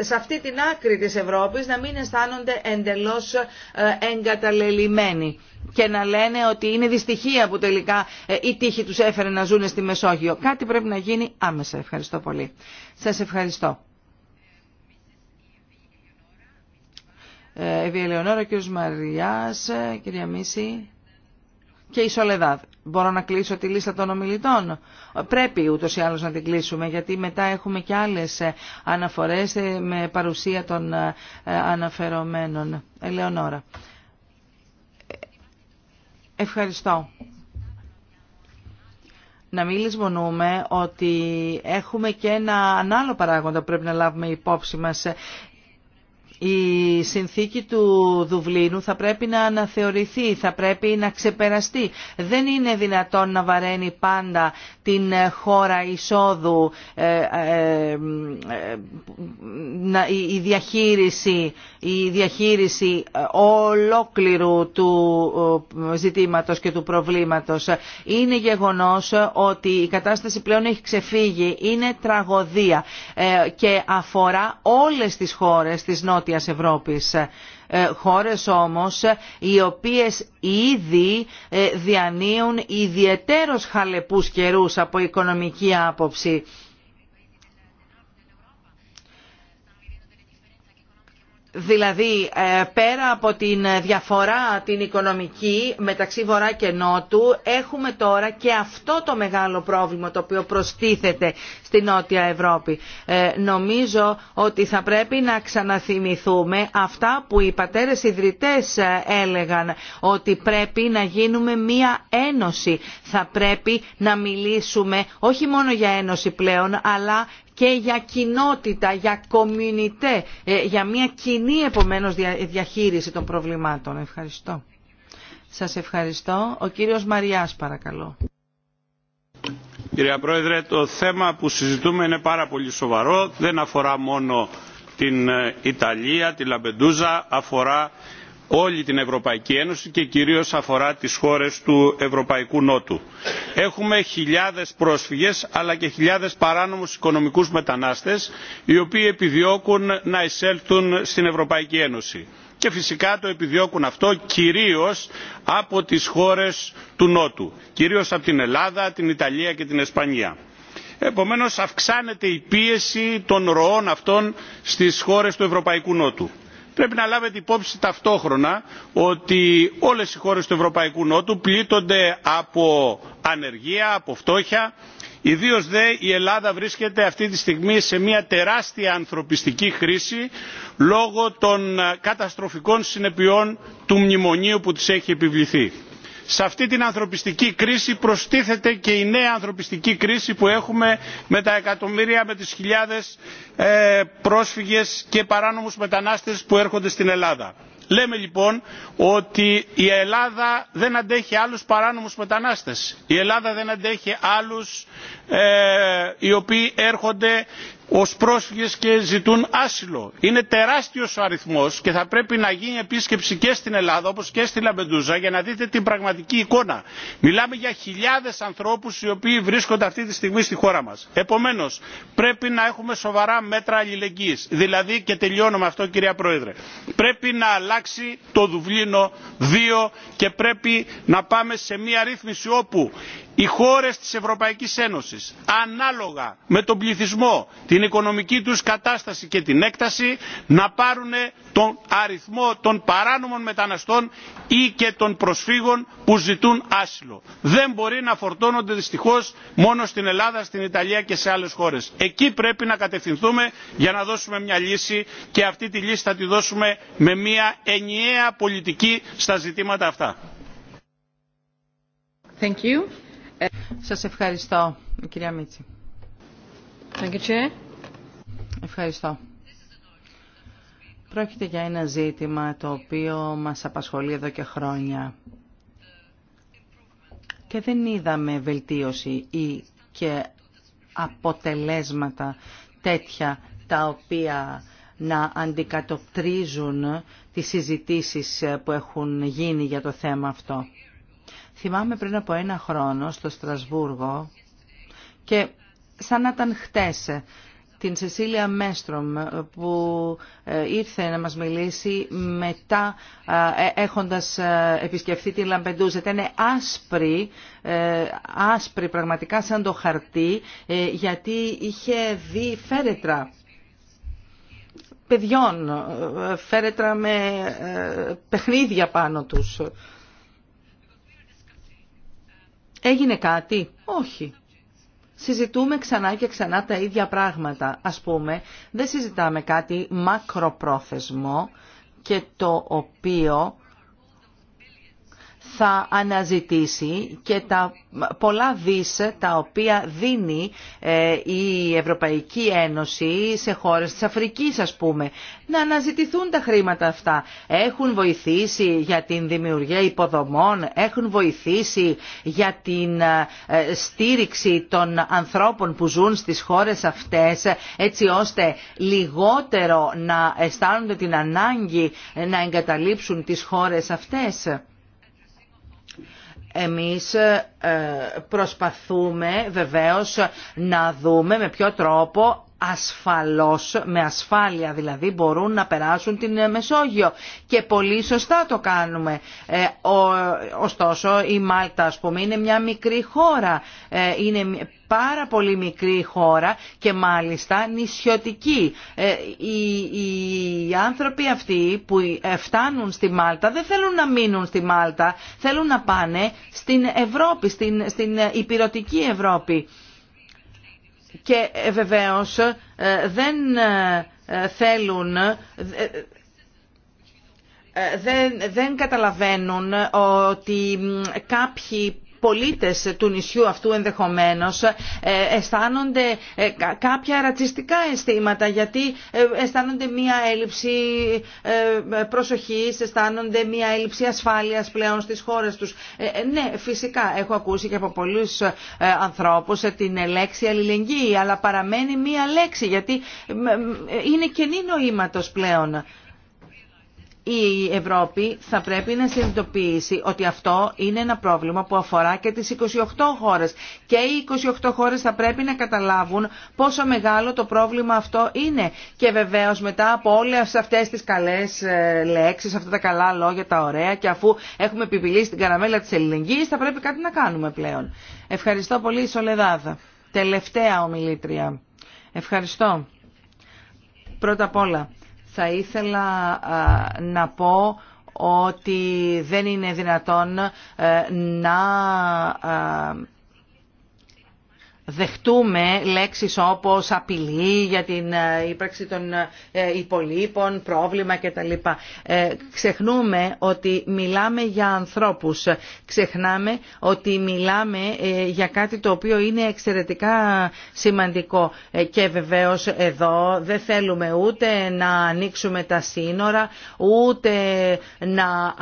σε αυτή την άκρη της Ευρώπης να μην αισθάνονται εντελώς εγκαταλελειμμένοι και να λένε ότι είναι δυστυχία που τελικά η ε, τύχη τους έφερε να ζουν στη Μεσόγειο. Κάτι πρέπει να γίνει άμεσα. Ευχαριστώ πολύ. Σας ευχαριστώ. Ε, Εύη Ελεονόρα, ο Μαριάς, ε, κυρία Μίση και η Σολεδάδ. Μπορώ να κλείσω τη λίστα των ομιλητών. Πρέπει ούτως ή άλλως να την κλείσουμε γιατί μετά έχουμε και άλλες αναφορές με παρουσία των αναφερομένων. Ελεονόρα. Ευχαριστώ. Να μην λησμονούμε ότι έχουμε και ένα άλλο παράγοντα που πρέπει να λάβουμε υπόψη μας η συνθήκη του Δουβλίνου θα πρέπει να αναθεωρηθεί, θα πρέπει να ξεπεραστεί. Δεν είναι δυνατόν να βαραίνει πάντα την χώρα εισόδου ε, ε, ε, η διαχείριση, η διαχείριση ολόκληρου του ζητήματος και του προβλήματος. Είναι γεγονός ότι η κατάσταση πλέον έχει ξεφύγει, είναι τραγωδία και αφορά όλες τις χώρες της Νότιας Νότιας Ευρώπης. Ε, χώρες όμως οι οποίες ήδη ε, διανύουν ιδιαιτέρως χαλεπούς καιρούς από οικονομική άποψη. Δηλαδή ε, πέρα από την διαφορά την οικονομική μεταξύ Βορρά και Νότου έχουμε τώρα και αυτό το μεγάλο πρόβλημα το οποίο προστίθεται στη Νότια Ευρώπη. Ε, νομίζω ότι θα πρέπει να ξαναθυμηθούμε αυτά που οι πατέρες ιδρυτές ε, έλεγαν ότι πρέπει να γίνουμε μία ένωση. Θα πρέπει να μιλήσουμε όχι μόνο για ένωση πλέον αλλά και για κοινότητα, για κομινιτέ, ε, για μια κοινή επομένως διαχείριση των προβλημάτων. Ευχαριστώ. Σας ευχαριστώ. Ο κύριος Μαριάς παρακαλώ. Κυρία Πρόεδρε, το θέμα που συζητούμε είναι πάρα πολύ σοβαρό. Δεν αφορά μόνο την ε, Ιταλία, την Λαμπεντούζα, αφορά όλη την Ευρωπαϊκή Ένωση και κυρίως αφορά τις χώρες του Ευρωπαϊκού Νότου. Έχουμε χιλιάδες πρόσφυγες αλλά και χιλιάδες παράνομους οικονομικούς μετανάστες οι οποίοι επιδιώκουν να εισέλθουν στην Ευρωπαϊκή Ένωση και φυσικά το επιδιώκουν αυτό κυρίως από τις χώρες του Νότου, κυρίως από την Ελλάδα, την Ιταλία και την Ισπανία. Επομένως αυξάνεται η πίεση των ροών αυτών στις χώρες του Ευρωπαϊκού Νότου πρέπει να λάβετε υπόψη ταυτόχρονα ότι όλες οι χώρες του Ευρωπαϊκού Νότου πλήττονται από ανεργία, από φτώχεια. Ιδίως δε η Ελλάδα βρίσκεται αυτή τη στιγμή σε μια τεράστια ανθρωπιστική χρήση λόγω των καταστροφικών συνεπειών του μνημονίου που της έχει επιβληθεί σε αυτή την ανθρωπιστική κρίση προστίθεται και η νέα ανθρωπιστική κρίση που έχουμε με τα εκατομμύρια με τις χιλιάδες ε, πρόσφυγες και παράνομους μετανάστες που έρχονται στην Ελλάδα. Λέμε λοιπόν ότι η Ελλάδα δεν αντέχει άλλους παράνομους μετανάστες. Η Ελλάδα δεν αντέχει άλλους ε, οι οποίοι έρχονται ως πρόσφυγες και ζητούν άσυλο. Είναι τεράστιος ο αριθμός και θα πρέπει να γίνει επίσκεψη και στην Ελλάδα όπως και στη Λαμπεντούζα για να δείτε την πραγματική εικόνα. Μιλάμε για χιλιάδες ανθρώπους οι οποίοι βρίσκονται αυτή τη στιγμή στη χώρα μας. Επομένως πρέπει να έχουμε σοβαρά μέτρα αλληλεγγύης. Δηλαδή και τελειώνω με αυτό κυρία Πρόεδρε. Πρέπει να αλλάξει το Δουβλίνο 2 και πρέπει να πάμε σε μια ρύθμιση όπου οι χώρες της Ευρωπαϊκής Ένωσης ανάλογα με τον πληθυσμό, την οικονομική τους κατάσταση και την έκταση να πάρουν τον αριθμό των παράνομων μεταναστών ή και των προσφύγων που ζητούν άσυλο. Δεν μπορεί να φορτώνονται δυστυχώς μόνο στην Ελλάδα, στην Ιταλία και σε άλλες χώρες. Εκεί πρέπει να κατευθυνθούμε για να δώσουμε μια λύση και αυτή τη λύση θα τη δώσουμε με μια ενιαία πολιτική στα ζητήματα αυτά. Thank σας ευχαριστώ, κυρία Μίτση. Ευχαριστώ. Πρόκειται για ένα ζήτημα το οποίο μας απασχολεί εδώ και χρόνια. Και δεν είδαμε βελτίωση ή και αποτελέσματα τέτοια τα οποία να αντικατοπτρίζουν τις συζητήσεις που έχουν γίνει για το θέμα αυτό. Θυμάμαι πριν από ένα χρόνο στο Στρασβούργο και σαν να ήταν χτες την Σεσίλια Μέστρομ που ε, ήρθε να μας μιλήσει μετά ε, ε, έχοντας επισκεφθεί την Λαμπεντούζα. Ήταν άσπρη, άσπρη πραγματικά σαν το χαρτί γιατί είχε δει φέρετρα παιδιών, φέρετρα με παιχνίδια πάνω τους. Έγινε κάτι. Όχι. Συζητούμε ξανά και ξανά τα ίδια πράγματα. Ας πούμε, δεν συζητάμε κάτι μακροπρόθεσμο και το οποίο θα αναζητήσει και τα πολλά δις τα οποία δίνει ε, η Ευρωπαϊκή Ένωση σε χώρες της Αφρικής ας πούμε. Να αναζητηθούν τα χρήματα αυτά. Έχουν βοηθήσει για την δημιουργία υποδομών, έχουν βοηθήσει για την ε, στήριξη των ανθρώπων που ζουν στις χώρες αυτές έτσι ώστε λιγότερο να αισθάνονται την ανάγκη να εγκαταλείψουν τις χώρες αυτές εμείς ε, προσπαθούμε βεβαίως να δούμε με ποιο τρόπο ασφαλώς, με ασφάλεια δηλαδή μπορούν να περάσουν την ε, Μεσόγειο και πολύ σωστά το κάνουμε. Ε, ο, ωστόσο η Μάλτα ας πούμε είναι μια μικρή χώρα, είναι πάρα πολύ μικρή χώρα και μάλιστα νησιωτική. Ε, οι άνθρωποι αυτοί που ε, φτάνουν στη Μάλτα δεν θέλουν να μείνουν στη Μάλτα, θέλουν να πάνε στην Ευρώπη, στην, στην ε, υπηρετική Ευρώπη. Και βεβαίως δεν θέλουν δεν, δεν καταλαβαίνουν ότι κάποιοι πολίτες του νησιού αυτού ενδεχομένως ε, αισθάνονται ε, κάποια ρατσιστικά αισθήματα γιατί ε, αισθάνονται μία έλλειψη προσοχής, αισθάνονται μία έλλειψη ασφάλειας πλέον στις χώρες τους. Ναι, φυσικά έχω ακούσει και από πολλούς ανθρώπους την λέξη αλληλεγγύη αλλά παραμένει μία λέξη γιατί είναι κενή νοήματος πλέον η Ευρώπη θα πρέπει να συνειδητοποιήσει ότι αυτό είναι ένα πρόβλημα που αφορά και τις 28 χώρες. Και οι 28 χώρες θα πρέπει να καταλάβουν πόσο μεγάλο το πρόβλημα αυτό είναι. Και βεβαίως μετά από όλες αυτές τις καλές ε, λέξεις, αυτά τα καλά λόγια, τα ωραία και αφού έχουμε επιβιλήσει την καραμέλα της ελληνικής θα πρέπει κάτι να κάνουμε πλέον. Ευχαριστώ πολύ Σολεδάδα. Τελευταία ομιλήτρια. Ευχαριστώ. Πρώτα απ' όλα θα ήθελα να πω ότι δεν είναι δυνατόν ε, να δεχτούμε λέξεις όπως απειλή για την ε, ύπαρξη των ε, υπολείπων, πρόβλημα κτλ. Ε, ξεχνούμε ότι μιλάμε για ανθρώπους. Ξεχνάμε ότι μιλάμε για κάτι το οποίο είναι εξαιρετικά σημαντικό. Και βεβαίως εδώ δεν θέλουμε ούτε να ανοίξουμε τα σύνορα, ούτε να,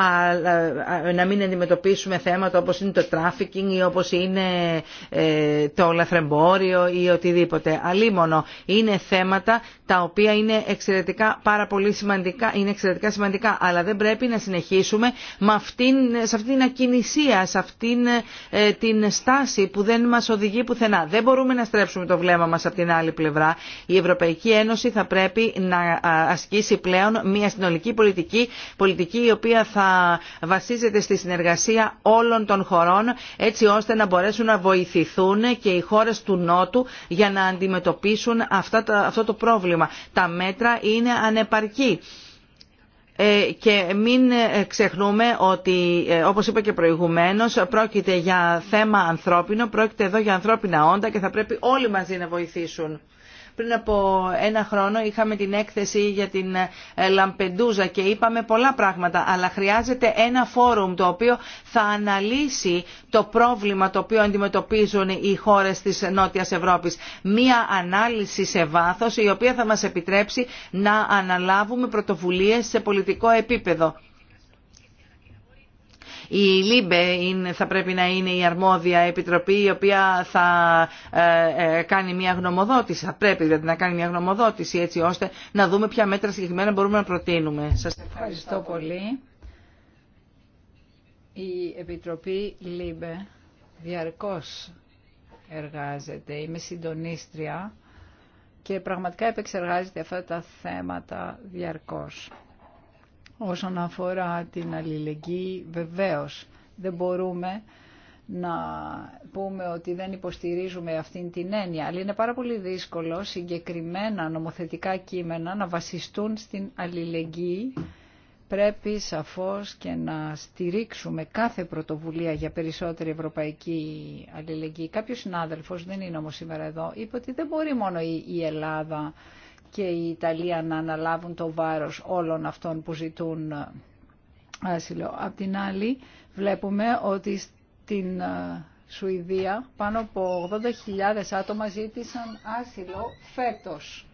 να μην αντιμετωπίσουμε θέματα όπως είναι το τράφικινγκ ή όπως είναι το λαθρεμπόριο ή οτιδήποτε. Αλίμονο είναι θέματα τα οποία είναι εξαιρετικά πάρα πολύ σημαντικά, είναι εξαιρετικά σημαντικά, αλλά δεν πρέπει να συνεχίσουμε με αυτήν, σε αυτήν την ακινησία, σε αυτήν ε, την στάση που δεν μας οδηγεί πουθενά. Δεν μπορούμε να στρέψουμε το βλέμμα μας από την άλλη πλευρά. Η Ευρωπαϊκή Ένωση θα πρέπει να ασκήσει πλέον μια συνολική πολιτική, πολιτική η οποία θα βασίζεται στη συνεργασία όλων των χωρών, έτσι ώστε να μπορέσουν να βοηθηθούν και οι χώρες χώρες του Νότου για να αντιμετωπίσουν αυτά αυτό το πρόβλημα. Τα μέτρα είναι ανεπαρκή ε, και μην ε, ξεχνούμε ότι ε, όπως είπα και προηγουμένως πρόκειται για θέμα ανθρώπινο, πρόκειται εδώ για ανθρώπινα όντα και θα πρέπει όλοι μαζί να βοηθήσουν. Πριν από ένα χρόνο είχαμε την έκθεση για την ε, Λαμπεντούζα και είπαμε πολλά πράγματα, αλλά χρειάζεται ένα φόρουμ το οποίο θα αναλύσει το πρόβλημα το οποίο αντιμετωπίζουν οι χώρες της Νότιας Ευρώπης. Μία ανάλυση σε βάθος η οποία θα μας επιτρέψει να αναλάβουμε πρωτοβουλίες σε πολιτικό επίπεδο. Η ΛΥΜΠΕ θα πρέπει να είναι η αρμόδια επιτροπή η οποία θα ε, ε, κάνει μια γνωμοδότηση, θα πρέπει δηλαδή να κάνει μια γνωμοδότηση έτσι ώστε να δούμε ποια μέτρα συγκεκριμένα μπορούμε να προτείνουμε. Σας ευχαριστώ πολύ. Η Επιτροπή ΛΥΜΠΕ διαρκώς εργάζεται, είμαι συντονίστρια και πραγματικά επεξεργάζεται αυτά τα θέματα διαρκώς. Όσον αφορά την αλληλεγγύη, βεβαίως δεν μπορούμε να πούμε ότι δεν υποστηρίζουμε αυτήν την έννοια. Αλλά είναι πάρα πολύ δύσκολο συγκεκριμένα νομοθετικά κείμενα να βασιστούν στην αλληλεγγύη. Πρέπει σαφώς και να στηρίξουμε κάθε πρωτοβουλία για περισσότερη ευρωπαϊκή αλληλεγγύη. Κάποιος συνάδελφος, δεν είναι όμως σήμερα εδώ, είπε ότι δεν μπορεί μόνο η Ελλάδα και η Ιταλία να αναλάβουν το βάρος όλων αυτών που ζητούν ε, άσυλο. Απ' την άλλη βλέπουμε ότι στην ε, Σουηδία πάνω από 80.000 άτομα ζήτησαν άσυλο φέτος.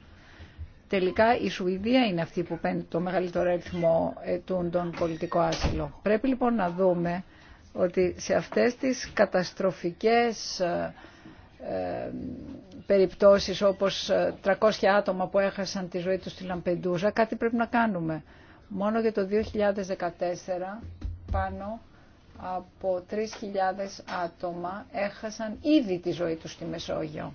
Τελικά η Σουηδία είναι αυτή που παίρνει το μεγαλύτερο αριθμό των πολιτικό άσυλο. Πρέπει λοιπόν να δούμε ότι σε αυτές τις καταστροφικές ε, ε, περιπτώσεις όπως 300 ε, άτομα που έχασαν τη ζωή τους στη Λαμπεντούζα, κάτι πρέπει να κάνουμε. Μόνο για το 2014 πάνω από 3.000 άτομα έχασαν ήδη τη ζωή τους στη Μεσόγειο.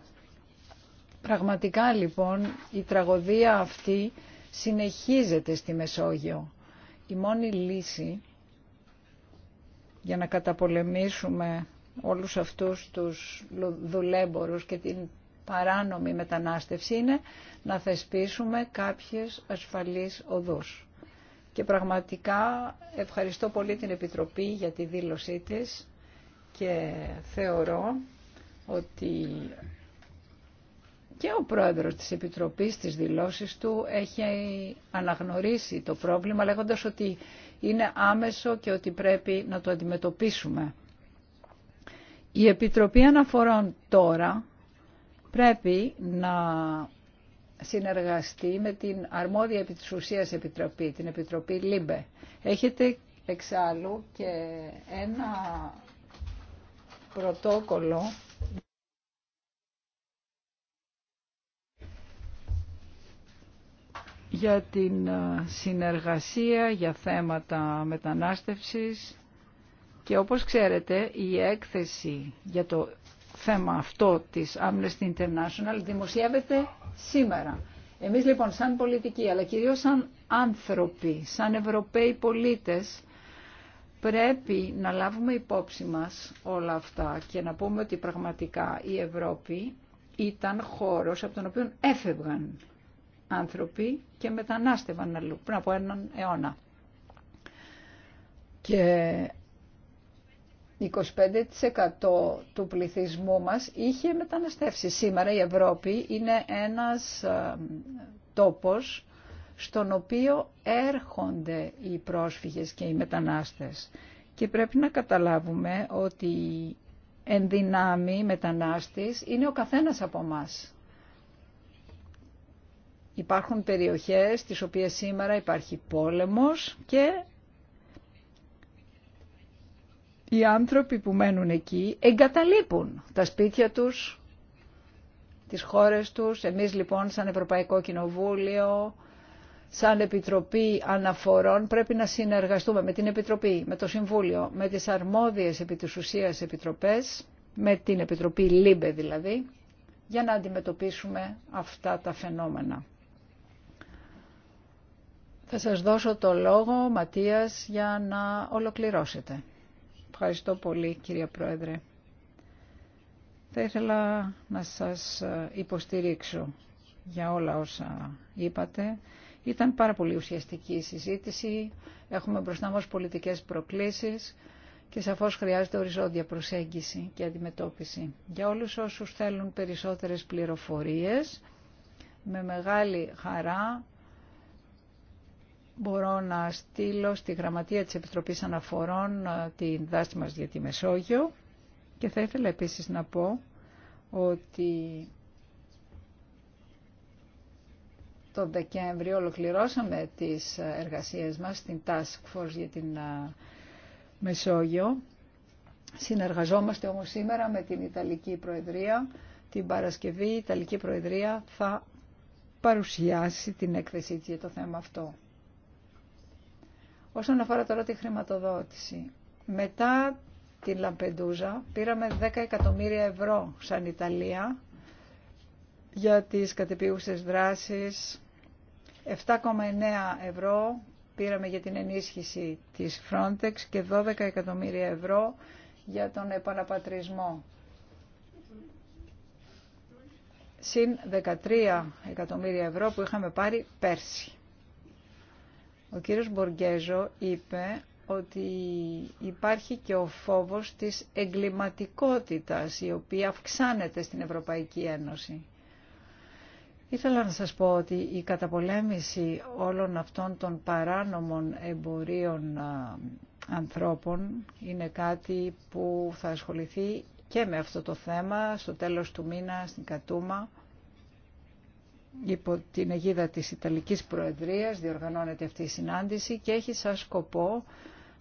Πραγματικά λοιπόν η τραγωδία αυτή συνεχίζεται στη Μεσόγειο. Η μόνη λύση για να καταπολεμήσουμε όλους αυτούς τους δουλέμπορους και την παράνομη μετανάστευση είναι να θεσπίσουμε κάποιες ασφαλείς οδούς. Και πραγματικά ευχαριστώ πολύ την Επιτροπή για τη δήλωσή της και θεωρώ ότι και ο πρόεδρος της Επιτροπής της δηλώσεις του έχει αναγνωρίσει το πρόβλημα λέγοντας ότι είναι άμεσο και ότι πρέπει να το αντιμετωπίσουμε. Η Επιτροπή Αναφορών τώρα πρέπει να συνεργαστεί με την αρμόδια επί της ουσίας επιτροπή, την Επιτροπή ΛΥΜΠΕ. Έχετε εξάλλου και ένα πρωτόκολλο για την συνεργασία για θέματα μετανάστευσης και όπως ξέρετε η έκθεση για το θέμα αυτό της Amnesty International δημοσιεύεται σήμερα. Εμείς λοιπόν σαν πολιτικοί αλλά κυρίως σαν άνθρωποι, σαν Ευρωπαίοι πολίτες πρέπει να λάβουμε υπόψη μας όλα αυτά και να πούμε ότι πραγματικά η Ευρώπη ήταν χώρος από τον οποίο έφευγαν άνθρωποι και μετανάστευαν πριν από έναν αιώνα. Και 25% του πληθυσμού μας είχε μεταναστεύσει. Σήμερα η Ευρώπη είναι ένας ε, τόπος στον οποίο έρχονται οι πρόσφυγες και οι μετανάστες. Και πρέπει να καταλάβουμε ότι εν δυνάμει μετανάστης είναι ο καθένας από μας. Υπάρχουν περιοχές στις οποίες σήμερα υπάρχει πόλεμος και οι άνθρωποι που μένουν εκεί εγκαταλείπουν τα σπίτια τους, τις χώρες τους. Εμείς λοιπόν σαν Ευρωπαϊκό Κοινοβούλιο, σαν Επιτροπή Αναφορών πρέπει να συνεργαστούμε με την Επιτροπή, με το Συμβούλιο, με τις αρμόδιες επί της επιτροπές, με την Επιτροπή ΛΥΜΠΕ δηλαδή, για να αντιμετωπίσουμε αυτά τα φαινόμενα. Θα σας δώσω το λόγο, Ματίας, για να ολοκληρώσετε. Ευχαριστώ πολύ κυρία Πρόεδρε. Θα ήθελα να σας υποστηρίξω για όλα όσα είπατε. Ήταν πάρα πολύ ουσιαστική η συζήτηση. Έχουμε μπροστά μας πολιτικές προκλήσεις και σαφώς χρειάζεται οριζόντια προσέγγιση και αντιμετώπιση. Για όλους όσους θέλουν περισσότερες πληροφορίες, με μεγάλη χαρά μπορώ να στείλω στη Γραμματεία της Επιτροπής Αναφορών ε, την δάση μας για τη Μεσόγειο και θα ήθελα επίσης να πω ότι το Δεκέμβριο ολοκληρώσαμε τις εργασίες μας στην Task Force για την ε, Μεσόγειο. Συνεργαζόμαστε όμως σήμερα με την Ιταλική Προεδρία. Την Παρασκευή η Ιταλική Προεδρία θα παρουσιάσει την έκθεσή για το θέμα αυτό. Όσον αφορά τώρα τη χρηματοδότηση, μετά την Λαμπεντούζα πήραμε 10 εκατομμύρια ευρώ σαν Ιταλία για τις κατεπίουσες δράσεις. 7,9 ευρώ πήραμε για την ενίσχυση της Frontex και 12 εκατομμύρια ευρώ για τον επαναπατρισμό. Συν 13 εκατομμύρια ευρώ που είχαμε πάρει πέρσι. Ο κύριος Μποργκέζο είπε ότι υπάρχει και ο φόβος της εγκληματικότητας η οποία αυξάνεται στην Ευρωπαϊκή Ένωση. Ήθελα να σας πω ότι η καταπολέμηση όλων αυτών των παράνομων εμπορίων ανθρώπων είναι κάτι που θα ασχοληθεί και με αυτό το θέμα στο τέλος του μήνα στην Κατούμα υπό την αιγίδα της Ιταλικής Προεδρίας διοργανώνεται αυτή η συνάντηση και έχει σαν σκοπό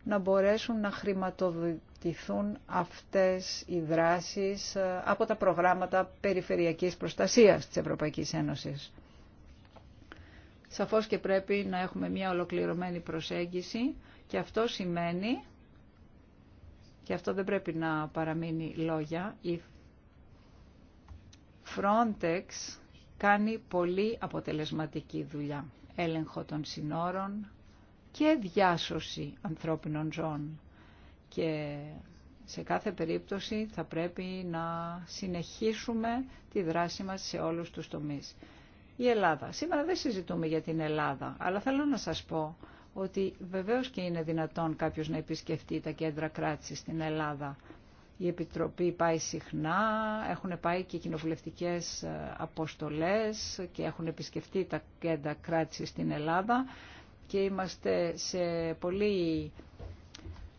να μπορέσουν να χρηματοδοτηθούν αυτές οι δράσεις ε, από τα προγράμματα περιφερειακής προστασίας της Ευρωπαϊκής Ένωσης. Σαφώς και πρέπει να έχουμε μια ολοκληρωμένη προσέγγιση και αυτό σημαίνει, και αυτό δεν πρέπει να παραμείνει λόγια, η Frontex κάνει πολύ αποτελεσματική δουλειά. Έλεγχο των συνόρων και διάσωση ανθρώπινων ζώων. Και σε κάθε περίπτωση θα πρέπει να συνεχίσουμε τη δράση μας σε όλους τους τομείς. Η Ελλάδα. Σήμερα δεν συζητούμε για την Ελλάδα, αλλά θέλω να σας πω ότι βεβαίως και είναι δυνατόν κάποιος να επισκεφτεί τα κέντρα κράτησης στην Ελλάδα. Η Επιτροπή πάει συχνά, έχουν πάει και κοινοβουλευτικές ε, αποστολές και έχουν επισκεφτεί τα κέντρα κράτηση στην Ελλάδα και είμαστε σε πολύ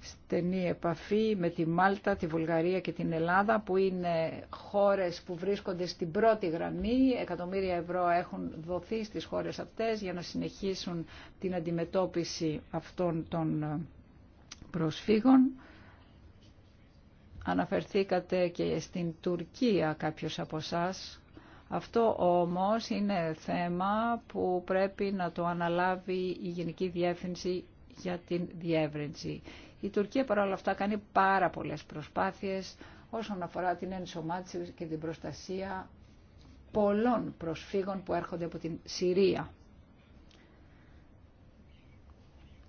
στενή επαφή με τη Μάλτα, τη Βουλγαρία και την Ελλάδα που είναι χώρες που βρίσκονται στην πρώτη γραμμή. Εκατομμύρια ευρώ έχουν δοθεί στις χώρες αυτές για να συνεχίσουν την αντιμετώπιση αυτών των ε, προσφύγων. Αναφερθήκατε και στην Τουρκία κάποιος από εσά. Αυτό όμως είναι θέμα που πρέπει να το αναλάβει η Γενική Διεύθυνση για την διεύρυνση. Η Τουρκία παρόλα αυτά κάνει πάρα πολλές προσπάθειες όσον αφορά την ενσωμάτιση και την προστασία πολλών προσφύγων που έρχονται από την Συρία.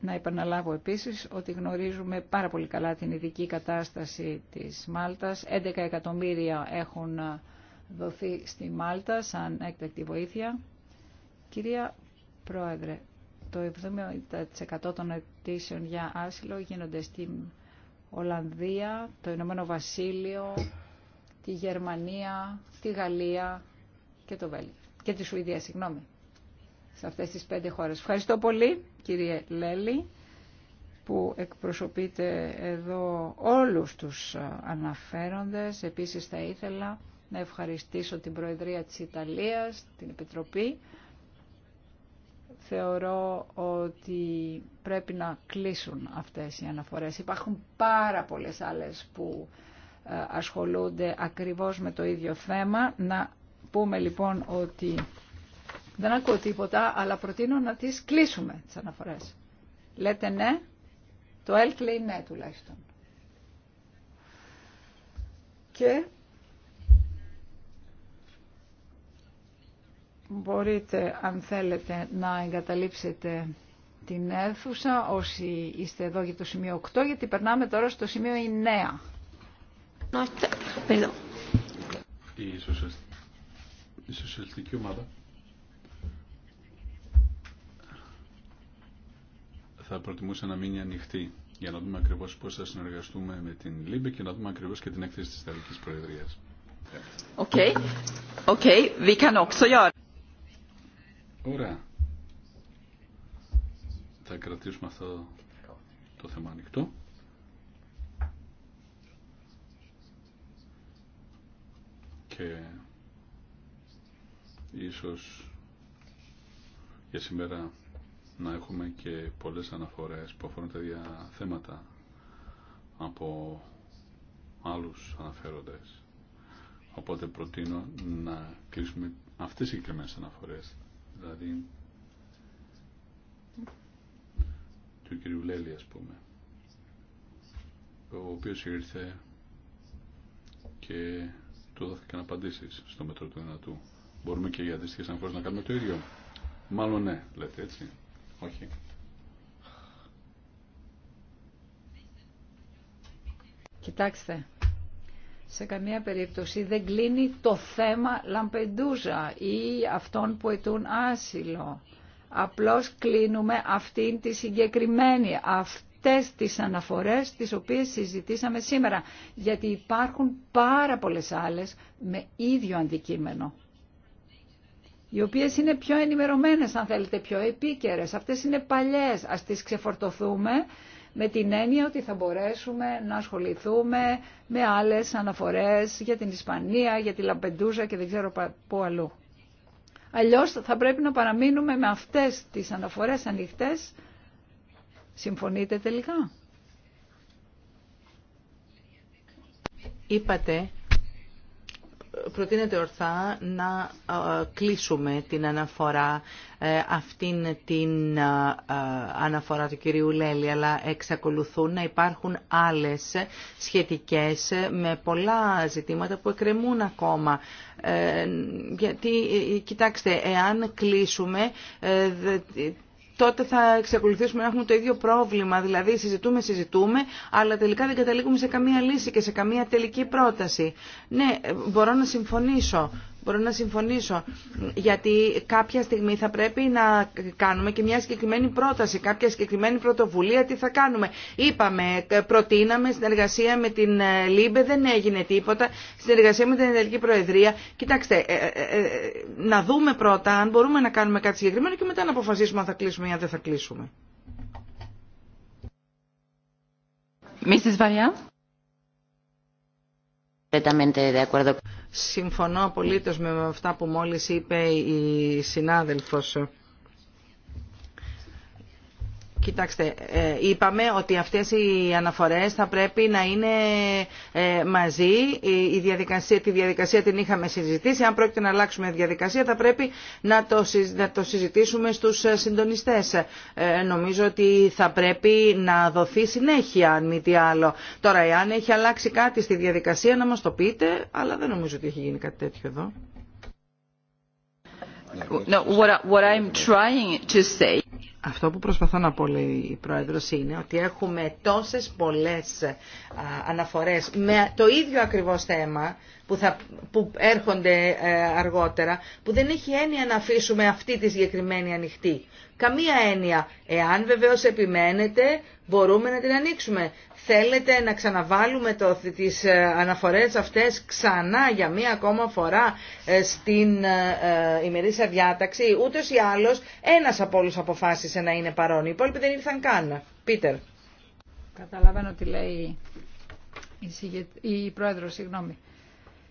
Να επαναλάβω επίσης ότι γνωρίζουμε πάρα πολύ καλά την ειδική κατάσταση της Μάλτας. 11 εκατομμύρια έχουν ε, δοθεί στη Μάλτα σαν έκτακτη βοήθεια. Κυρία Πρόεδρε, το 70% των αιτήσεων για άσυλο γίνονται στην Ολλανδία, το Ηνωμένο Βασίλειο, τη Γερμανία, τη Γαλλία και το Βέλγιο. Και τη Σουηδία, συγγνώμη σε αυτές τις πέντε χώρες. Ευχαριστώ πολύ κύριε Λέλη που εκπροσωπείτε εδώ όλους τους αναφέροντες. Επίσης θα ήθελα να ευχαριστήσω την Προεδρία της Ιταλίας, την Επιτροπή. Θεωρώ ότι πρέπει να κλείσουν αυτές οι αναφορές. Υπάρχουν πάρα πολλές άλλες που ασχολούνται ακριβώς με το ίδιο θέμα. Να πούμε λοιπόν ότι δεν ακούω τίποτα, αλλά προτείνω να τις κλείσουμε τις αναφορές. Λέτε ναι, το ΕΛΚ λέει ναι τουλάχιστον. Και μπορείτε αν θέλετε να εγκαταλείψετε την αίθουσα όσοι είστε εδώ για το σημείο 8 γιατί περνάμε τώρα στο σημείο 9. Η σοσιαλιστική ομάδα θα προτιμούσα να μείνει ανοιχτή για να δούμε ακριβώς πώς θα συνεργαστούμε με την ΛΥΜΠΕ και να δούμε ακριβώς και την έκθεση της Ιταλικής Προεδρίας. Ωραία. Θα κρατήσουμε αυτό το θέμα ανοιχτό. Και ίσως για σήμερα να έχουμε και πολλές αναφορές που αφορούν τα ίδια θέματα από άλλους αναφέροντες. Οπότε προτείνω να κλείσουμε αυτές οι συγκεκριμένες αναφορές. Δηλαδή του κυρίου Λέλη ας πούμε ο οποίος ήρθε και του δόθηκαν απαντήσεις στο μέτρο του δυνατού. Μπορούμε και για αντίστοιχες αναφορές να κάνουμε το ίδιο. Μάλλον ναι, λέτε έτσι. Όχι. Κοιτάξτε, σε καμία περίπτωση δεν κλείνει το θέμα Λαμπεντούζα ή αυτών που ετούν άσυλο. Απλώς κλείνουμε αυτήν τη συγκεκριμένη, αυτές τις αναφορές τις οποίες συζητήσαμε σήμερα. Γιατί υπάρχουν πάρα πολλές άλλες με ίδιο αντικείμενο οι οποίες είναι πιο ενημερωμένες, αν θέλετε, πιο επίκαιρες. Αυτές είναι παλιές, ας τις ξεφορτωθούμε με την έννοια ότι θα μπορέσουμε να ασχοληθούμε με άλλες αναφορές για την Ισπανία, για τη Λαμπεντούζα και δεν ξέρω πού αλλού. Αλλιώς θα πρέπει να παραμείνουμε με αυτές τις αναφορές ανοιχτές. Συμφωνείτε τελικά. Είπατε προτείνεται ορθά να ε, κλείσουμε την αναφορά ε, αυτήν την ε, αναφορά του κυρίου Λέλη, αλλά εξακολουθούν να υπάρχουν άλλες σχετικές με πολλά ζητήματα που εκκρεμούν ακόμα. Γιατί, κοιτάξτε, εάν κλείσουμε τότε θα εξακολουθήσουμε να έχουμε το ίδιο πρόβλημα. Δηλαδή συζητούμε, συζητούμε, αλλά τελικά δεν καταλήγουμε σε καμία λύση και σε καμία τελική πρόταση. Ναι, ε, μπορώ να συμφωνήσω μπορώ να συμφωνήσω. Γιατί κάποια στιγμή θα πρέπει να κάνουμε και μια συγκεκριμένη πρόταση, κάποια συγκεκριμένη πρωτοβουλία, τι θα κάνουμε. Είπαμε, προτείναμε συνεργασία με την ε, ΛΥΜΠΕ, δεν έγινε τίποτα. Συνεργασία με την Ελληνική Προεδρία. Κοιτάξτε, ε, ε, να δούμε πρώτα αν μπορούμε να κάνουμε κάτι συγκεκριμένο και μετά να αποφασίσουμε αν θα κλείσουμε ή αν δεν θα κλείσουμε. Mrs. Συμφωνώ απολύτως με αυτά που μόλις είπε η συνάδελφος. Κοιτάξτε, ε, είπαμε ότι αυτές οι αναφορές θα πρέπει να είναι ε, μαζί. Η διαδικασία, τη διαδικασία την είχαμε συζητήσει. Αν πρόκειται να αλλάξουμε διαδικασία θα πρέπει να το, συζητήσουμε στους ε, συντονιστές. Νομίζω ότι θα πρέπει να δοθεί συνέχεια, αν μη τι άλλο. Τώρα, εάν έχει αλλάξει κάτι στη διαδικασία να μας το πείτε, αλλά δεν νομίζω ότι έχει γίνει κάτι τέτοιο εδώ. what, what I'm trying to say... Αυτό που προσπαθώ να πω, λέει η Πρόεδρος, είναι ότι έχουμε τόσες πολλές αναφορές με το ίδιο ακριβώς θέμα που, θα, που έρχονται ε, αργότερα, που δεν έχει έννοια να αφήσουμε αυτή τη συγκεκριμένη ανοιχτή καμία έννοια. Εάν βεβαίως επιμένετε μπορούμε να την ανοίξουμε. Θέλετε να ξαναβάλουμε το, τις ε, αναφορές αυτές ξανά για μία ακόμα φορά ε, στην ε, ημερήσια διάταξη. Ούτως ή άλλως ένας από όλους αποφάσισε να είναι παρόν. Οι υπόλοιποι δεν ήρθαν καν. Πίτερ. Καταλαβαίνω τι λέει η, συγε η πρόεδρος, συγγνώμη.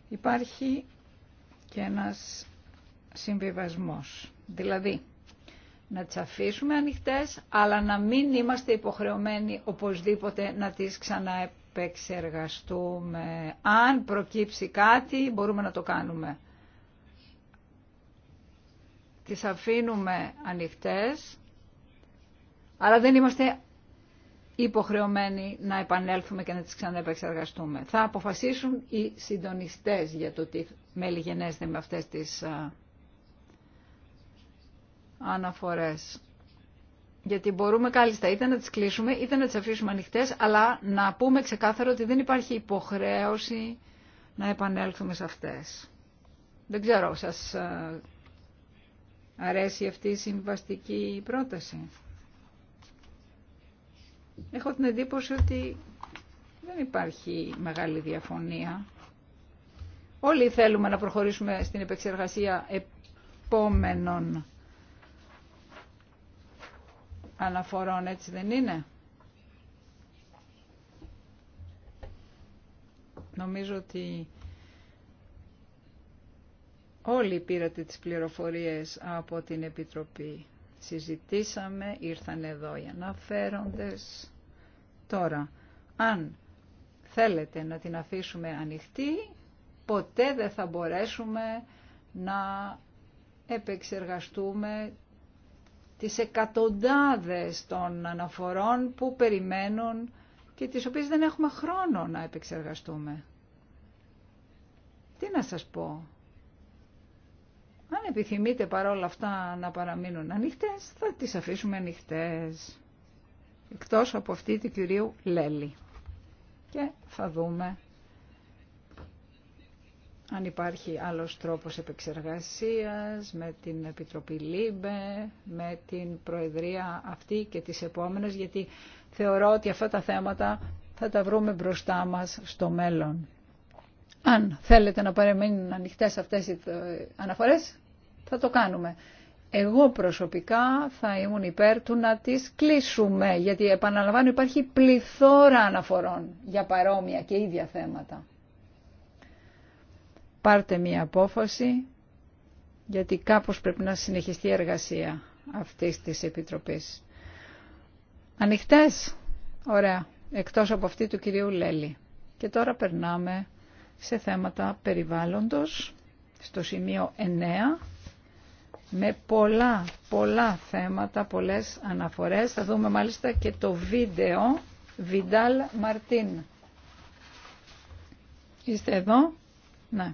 Υπάρχει και ένας συμβιβασμός. Δηλαδή, να τις αφήσουμε ανοιχτές, αλλά να μην είμαστε υποχρεωμένοι οπωσδήποτε να τις ξαναεπεξεργαστούμε. Αν προκύψει κάτι, μπορούμε να το κάνουμε. Τις αφήνουμε ανοιχτές, αλλά δεν είμαστε υποχρεωμένοι να επανέλθουμε και να τις ξαναεπεξεργαστούμε. Θα αποφασίσουν οι συντονιστές για το τι μελιγενέστε με αυτές τις αναφορές. Γιατί μπορούμε κάλλιστα είτε να τις κλείσουμε είτε να τις αφήσουμε ανοιχτές, αλλά να πούμε ξεκάθαρο ότι δεν υπάρχει υποχρέωση να επανέλθουμε σε αυτές. Δεν ξέρω, σας ε, αρέσει αυτή η συμβαστική πρόταση. Έχω την εντύπωση ότι δεν υπάρχει μεγάλη διαφωνία. Όλοι θέλουμε να προχωρήσουμε στην επεξεργασία επόμενων αναφορών, έτσι δεν είναι. Νομίζω ότι όλοι πήρατε τις πληροφορίες από την Επιτροπή. Συζητήσαμε, ήρθαν εδώ οι αναφέροντες. Τώρα, αν θέλετε να την αφήσουμε ανοιχτή, ποτέ δεν θα μπορέσουμε να επεξεργαστούμε τις εκατοντάδες των αναφορών που περιμένουν και τις οποίες δεν έχουμε χρόνο να επεξεργαστούμε. Τι να σας πω. Αν επιθυμείτε παρόλα αυτά να παραμείνουν ανοιχτές, θα τις αφήσουμε ανοιχτές. Εκτός από αυτή του κυρίου Λέλη. Και θα δούμε αν υπάρχει άλλος τρόπος επεξεργασίας, με την Επιτροπή ΛΥΜΠΕ, με την Προεδρία αυτή και τις επόμενες, γιατί θεωρώ ότι αυτά τα θέματα θα τα βρούμε μπροστά μας στο μέλλον. Αν θέλετε να παραμείνουν ανοιχτές αυτές οι ε, αναφορές, θα το κάνουμε. Εγώ προσωπικά θα ήμουν υπέρ του να τις κλείσουμε, γιατί επαναλαμβάνω υπάρχει πληθώρα αναφορών για παρόμοια και ίδια θέματα πάρτε μία απόφαση γιατί κάπως πρέπει να συνεχιστεί η εργασία αυτής της Επιτροπής. Ανοιχτές, ωραία, εκτός από αυτή του κυρίου Λέλη. Και τώρα περνάμε σε θέματα περιβάλλοντος, στο σημείο 9, με πολλά, πολλά θέματα, πολλές αναφορές. Θα δούμε μάλιστα και το βίντεο Βιντάλ Μαρτίν. Είστε εδώ? Ναι.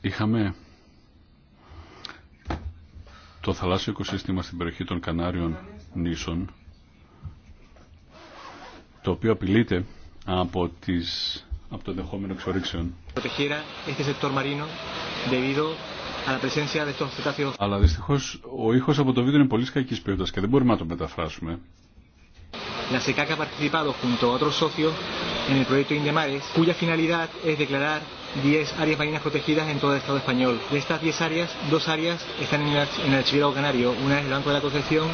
είχαμε το θαλάσσιο οικοσύστημα στην περιοχή των Κανάριων νήσων το οποίο απειλείται από, τις, από το ενδεχόμενο εξορίξεων. Αλλά δυστυχώ ο ήχο από το βίντεο είναι πολύ κακή ποιότητα και δεν μπορούμε να το μεταφράσουμε. La SECAC ha participado 10 áreas marinas protegidas en todo el Estado español. De estas 10 áreas, dos áreas están en el, en archipiélago canario. Una es el Banco de la Concepción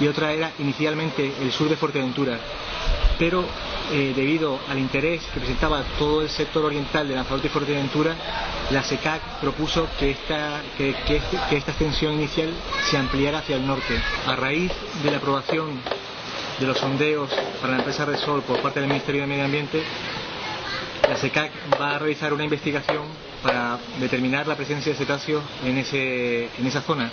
y otra era inicialmente el sur de Fuerteventura. Pero eh, debido al interés que presentaba todo el sector oriental de Lanzarote y Fuerteventura, la SECAC propuso que esta, que, que, este, que esta extensión inicial se ampliara hacia el norte. A raíz de la aprobación de los sondeos para la empresa Resol por parte del Ministerio de Medio Ambiente, la SECAC va a realizar una investigación para determinar la presencia de cetáceos en, ese, en esa zona,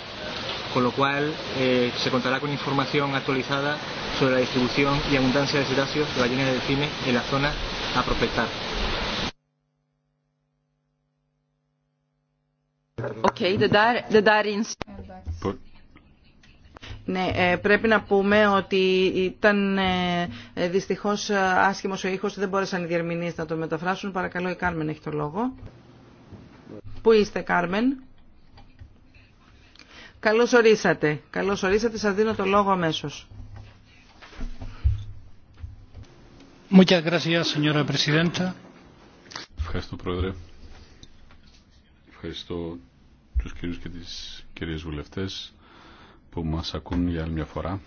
con lo cual eh, se contará con información actualizada sobre la distribución y abundancia de cetáceos, de ballenas de delfines en la zona a prospectar. Okay, dar, dar ναι, ε, πρέπει να πούμε ότι ήταν ε, δυστυχώς ε, άσχημος ο ήχος, δεν μπόρεσαν οι διερμηνείς να το μεταφράσουν. Παρακαλώ, η Κάρμεν έχει το λόγο. Πού είστε, Κάρμεν? Καλώς ορίσατε. Καλώς ορίσατε, σας δίνω το λόγο αμέσως. Ευχαριστώ, Πρόεδρε. Ευχαριστώ τους κυρίους και τις κυρίες βουλευτές που μας ακούν για άλλη μια φορά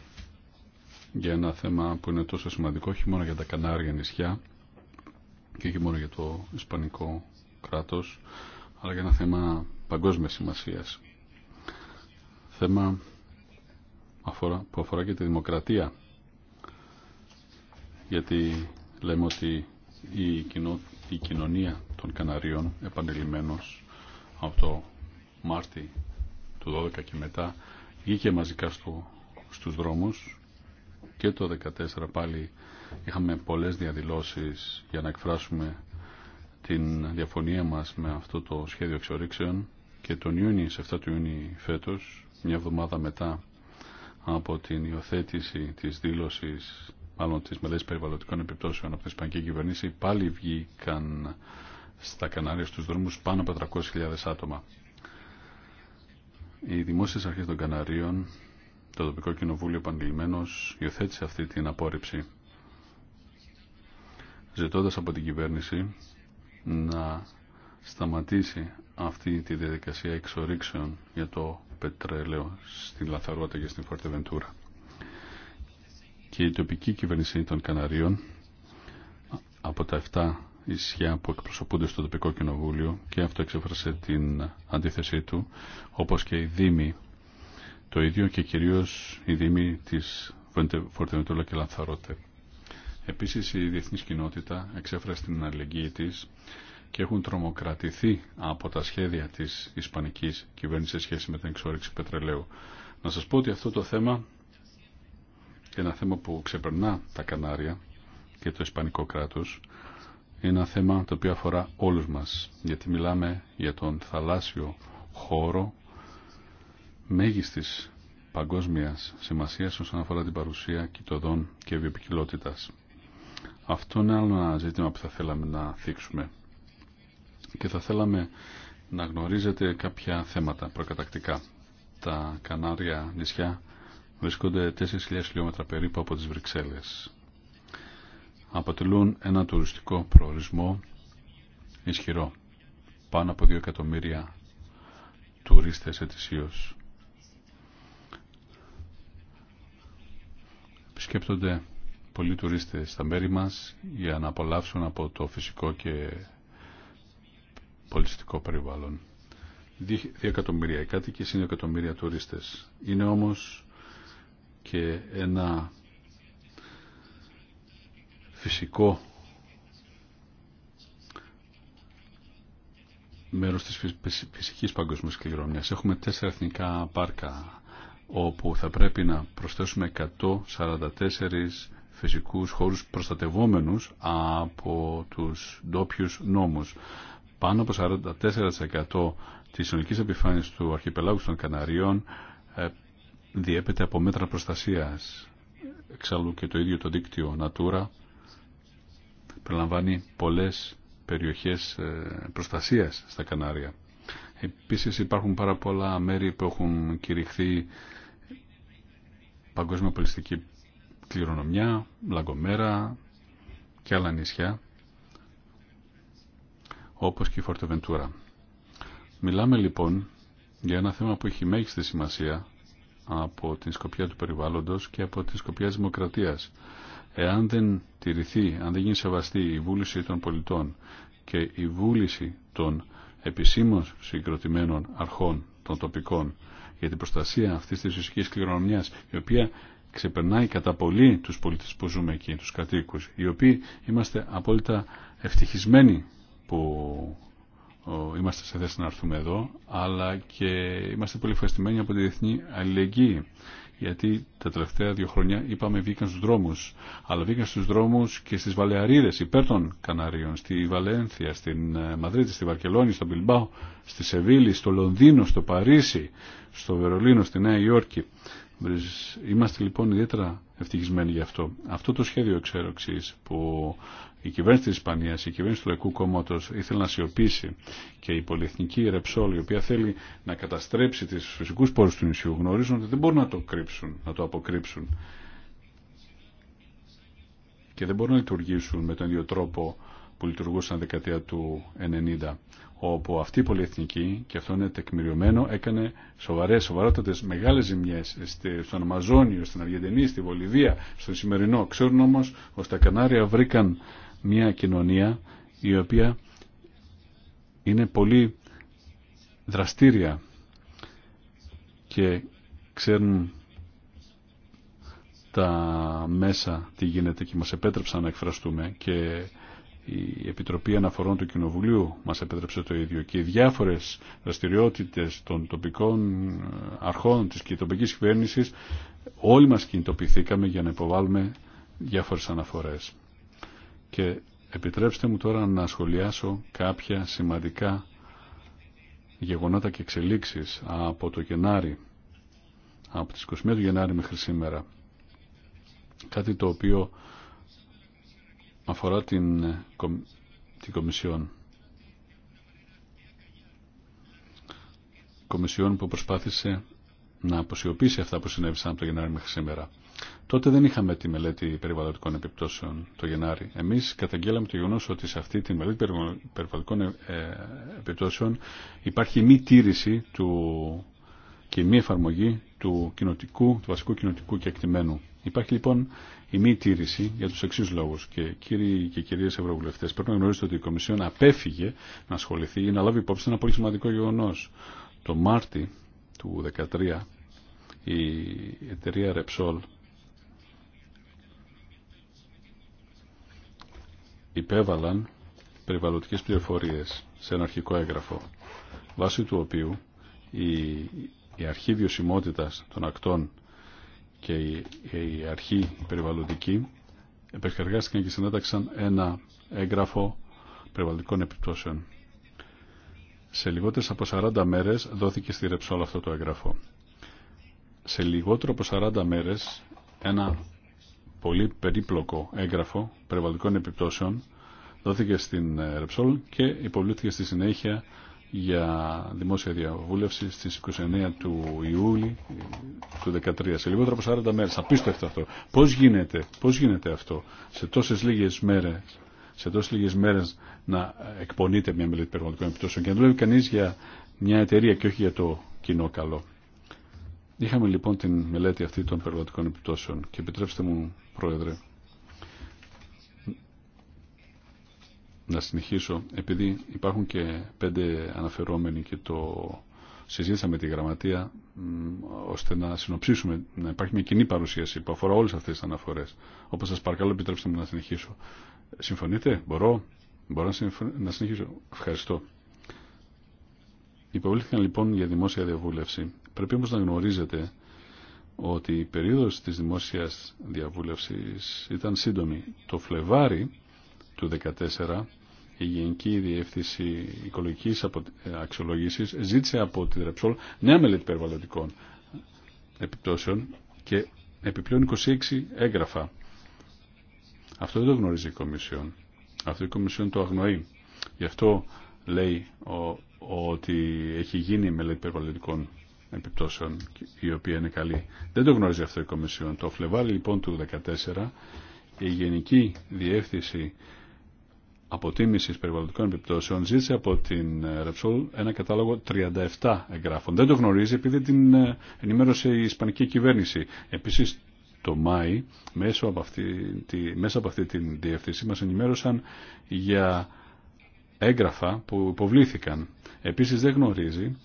για ένα θέμα που είναι τόσο σημαντικό όχι μόνο για τα Κανάρια νησιά και όχι μόνο για το Ισπανικό κράτος αλλά για ένα θέμα παγκόσμια σημασίας. Θέμα που αφορά και τη δημοκρατία γιατί λέμε ότι η, η κοινωνία των Καναρίων επανελειμμένος από το Μάρτι του 12 και μετά βγήκε μαζικά στο, στους δρόμους και το 2014 πάλι είχαμε πολλές διαδηλώσεις για να εκφράσουμε την διαφωνία μας με αυτό το σχέδιο εξορίξεων και τον Ιούνιο σε 7 του Ιούνιου φέτος, μια εβδομάδα μετά από την υιοθέτηση της δήλωσης μάλλον της μελέτης περιβαλλοντικών επιπτώσεων από την Ισπανική κυβέρνηση, πάλι βγήκαν στα Κανάρια στους δρόμους πάνω από 300.000 άτομα. Οι δημόσιες αρχές των Καναρίων, το τοπικό κοινοβούλιο παντλημένος, υιοθέτησε αυτή την απόρριψη, ζητώντας από την κυβέρνηση να σταματήσει αυτή τη διαδικασία εξορίξεων για το πετρέλαιο στην Λαθαρότα και στην Φορτεβεντούρα. Και η τοπική κυβέρνηση των Καναρίων από τα 7 ίσια που εκπροσωπούνται στο τοπικό κοινοβούλιο και αυτό εξέφρασε την αντίθεσή του, όπως και η Δήμοι το ίδιο και κυρίως οι Δήμοι της Φορτεμετούλα και Λανθαρότε. Επίσης η διεθνής κοινότητα εξέφρασε την αλληλεγγύη της και έχουν τρομοκρατηθεί από τα σχέδια της Ισπανικής κυβέρνησης σε σχέση με την εξόρυξη πετρελαίου. Να σας πω ότι αυτό το θέμα ένα θέμα που ξεπερνά τα Κανάρια και το Ισπανικό κράτος ένα θέμα το οποίο αφορά όλους μας, γιατί μιλάμε για τον θαλάσσιο χώρο μέγιστης παγκόσμιας σημασίας όσον αφορά την παρουσία κοιτοδών και βιοπικιλότητας. Αυτό είναι άλλο ένα ζήτημα που θα θέλαμε να θίξουμε και θα θέλαμε να γνωρίζετε κάποια θέματα προκατακτικά. Τα Κανάρια νησιά βρίσκονται 4.000 χιλιόμετρα περίπου από τις Βρυξέλλες αποτελούν ένα τουριστικό προορισμό ισχυρό. Πάνω από δύο εκατομμύρια τουρίστες ετησίως. Επισκέπτονται πολλοί τουρίστες στα μέρη μας για να απολαύσουν από το φυσικό και πολιτιστικό περιβάλλον. Δύο εκατομμύρια κάτοικοι είναι εκατομμύρια τουρίστες. Είναι όμως και ένα φυσικό μέρος της φυσικής παγκόσμιας κληρονομιάς. Έχουμε τέσσερα εθνικά πάρκα όπου θα πρέπει να προσθέσουμε 144 φυσικούς χώρους προστατευόμενους από τους ντόπιου νόμους. Πάνω από 44% της συνολικής επιφάνειας του αρχιπελάγου των Καναρίων ε, διέπεται από μέτρα προστασίας. Εξάλλου και το ίδιο το δίκτυο Natura περιλαμβάνει πολλές περιοχές ε, προστασίας στα Κανάρια. Επίσης υπάρχουν πάρα πολλά μέρη που έχουν κηρυχθεί παγκόσμια πολιστική κληρονομιά, Λαγκομέρα και άλλα νησιά, όπως και η Φορτεβεντούρα. Μιλάμε λοιπόν για ένα θέμα που έχει μέγιστη σημασία από την σκοπιά του περιβάλλοντος και από την σκοπιά της δημοκρατίας. Εάν δεν τηρηθεί, αν δεν γίνει σεβαστή η βούληση των πολιτών και η βούληση των επισήμων συγκροτημένων αρχών των τοπικών για την προστασία αυτής της φυσικής κληρονομιάς, η οποία ξεπερνάει κατά πολύ τους πολίτες που ζούμε εκεί, τους κατοίκους, οι οποίοι είμαστε απόλυτα ευτυχισμένοι που είμαστε σε θέση να έρθουμε εδώ, αλλά και είμαστε πολύ ευχαριστημένοι από τη διεθνή αλληλεγγύη γιατί τα τελευταία δύο χρόνια είπαμε βγήκαν στους δρόμους αλλά βγήκαν στους δρόμους και στις Βαλεαρίδες υπέρ των Καναρίων στη Βαλένθια, στην ε, Μαδρίτη, στη Βαρκελόνη, στον Μπιλμπάο, στη Σεβίλη, στο Λονδίνο, στο Παρίσι, στο Βερολίνο, στη Νέα Υόρκη Είμαστε λοιπόν ιδιαίτερα ευτυχισμένοι γι' αυτό. Αυτό το σχέδιο εξέρωξης που η κυβέρνηση της Ισπανίας, η κυβέρνηση του Λαϊκού Κόμματο ήθελε να σιωπήσει και η πολυεθνική Ρεψόλ, η οποία θέλει να καταστρέψει τις φυσικούς πόρους του νησιού, γνωρίζουν ότι δεν μπορούν να το κρύψουν, να το αποκρύψουν και δεν μπορούν να λειτουργήσουν με τον ίδιο τρόπο που λειτουργούσαν δεκαετία του 90 όπου αυτή η πολυεθνική, και αυτό είναι τεκμηριωμένο, έκανε σοβαρέ, σοβαρότατε, μεγάλε ζημιέ στον Αμαζόνιο, στην Αργεντινή, στη Βολιβία, στον Σημερινό. Ξέρουν όμω ότι τα Κανάρια βρήκαν μια κοινωνία η οποία είναι πολύ δραστήρια και ξέρουν τα μέσα τι γίνεται και μας επέτρεψαν να εκφραστούμε και η Επιτροπή Αναφορών του Κοινοβουλίου μας επέτρεψε το ίδιο και οι διάφορες δραστηριότητες των τοπικών αρχών της και τοπικής κυβέρνησης όλοι μας κινητοποιηθήκαμε για να υποβάλουμε διάφορες αναφορές. Και επιτρέψτε μου τώρα να σχολιάσω κάποια σημαντικά γεγονότα και εξελίξεις από το Γενάρη, από τις 21 του Γενάρη μέχρι σήμερα. Κάτι το οποίο αφορά την, την Κομισιόν. Κομισιόν που προσπάθησε να αποσιωπήσει αυτά που συνέβησαν από το Γενάρη μέχρι σήμερα. Τότε δεν είχαμε τη μελέτη περιβαλλοντικών επιπτώσεων το Γενάρη. Εμείς καταγγέλαμε το γεγονό ότι σε αυτή τη μελέτη περιβαλλοντικών ε, επιπτώσεων υπάρχει μη τήρηση του και μη εφαρμογή του, κοινοτικού, του βασικού κοινοτικού και εκτιμένου. Υπάρχει λοιπόν η μη τήρηση για τους εξή λόγους Και κύριοι και κυρίες ευρωβουλευτές πρέπει να γνωρίζετε ότι η Κομισιόν απέφυγε να ασχοληθεί ή να λάβει υπόψη ένα πολύ σημαντικό γεγονό. Το Μάρτι του 2013 η εταιρεία Repsol υπέβαλαν περιβαλλοντικές πληροφορίες σε ένα αρχικό έγγραφο, βάσει του οποίου η, η αρχή βιωσιμότητας των ακτών και η, η αρχή περιβαλλοντική επεξεργάστηκαν και συνέταξαν ένα έγγραφο περιβαλλοντικών επιπτώσεων. Σε λιγότερες από 40 μέρες δόθηκε στη Ρεψόλα αυτό το έγγραφο. Σε λιγότερο από 40 μέρες ένα πολύ περίπλοκο έγγραφο περιβαλλοντικών επιπτώσεων δόθηκε στην ε, Ρεψόλ και υποβλήθηκε στη συνέχεια για δημόσια διαβούλευση στις 29 του Ιούλη ε, του 2013, σε λιγότερο από 40 μέρες. Απίστευτο αυτό. Πώς γίνεται, πώς γίνεται αυτό σε τόσες λίγες μέρες, σε τόσες λίγες μέρες να εκπονείται μια μελέτη περιβαλλοντικών επιπτώσεων και να δουλεύει κανείς για μια εταιρεία και όχι για το κοινό καλό. Είχαμε λοιπόν την μελέτη αυτή των περιβαλλοντικών επιπτώσεων και επιτρέψτε μου Πρόεδρε. Να συνεχίσω, επειδή υπάρχουν και πέντε αναφερόμενοι και το συζήτησαμε τη γραμματεία ώστε να συνοψίσουμε, να υπάρχει μια κοινή παρουσίαση που αφορά όλες αυτές τις αναφορές. Όπως σας παρακαλώ επιτρέψτε μου να συνεχίσω. Συμφωνείτε, μπορώ, μπορώ να συνεχίσω. Ευχαριστώ. Υποβλήθηκαν λοιπόν για δημόσια διαβούλευση. Πρέπει όμως να γνωρίζετε ότι η περίοδος της δημόσιας διαβούλευσης ήταν σύντομη. Το Φλεβάρι του 2014 η Γενική Διεύθυνση Οικολογικής Αξιολόγησης ζήτησε από τη Ρεψόλ νέα μελέτη περιβαλλοντικών επιπτώσεων και επιπλέον 26 έγγραφα. Αυτό δεν το γνωρίζει η Κομισιόν. Αυτό η Κομισιόν το αγνοεί. Γι' αυτό λέει ότι έχει γίνει μελέτη περιβαλλοντικών επιπτώσεων, η οποία είναι καλή. Δεν το γνωρίζει αυτό η Κομισιόν. Το Φλεβάρι λοιπόν του 2014 η Γενική Διεύθυνση Αποτίμησης Περιβαλλοντικών Επιπτώσεων ζήτησε από την ε, Ρεψόλ ένα κατάλογο 37 εγγράφων. Δεν το γνωρίζει επειδή την ε, ενημέρωσε η Ισπανική κυβέρνηση. Επίσης το Μάη μέσω από αυτή, τη, μέσα από αυτή την διεύθυνση μας ενημέρωσαν για έγγραφα που υποβλήθηκαν. Επίσης δεν γνωρίζει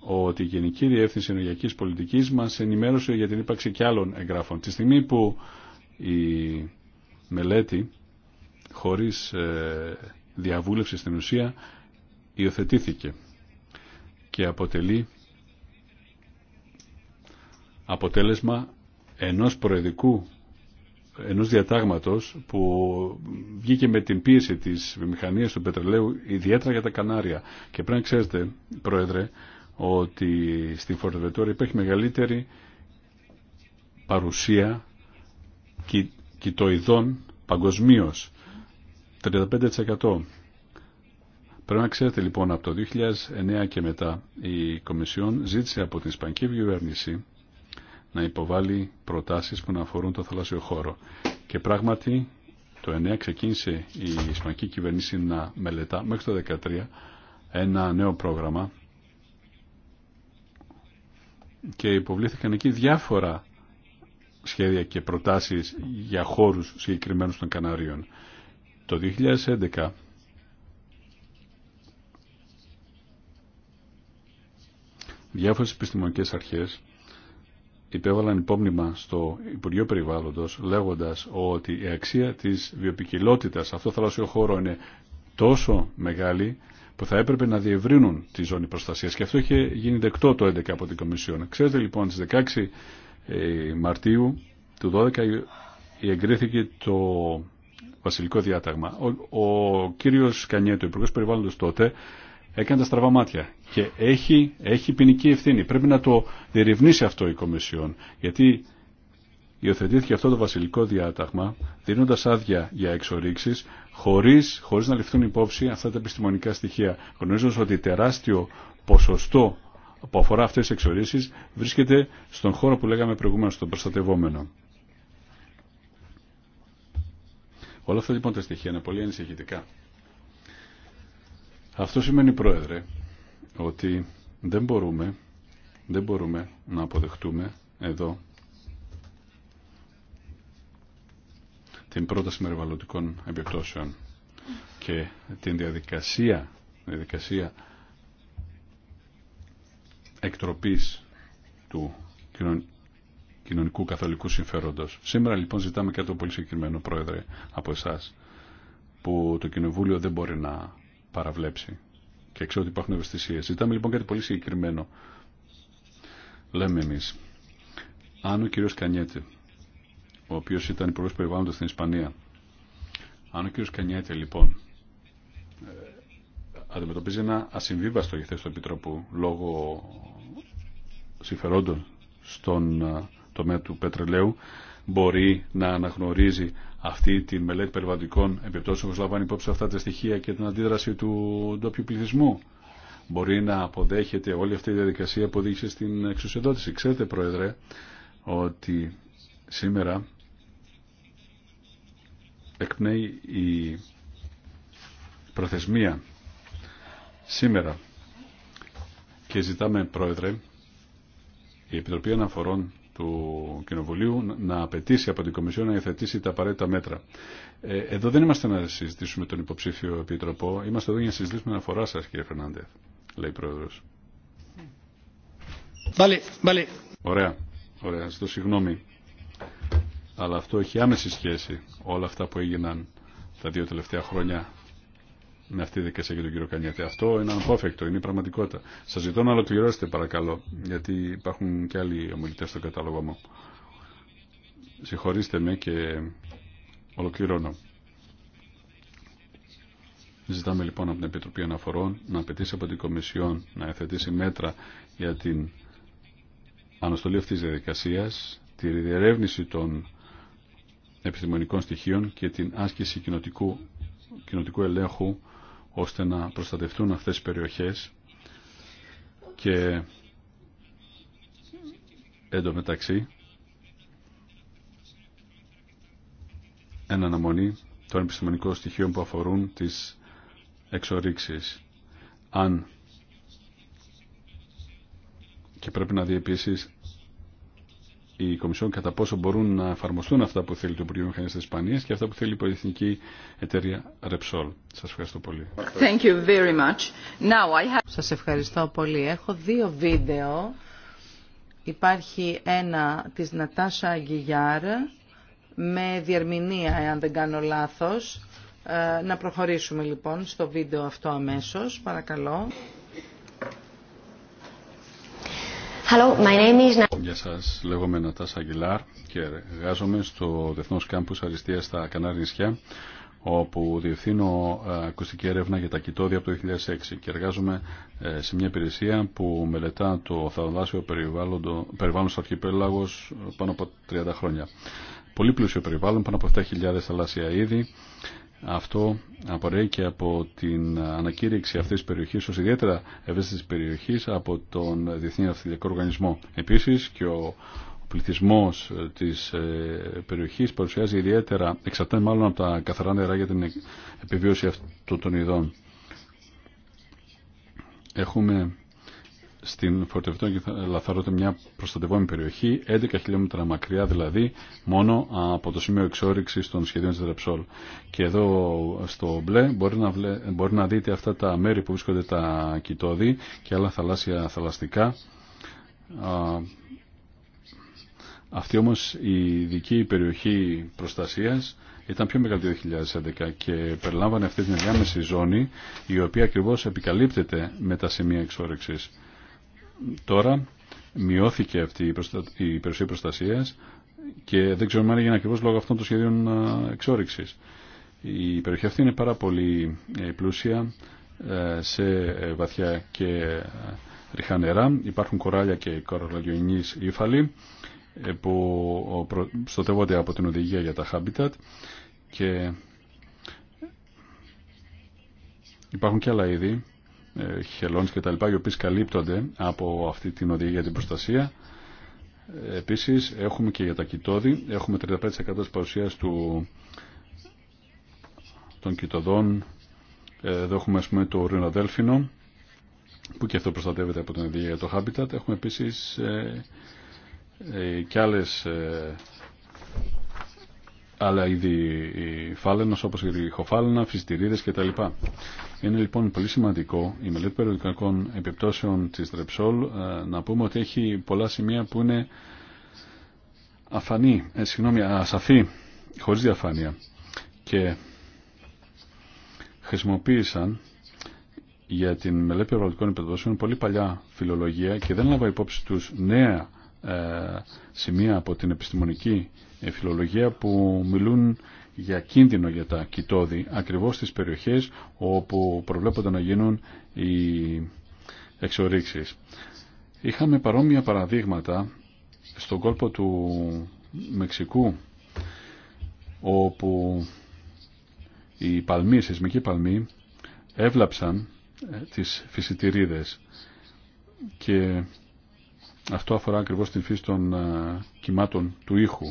ότι η Γενική Διεύθυνση Ενεργειακής Πολιτικής μας ενημέρωσε για την ύπαρξη και άλλων εγγράφων. Τη στιγμή που η μελέτη χωρίς ε, διαβούλευση στην ουσία υιοθετήθηκε και αποτελεί αποτέλεσμα ενός προεδικού ενός διατάγματος που βγήκε με την πίεση της βιομηχανίας του πετρελαίου ιδιαίτερα για τα Κανάρια. Και πρέπει να ξέρετε, Πρόεδρε, ότι στην Φορτεβετόρα υπάρχει μεγαλύτερη παρουσία κοι, κοιτοειδών παγκοσμίω. 35%. Πρέπει να ξέρετε λοιπόν από το 2009 και μετά η Κομισιόν ζήτησε από την Ισπανική Κυβέρνηση να υποβάλει προτάσεις που να αφορούν το θαλάσσιο χώρο. Και πράγματι το 2009 ξεκίνησε η Ισπανική Κυβέρνηση να μελετά μέχρι το 2013 ένα νέο πρόγραμμα και υποβλήθηκαν εκεί διάφορα σχέδια και προτάσεις για χώρους συγκεκριμένου των Καναρίων. Το 2011 διάφορες επιστημονικές αρχές υπέβαλαν υπόμνημα στο Υπουργείο Περιβάλλοντος λέγοντας ότι η αξία της βιοπικιλότητας αυτό το θαλάσσιο χώρο είναι τόσο μεγάλη που θα έπρεπε να διευρύνουν τη ζώνη προστασίας και αυτό είχε γίνει δεκτό το 11 από την Κομισιόν. Ξέρετε λοιπόν στις 16 ε, Μαρτίου του 2012 εγκρίθηκε το βασιλικό διάταγμα. Ο, ο κύριος Κανιέτο, ο υπουργός περιβάλλοντος τότε, έκανε τα στραβά μάτια και έχει, έχει ποινική ευθύνη. Πρέπει να το διερευνήσει αυτό η Κομισιόν γιατί υιοθετήθηκε αυτό το βασιλικό διάταγμα, δίνοντα άδεια για εξορίξει, χωρί χωρίς να ληφθούν υπόψη αυτά τα επιστημονικά στοιχεία. Γνωρίζοντα ότι τεράστιο ποσοστό που αφορά αυτέ τι εξορίξει βρίσκεται στον χώρο που λέγαμε προηγουμένω, στον προστατευόμενο. Όλα αυτά λοιπόν τα στοιχεία είναι πολύ ανησυχητικά. Αυτό σημαίνει, Πρόεδρε, ότι δεν μπορούμε να αποδεχτούμε εδώ την πρόταση μεριβαλλοντικών επιπτώσεων και την διαδικασία, διαδικασία εκτροπής του κοινωνικού καθολικού συμφέροντος. Σήμερα λοιπόν ζητάμε κάτι πολύ συγκεκριμένο πρόεδρε από εσάς που το Κοινοβούλιο δεν μπορεί να παραβλέψει και ξέρω ότι υπάρχουν ευαισθησίες. Ζητάμε λοιπόν κάτι πολύ συγκεκριμένο. Λέμε εμείς, αν ο κύριος Κανιέτη ο οποίος ήταν υπουργός περιβάλλοντος στην Ισπανία. Αν ο κ. Κανιέτε λοιπόν ε, αντιμετωπίζει ένα ασυμβίβαστο για θέση του Επιτροπού λόγω συμφερόντων στον ε, τομέα του πετρελαίου μπορεί να αναγνωρίζει αυτή τη μελέτη περιβαλλοντικών επιπτώσεων όπως λαμβάνει υπόψη αυτά τα στοιχεία και την αντίδραση του ντόπιου πληθυσμού. Μπορεί να αποδέχεται όλη αυτή η διαδικασία που οδήγησε στην εξουσιοδότηση. Ξέρετε, Πρόεδρε, ότι σήμερα εκπνέει η προθεσμία σήμερα και ζητάμε, Πρόεδρε, η Επιτροπή Αναφορών του Κοινοβουλίου να απαιτήσει από την Κομισιόν να υιοθετήσει τα απαραίτητα μέτρα. Ε, εδώ δεν είμαστε να συζητήσουμε τον υποψήφιο επίτροπο, είμαστε εδώ για να συζητήσουμε αναφορά σα, κύριε Φερνάντεθ, λέει η Πρόεδρο. Ωραία, ωραία, ζητώ συγγνώμη αλλά αυτό έχει άμεση σχέση όλα αυτά που έγιναν τα δύο τελευταία χρόνια με αυτή τη δικασία για τον κύριο Κανιέτη. Αυτό είναι αναπόφευκτο, είναι η πραγματικότητα. Σας ζητώ να ολοκληρώσετε παρακαλώ, γιατί υπάρχουν και άλλοι ομιλητές στο κατάλογο μου. Συγχωρήστε με και ολοκληρώνω. Ζητάμε λοιπόν από την Επιτροπή Αναφορών να απαιτήσει από την Κομισιόν να εθετήσει μέτρα για την αναστολή αυτής της διαδικασίας, τη διερεύνηση των επιστημονικών στοιχείων και την άσκηση κοινοτικού, κοινοτικού ελέγχου ώστε να προστατευτούν αυτές οι περιοχές και εντωμεταξύ εν αναμονή των επιστημονικών στοιχείων που αφορούν τις εξορίξεις. Αν και πρέπει να δει επίσης η Κομισιόν κατά πόσο μπορούν να εφαρμοστούν αυτά που θέλει το Υπουργείο Μηχανής της Ισπανίας και αυτά που θέλει η Πολυεθνική Εταιρεία Repsol. Σα ευχαριστώ πολύ. Thank Σας ευχαριστώ πολύ. Έχω δύο βίντεο. Υπάρχει ένα της Νατάσα Αγγιγιάρ με διερμηνία, αν δεν κάνω λάθος. Ε, να προχωρήσουμε λοιπόν στο βίντεο αυτό αμέσως. Παρακαλώ. Hello, my name is... Γεια σας, λέγομαι Νατάσα Αγγιλάρ και εργάζομαι στο Διεθνός Κάμπους Αριστείας στα Κανάρια νησιά όπου διευθύνω ε, ακουστική έρευνα για τα κοιτόδια από το 2006 και εργάζομαι ε, σε μια υπηρεσία που μελετά το θαλάσσιο περιβάλλον στο αρχιπέλαγος ε, πάνω από 30 χρόνια. Πολύ πλούσιο περιβάλλον, πάνω από 7.000 θαλάσσια είδη, αυτό απορρέει και από την ανακήρυξη αυτή τη περιοχής ως ιδιαίτερα ευαίσθητη περιοχής από τον Διεθνή Αυθυλιακό Οργανισμό. Επίσης και ο πληθυσμός της ε, περιοχής παρουσιάζει ιδιαίτερα, εξαρτάται μάλλον από τα καθαρά νερά για την επιβίωση αυτών των ειδών. Έχουμε στην φορτευτό και λαθαρότητα μια προστατευόμενη περιοχή, 11 χιλιόμετρα μακριά δηλαδή, μόνο από το σημείο εξόριξη των σχεδίων τη Ρεψόλ. Και εδώ στο μπλε μπορεί να, βλέ, να δείτε αυτά τα μέρη που βρίσκονται τα κοιτόδη και άλλα θαλάσσια θαλαστικά. Αυτή όμως η δική περιοχή προστασίας ήταν πιο μεγάλη το 2011 και περιλάμβανε αυτή την διάμεση ζώνη η οποία ακριβώς επικαλύπτεται με τα σημεία εξόρυξης τώρα μειώθηκε αυτή η, περιοχή η προστασίας και δεν ξέρουμε αν έγινε ακριβώ λόγω αυτών των σχεδίων εξόρυξης. Η περιοχή αυτή είναι πάρα πολύ ε, πλούσια ε, σε ε, βαθιά και ρηχανερά. νερά. Υπάρχουν κοράλια και κοραλαγιονείς ύφαλοι που προστατεύονται από την οδηγία για τα habitat και υπάρχουν και άλλα είδη ε, χελώνες λοιπά οι οποίες καλύπτονται από αυτή την οδηγία για την προστασία. Επίσης έχουμε και για τα κοιτόδη, έχουμε 35% της παρουσίας του, των κοιτοδών. Ε, εδώ έχουμε ας πούμε το ρινοδέλφινο, που και αυτό προστατεύεται από την οδηγία για το Habitat. Έχουμε επίσης ε, και άλλες άλλα είδη φάλαινος όπως η ριχοφάλαινα, φυστηρίδε κτλ. Είναι λοιπόν πολύ σημαντικό η μελέτη περιοδικών επιπτώσεων της τρεψολ ε, να πούμε ότι έχει πολλά σημεία που είναι αφανή, ε, ασαφή, χωρίς διαφάνεια και χρησιμοποίησαν για την μελέτη περιοδικών επιπτώσεων πολύ παλιά φιλολογία και δεν λάβα υπόψη τους νέα ε, σημεία από την επιστημονική φιλολογία που μιλούν για κίνδυνο για τα κοιτόδη ακριβώς στις περιοχές όπου προβλέπονται να γίνουν οι εξορίξεις. Είχαμε παρόμοια παραδείγματα στον κόλπο του Μεξικού όπου οι παλμοί, οι σεισμικοί παλμοί έβλαψαν ε, τις φυσιτηρίδες και αυτό αφορά ακριβώς την φύση των ε, κυμάτων του ήχου.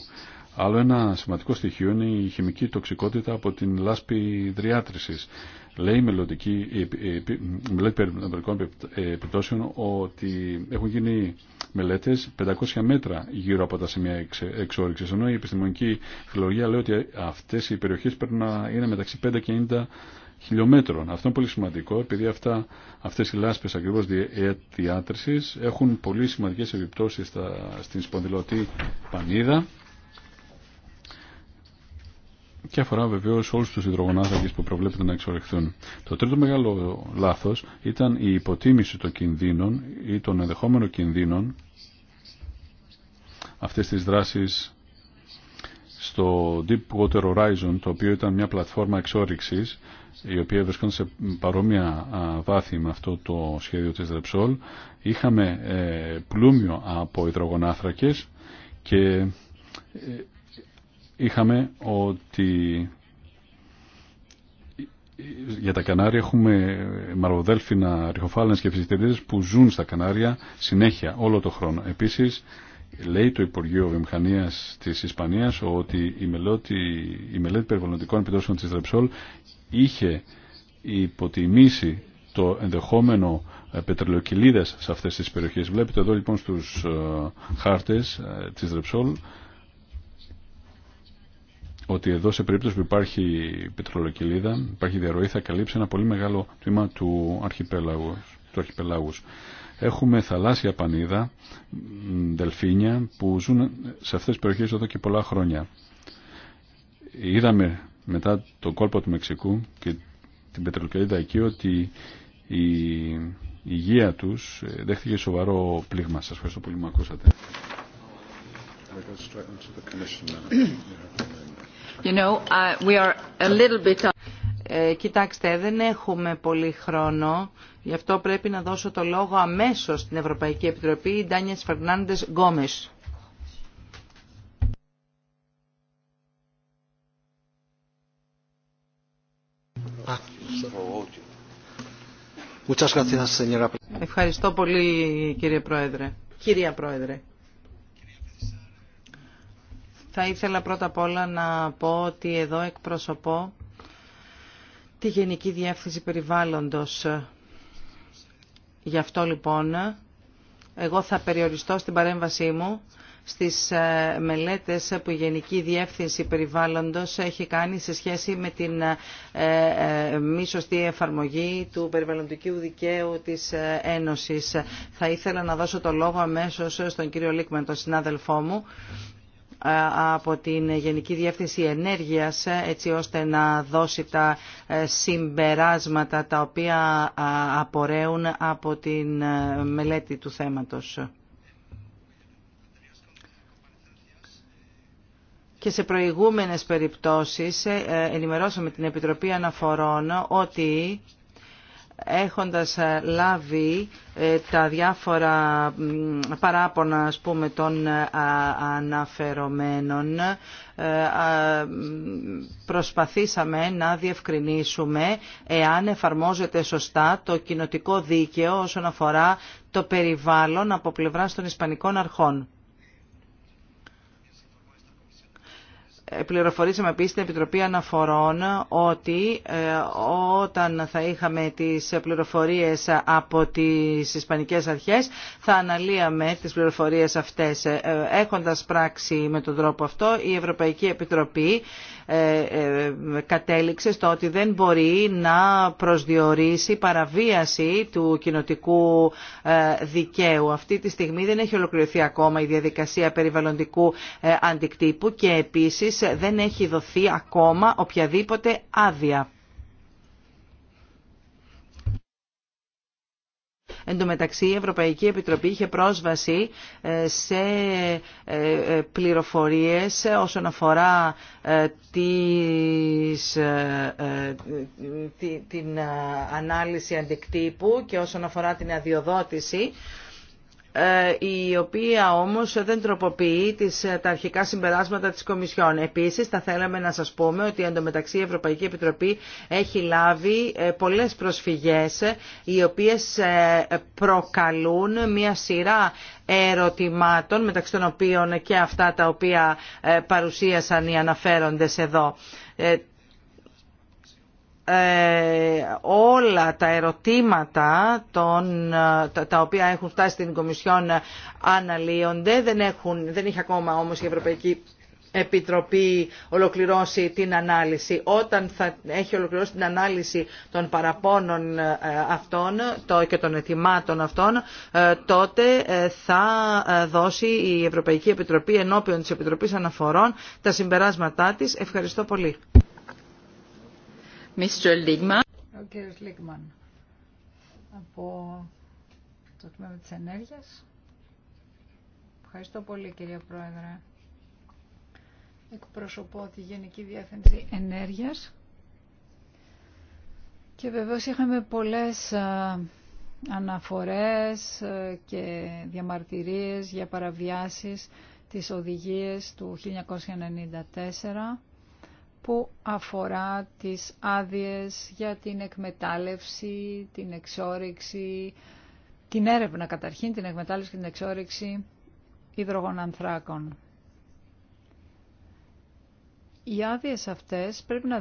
Άλλο ένα σημαντικό στοιχείο είναι η χημική τοξικότητα από την λάσπη δριάτρησης. Λέει η μελέτη περιβαλλοντικών επιπτώσεων ότι έχουν γίνει μελέτες 500 μέτρα γύρω από τα σημεία εξόριξης, ενώ η επιστημονική φιλολογία λέει ότι αυτές οι περιοχές πρέπει να είναι μεταξύ 5 και 90 χιλιόμετρων. Αυτό είναι πολύ σημαντικό επειδή αυτά, αυτές οι λάσπες ακριβώς ε, διάτρησης έχουν πολύ σημαντικές επιπτώσεις στην σπονδυλωτή πανίδα και αφορά βεβαίω όλου του υδρογονάθρακε που προβλέπεται να εξορεχθούν. Το τρίτο μεγάλο λάθο ήταν η υποτίμηση των κινδύνων ή των ενδεχόμενων κινδύνων αυτέ τι δράσει στο Deepwater Horizon, το οποίο ήταν μια πλατφόρμα εξόρυξη, η οποία βρισκόταν σε παρόμοια βάθη με αυτό το σχέδιο της Repsol. Είχαμε ε, πλούμιο από υδρογονάθρακες και ε, είχαμε ότι για τα Κανάρια έχουμε μαροδέλφινα, ριχοφάλαινες και που ζουν στα Κανάρια συνέχεια όλο το χρόνο. Επίσης, λέει το Υπουργείο Βιομηχανίας της Ισπανίας ότι η μελέτη, η μελέτη περιβαλλοντικών επιδόσεων της Ρεψόλ είχε υποτιμήσει το ενδεχόμενο ε, πετρελοκυλίδα σε αυτές τις περιοχές. Βλέπετε εδώ λοιπόν στους ε, χάρτες ε, της Ρεψόλ ότι εδώ σε περίπτωση που υπάρχει πετρολοκυλίδα, υπάρχει διαρροή, θα καλύψει ένα πολύ μεγάλο τμήμα του Του αρχιπελάγους. Έχουμε θαλάσσια πανίδα, δελφίνια που ζουν σε αυτές τις περιοχές εδώ και πολλά χρόνια. Είδαμε μετά τον κόλπο του Μεξικού και την πετρολοκυλίδα εκεί ότι η υγεία τους ε, δέχτηκε σοβαρό πλήγμα. Σας ευχαριστώ πολύ που με ακούσατε. κοιτάξτε, δεν έχουμε πολύ χρόνο, γι' αυτό πρέπει να δώσω το λόγο αμέσως στην Ευρωπαϊκή Επιτροπή, η Ντάνιες Φερνάντες Γκόμες. Ευχαριστώ πολύ κύριε Πρόεδρε. Κυρία Πρόεδρε. Θα ήθελα πρώτα απ' όλα να πω ότι εδώ εκπροσωπώ τη Γενική Διεύθυνση Περιβάλλοντος. Γι' αυτό λοιπόν εγώ θα περιοριστώ στην παρέμβασή μου στις ε, μελέτες που η Γενική Διεύθυνση Περιβάλλοντος έχει κάνει σε σχέση με την ε, ε, μη σωστή εφαρμογή του περιβαλλοντικού δικαίου της Ένωσης. Θα ήθελα να δώσω το λόγο αμέσως στον κύριο Λίκμεν, τον συνάδελφό μου, ε, από την Γενική Διεύθυνση Ενέργειας ε, έτσι ώστε να δώσει τα ε, συμπεράσματα τα οποία απορρέουν από την μελέτη του θέματος. και σε προηγούμενες περιπτώσεις ενημερώσαμε την Επιτροπή Αναφορών ότι έχοντας ε, λάβει ε, τα διάφορα παράπονα πούμε των ε, αναφερομένων προσπαθήσαμε να διευκρινίσουμε εάν εφαρμόζεται σωστά το κοινοτικό δίκαιο όσον αφορά το περιβάλλον από πλευράς των Ισπανικών αρχών. Πληροφορήσαμε επίσης την Επιτροπή Αναφορών ότι ε, όταν θα είχαμε τις πληροφορίες από τις Ισπανικές Αρχές θα αναλύαμε τις πληροφορίες αυτές. Ε, έχοντας πράξει με τον τρόπο αυτό η Ευρωπαϊκή Επιτροπή ε, ε, κατέληξε στο ότι δεν μπορεί να προσδιορίσει παραβίαση του κοινοτικού ε, δικαίου. Αυτή τη στιγμή δεν έχει ολοκληρωθεί ακόμα η διαδικασία περιβαλλοντικού αντικτύπου και επίσης δεν έχει δοθεί ακόμα οποιαδήποτε άδεια. Εν τω μεταξύ η Ευρωπαϊκή Επιτροπή είχε πρόσβαση ε, σε ε, ε, πληροφορίες όσον αφορά τις, την ανάλυση αντικτύπου και όσον αφορά την αδειοδότηση ε, η οποία όμως δεν τροποποιεί τις, ε, τα αρχικά συμπεράσματα της Κομισιόν. Επίσης θα θέλαμε να σας πούμε ότι εντωμεταξύ η Ευρωπαϊκή Επιτροπή έχει λάβει ε, πολλές προσφυγές οι οποίες προκαλούν μια σειρά ερωτημάτων μεταξύ των οποίων και αυτά τα οποία παρουσίασαν οι αναφέροντες εδώ ε, όλα τα ερωτήματα των, τα, οποία έχουν φτάσει στην Κομισιόν αναλύονται. Δεν, έχουν, δεν έχει ακόμα όμως η Ευρωπαϊκή Επιτροπή ολοκληρώσει την ανάλυση. Όταν θα έχει ολοκληρώσει την ανάλυση των παραπώνων ε, αυτών το, και των ετοιμάτων αυτών, ε, τότε θα δώσει η Ευρωπαϊκή Επιτροπή ενώπιον της Επιτροπής Αναφορών τα συμπεράσματά της. Ευχαριστώ πολύ. Ο κύριος Λίγμαν από το τμήμα της ενέργειας. Ευχαριστώ πολύ κύριε Πρόεδρε. Εκπροσωπώ τη Γενική Διεύθυνση Ενέργειας και βεβαίως είχαμε πολλές αναφορές και διαμαρτυρίες για παραβιάσεις της οδηγίας του 1994 που αφορά τις άδειες για την εκμετάλλευση, την εξόρυξη, την έρευνα καταρχήν, την εκμετάλλευση και την εξόρυξη υδρογων ανθράκων. Οι άδειες αυτές πρέπει να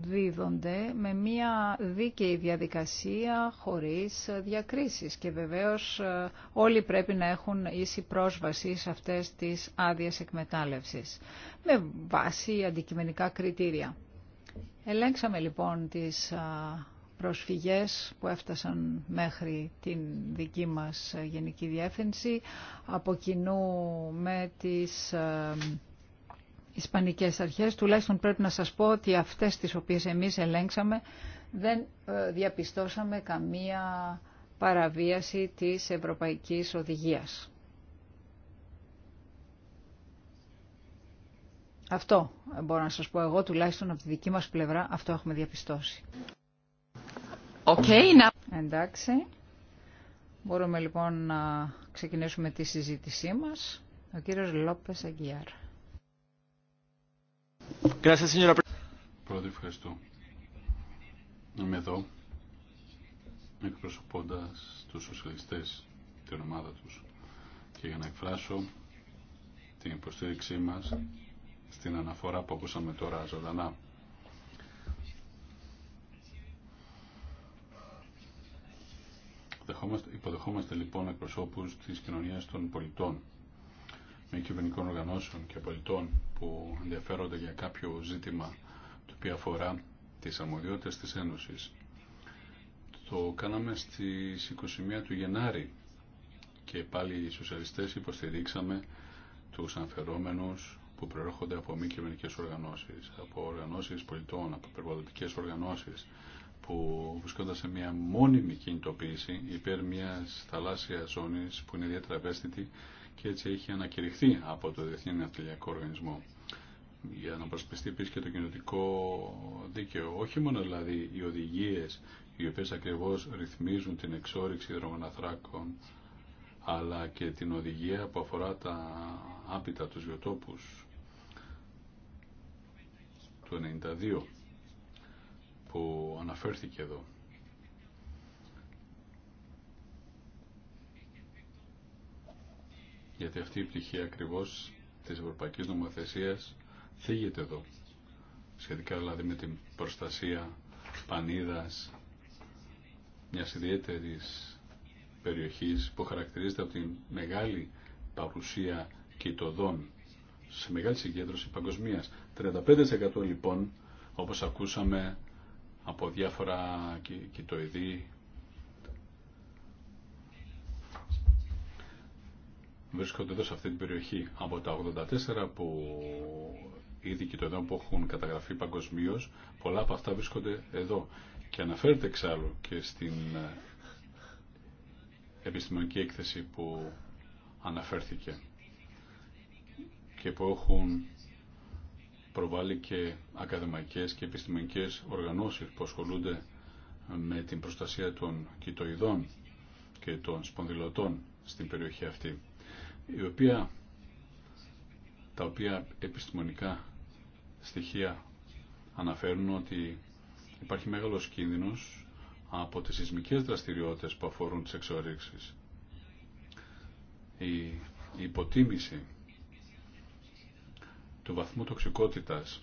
δίδονται με μια δίκαιη διαδικασία χωρίς διακρίσεις και βεβαίως ε, όλοι πρέπει να έχουν ίση πρόσβαση σε αυτές τις άδειες εκμετάλλευσης με βάση αντικειμενικά κριτήρια. Ελέγξαμε λοιπόν τις προσφυγές που έφτασαν μέχρι την δική μας ε, Γενική Διεύθυνση από κοινού με τις ε, Ισπανικές αρχές. Τουλάχιστον πρέπει να σας πω ότι αυτές τις οποίες εμείς ελέγξαμε δεν ε, διαπιστώσαμε καμία παραβίαση της Ευρωπαϊκής Οδηγίας. Αυτό μπορώ να σας πω εγώ, τουλάχιστον από τη δική μας πλευρά, αυτό έχουμε διαπιστώσει. Okay, now... Εντάξει. Μπορούμε λοιπόν να ξεκινήσουμε τη συζήτησή μας. Ο κύριος Λόπες Αγκιάρα. Πρώτη ευχαριστώ. Είμαι εδώ εκπροσωπώντας τους σοσιαλιστές, την ομάδα τους και για να εκφράσω την υποστήριξή μας στην αναφορά που ακούσαμε τώρα ζωντανά. Υποδεχόμαστε λοιπόν εκπροσώπους της κοινωνίας των πολιτών μη κυβερνικών οργανώσεων και πολιτών που ενδιαφέρονται για κάποιο ζήτημα το οποίο αφορά τις αρμοδιότητες της Ένωσης. Το κάναμε στις 21 του Γενάρη και πάλι οι σοσιαλιστές υποστηρίξαμε τους αναφερόμενους που προέρχονται από μη κυβερνικέ οργανώσεις, από οργανώσεις πολιτών, από περιβαλλοντικές οργανώσεις που βρισκόνταν σε μια μόνιμη κινητοποίηση υπέρ μιας θαλάσσιας ζώνης που είναι ιδιαίτερα ευαίσθητη και έτσι έχει ανακηρυχθεί από το Διεθνή Ναυτιλιακό Οργανισμό για να προσπιστεί επίση και το κοινωτικό δίκαιο. Όχι μόνο δηλαδή οι οδηγίες οι οποίες ακριβώς ρυθμίζουν την εξόριξη δρομοναθράκων αλλά και την οδηγία που αφορά τα άπειτα τους βιοτόπους του 92 που αναφέρθηκε εδώ. γιατί αυτή η πτυχή ακριβώς της Ευρωπαϊκής Νομοθεσίας θίγεται εδώ. Σχετικά δηλαδή με την προστασία πανίδας μιας ιδιαίτερης περιοχής που χαρακτηρίζεται από την μεγάλη παρουσία κοιτοδών σε μεγάλη συγκέντρωση παγκοσμία. 35% λοιπόν, όπως ακούσαμε από διάφορα κοιτοειδή βρίσκονται εδώ σε αυτή την περιοχή. Από τα 84 που ήδη και το εδώ που έχουν καταγραφεί παγκοσμίω, πολλά από αυτά βρίσκονται εδώ. Και αναφέρεται εξάλλου και στην ε, επιστημονική έκθεση που αναφέρθηκε και που έχουν προβάλλει και ακαδημαϊκές και επιστημονικές οργανώσεις που ασχολούνται με την προστασία των κοιτοειδών και των σπονδυλωτών στην περιοχή αυτή η οποία, τα οποία επιστημονικά στοιχεία αναφέρουν ότι υπάρχει μεγάλος κίνδυνος από τις σεισμικές δραστηριότητες που αφορούν τις εξορίξεις. Η υποτίμηση του βαθμού τοξικότητας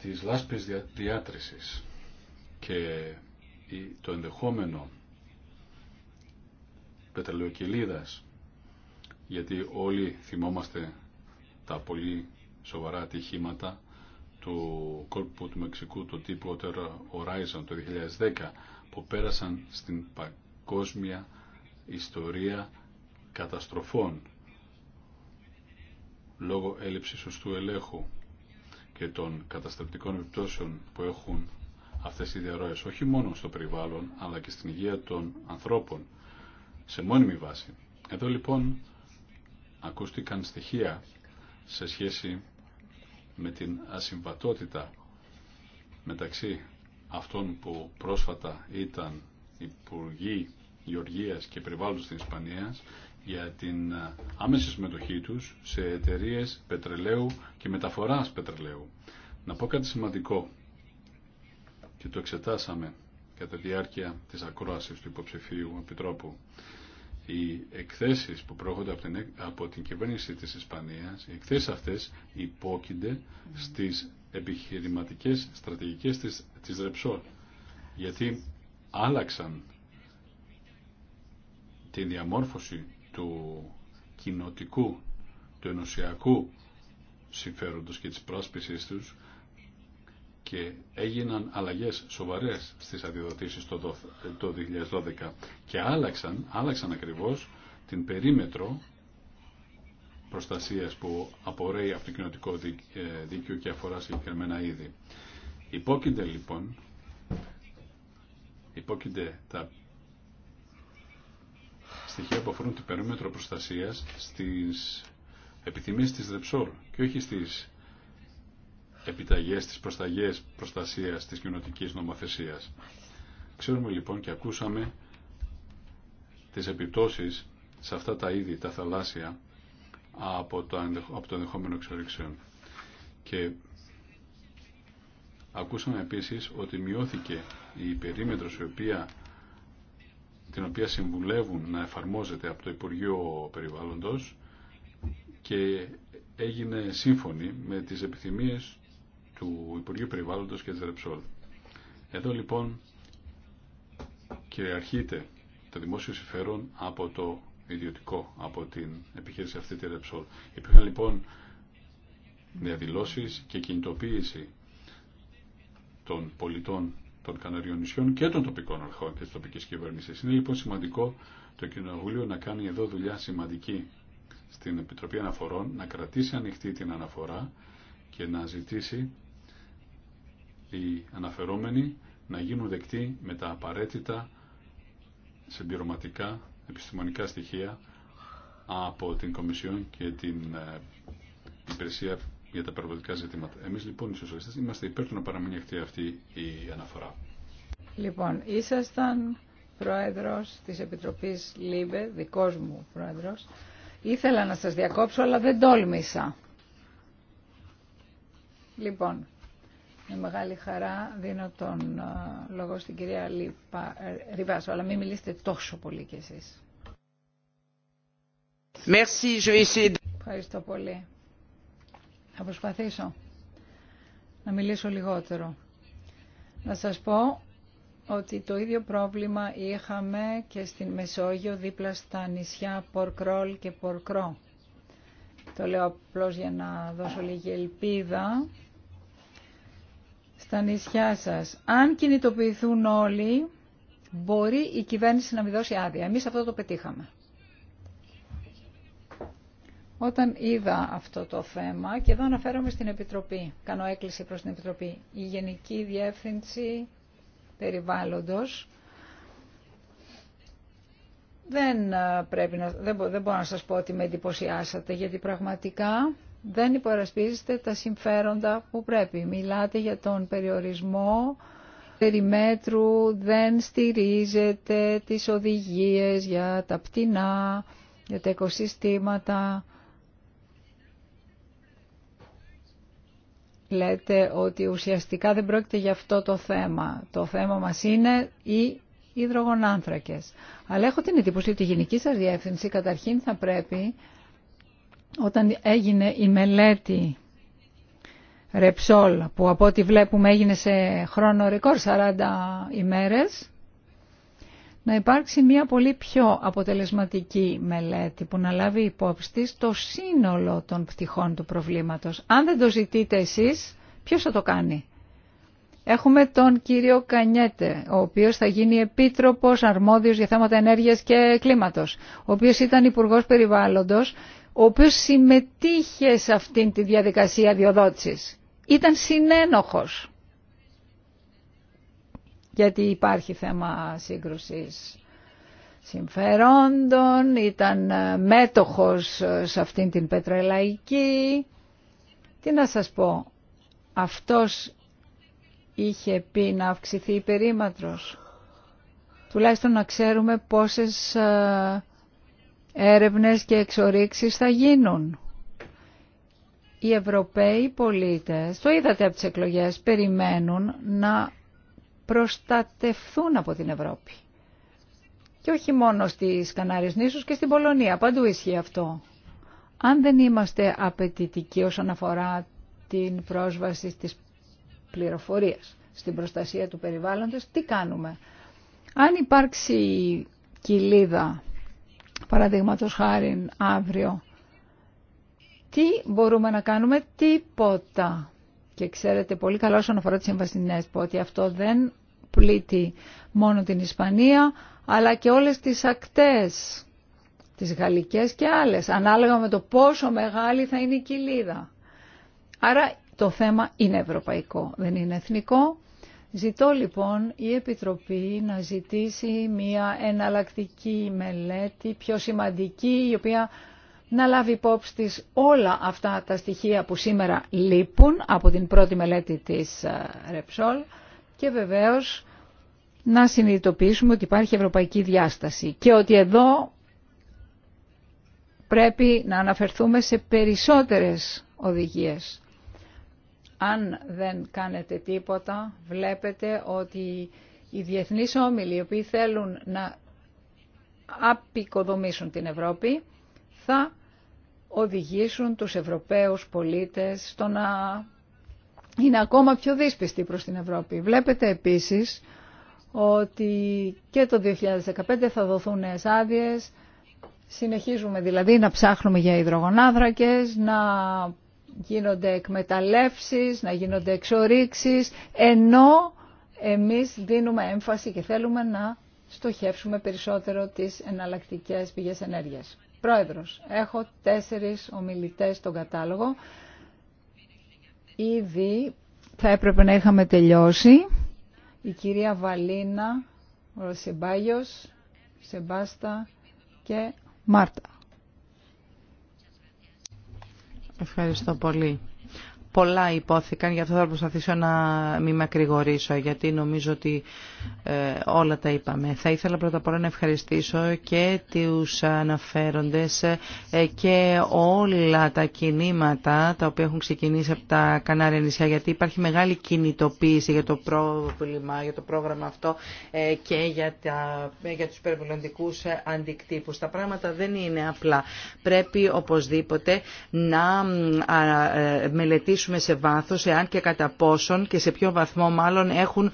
της λάσπης διάτρησης και το ενδεχόμενο πετρελαιοκελίδας γιατί όλοι θυμόμαστε τα πολύ σοβαρά ατυχήματα του κόλπου του Μεξικού, το Deepwater Horizon το 2010, που πέρασαν στην παγκόσμια ιστορία καταστροφών λόγω έλλειψης σωστού ελέγχου και των καταστρεπτικών επιπτώσεων που έχουν αυτές οι διαρροές όχι μόνο στο περιβάλλον αλλά και στην υγεία των ανθρώπων σε μόνιμη βάση. Εδώ λοιπόν ακούστηκαν στοιχεία σε σχέση με την ασυμβατότητα μεταξύ αυτών που πρόσφατα ήταν Υπουργοί Γεωργίας και Περιβάλλοντος της Ισπανίας για την ε, άμεση συμμετοχή τους σε εταιρείε πετρελαίου και μεταφοράς πετρελαίου. Να πω κάτι σημαντικό και το εξετάσαμε κατά τη διάρκεια της ακρόασης του υποψηφίου επιτρόπου. Οι εκθέσεις που προέρχονται από την, από κυβέρνηση της Ισπανίας, οι εκθέσεις αυτές υπόκεινται στις επιχειρηματικές στρατηγικές της, της Γιατί άλλαξαν τη διαμόρφωση του κοινοτικού, του ενωσιακού συμφέροντος και της πρόσπισης τους και έγιναν αλλαγές σοβαρές στις αδειοδοτήσεις το 2012 και άλλαξαν, άλλαξαν ακριβώς την περίμετρο προστασίας που απορρέει από το κοινοτικό ε, δίκαιο και αφορά συγκεκριμένα είδη. Υπόκεινται λοιπόν υπόκεινται τα στοιχεία που αφορούν την περίμετρο προστασίας στις επιθυμίες της Δεψόρ και όχι στις επιταγές της προσταγές προστασίας της κοινοτικής νομοθεσίας. Ξέρουμε λοιπόν και ακούσαμε τις επιπτώσεις σε αυτά τα είδη, τα θαλάσσια, από το, από το ενδεχόμενο εξορίξεων. Και ακούσαμε επίσης ότι μειώθηκε η περίμετρος οποία, την οποία συμβουλεύουν να εφαρμόζεται από το Υπουργείο Περιβάλλοντος και έγινε σύμφωνη με τις επιθυμίες του Υπουργείου Περιβάλλοντος και της Ρεψόλ. Εδώ λοιπόν κυριαρχείται το δημόσιο συμφέρον από το ιδιωτικό, από την επιχείρηση αυτή τη Ρεψόλ. Υπήρχαν λοιπόν διαδηλώσει και κινητοποίηση των πολιτών των Καναριών νησιών και των τοπικών αρχών και τη τοπική κυβέρνηση. Είναι λοιπόν σημαντικό το Κοινοβούλιο να κάνει εδώ δουλειά σημαντική στην Επιτροπή Αναφορών, να κρατήσει ανοιχτή την αναφορά και να ζητήσει οι αναφερόμενοι να γίνουν δεκτοί με τα απαραίτητα συμπληρωματικά επιστημονικά στοιχεία από την Κομισιόν και την ε, Υπηρεσία για τα Περιβαλλοντικά Ζητήματα. Εμείς λοιπόν οι σοσιαλιστέ είμαστε υπέρ του να παραμείνει αυτή η αναφορά. Λοιπόν, ήσασταν πρόεδρος της Επιτροπής ΛΥΜΠΕ, δικό μου προέδρο. Ήθελα να σα διακόψω, αλλά δεν τόλμησα. Λοιπόν, με μεγάλη χαρά δίνω τον λόγο στην κυρία Λίπα, ε, Ριβάσο, αλλά μην μιλήσετε τόσο πολύ κι εσείς. Ευχαριστώ πολύ. Θα προσπαθήσω να μιλήσω λιγότερο. Να σας πω ότι το ίδιο πρόβλημα είχαμε και στην Μεσόγειο δίπλα στα νησιά Πορκρόλ και Πορκρό. Το λέω απλώς για να δώσω λίγη ελπίδα στα νησιά σας. Αν κινητοποιηθούν όλοι, μπορεί η κυβέρνηση να μην δώσει άδεια. Εμείς αυτό το πετύχαμε. Όταν είδα αυτό το θέμα, και εδώ αναφέρομαι στην Επιτροπή, κάνω έκκληση προς την Επιτροπή, η Γενική Διεύθυνση Περιβάλλοντος, δεν, ε, πρέπει να, δεν, δεν μπορώ να σας πω ότι με εντυπωσιάσατε, γιατί πραγματικά δεν υπορασπίζεστε τα συμφέροντα που πρέπει. Μιλάτε για τον περιορισμό περιμέτρου, δεν στηρίζετε τις οδηγίες για τα πτηνά, για τα οικοσυστήματα. Λέτε ότι ουσιαστικά δεν πρόκειται για αυτό το θέμα. Το θέμα μας είναι οι υδρογονάνθρακες. Αλλά έχω την εντύπωση ότι η γενική σας διεύθυνση καταρχήν θα πρέπει όταν έγινε η μελέτη Ρεψόλ που από ό,τι βλέπουμε έγινε σε χρόνο ρεκόρ 40 ημέρες να υπάρξει μια πολύ πιο αποτελεσματική μελέτη που να λάβει υπόψη της το σύνολο των πτυχών του προβλήματος. Αν δεν το ζητείτε εσείς, ποιος θα το κάνει. Έχουμε τον κύριο Κανιέτε, ο οποίος θα γίνει επίτροπος αρμόδιος για θέματα ενέργειας και κλίματος, ο οποίος ήταν υπουργός περιβάλλοντος ο οποίος συμμετείχε σε αυτήν τη διαδικασία διοδότησης. Ήταν συνένοχος. Γιατί υπάρχει θέμα σύγκρουσης συμφερόντων, ήταν ε, μέτοχος ε, σε αυτήν την πετρελαϊκή. Τι να σας πω, αυτός είχε πει να αυξηθεί η περίμετρος. Τουλάχιστον να ξέρουμε πόσες ε, έρευνες και εξορίξεις θα γίνουν. Οι Ευρωπαίοι πολίτες, το είδατε από τις εκλογές, περιμένουν να προστατευθούν από την Ευρώπη. Και όχι μόνο στις Κανάριες νήσους και στην Πολωνία, παντού ισχύει αυτό. Αν δεν είμαστε απαιτητικοί όσον αφορά την πρόσβαση της πληροφορίας στην προστασία του περιβάλλοντος, τι κάνουμε. Αν υπάρξει κοιλίδα παραδείγματο χάρη αύριο. Τι μπορούμε να κάνουμε, τίποτα. Και ξέρετε πολύ καλά όσον αφορά τη σύμβαση στην ότι αυτό δεν πλήττει μόνο την Ισπανία αλλά και όλες τις ακτές, τις γαλλικές και άλλες, ανάλογα με το πόσο μεγάλη θα είναι η κοιλίδα. Άρα το θέμα είναι ευρωπαϊκό, δεν είναι εθνικό. Ζητώ λοιπόν η Επιτροπή να ζητήσει μια εναλλακτική μελέτη πιο σημαντική η οποία να λάβει υπόψη της όλα αυτά τα στοιχεία που σήμερα λείπουν από την πρώτη μελέτη της ε, Ρεψόλ και βεβαίως να συνειδητοποιήσουμε ότι υπάρχει ευρωπαϊκή διάσταση και ότι εδώ πρέπει να αναφερθούμε σε περισσότερες οδηγίες αν δεν κάνετε τίποτα, βλέπετε ότι οι διεθνείς όμιλοι, οι οποίοι θέλουν να απεικοδομήσουν την Ευρώπη, θα οδηγήσουν τους Ευρωπαίους πολίτες στο να είναι ακόμα πιο δύσπιστοι προς την Ευρώπη. Βλέπετε επίσης ότι και το 2015 θα δοθούν νέες άδειες, συνεχίζουμε δηλαδή να ψάχνουμε για υδρογονάδρακες, να γίνονται εκμεταλλεύσεις, να γίνονται εξορίξεις, ενώ εμείς δίνουμε έμφαση και θέλουμε να στοχεύσουμε περισσότερο τις εναλλακτικέ πηγές ενέργειας. Πρόεδρος, έχω τέσσερις ομιλητές στον κατάλογο. Ήδη θα έπρεπε να είχαμε τελειώσει. Η κυρία Βαλίνα, ο Σεμπάγιος, Σεμπάστα και Μάρτα. Ευχαριστώ πολύ πολλά υπόθηκαν, γι' αυτό θα προσπαθήσω να μην με ακρηγορήσω, γιατί νομίζω ότι ε, όλα τα είπαμε. Θα ήθελα πρώτα απ' όλα να ευχαριστήσω και τους αναφέροντες ε, και όλα τα κινήματα τα οποία έχουν ξεκινήσει από τα Κανάρια νησιά, γιατί υπάρχει μεγάλη κινητοποίηση για το πρόβλημα, για το πρόγραμμα αυτό ε, και για, τα, για τους αντικτύπους. Τα πράγματα δεν είναι απλά. Πρέπει οπωσδήποτε να μελετήσουμε αναλύσουμε σε βάθος εάν και κατά πόσον και σε ποιο βαθμό μάλλον έχουν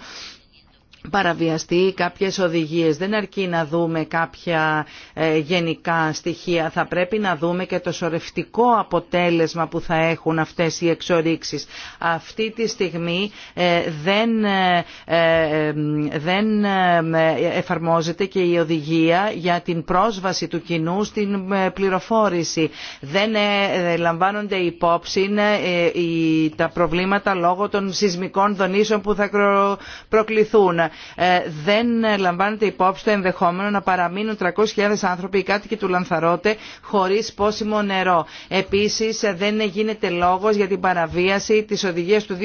παραβιαστεί κάποιες οδηγίες. Δεν αρκεί να δούμε κάποια ε, γενικά στοιχεία. Θα πρέπει να δούμε και το σορευτικό αποτέλεσμα που θα έχουν αυτές οι εξορίξεις. Αυτή τη στιγμή ε, δεν, ε, δεν εφαρμόζεται και η οδηγία για την πρόσβαση του κοινού στην πληροφόρηση. Δεν λαμβάνονται υπόψη τα προβλήματα λόγω των σεισμικών δονήσεων που θα προκληθούν ε, δεν λαμβάνεται υπόψη το ενδεχόμενο να παραμείνουν 300.000 άνθρωποι οι κάτοικοι του Λανθαρότε χωρίς πόσιμο νερό. Επίσης ε, δεν γίνεται λόγος για την παραβίαση της οδηγίας του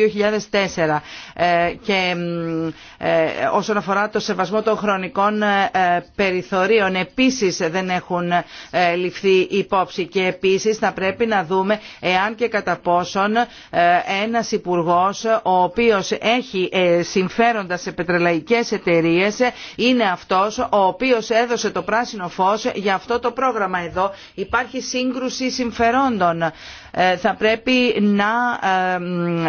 2004 ε, και όσον αφορά το σεβασμό των χρονικών περιθωρίων επίσης δεν έχουν ληφθεί υπόψη και επίσης θα πρέπει να δούμε εάν και κατά πόσον ένας υπουργός ο οποίος έχει συμφέροντα σε πετρελαϊκή ευρωπαϊκές εταιρείες είναι αυτός ο οποίος έδωσε το πράσινο φως για αυτό το πρόγραμμα εδώ. Υπάρχει σύγκρουση συμφερόντων. Ε, θα πρέπει να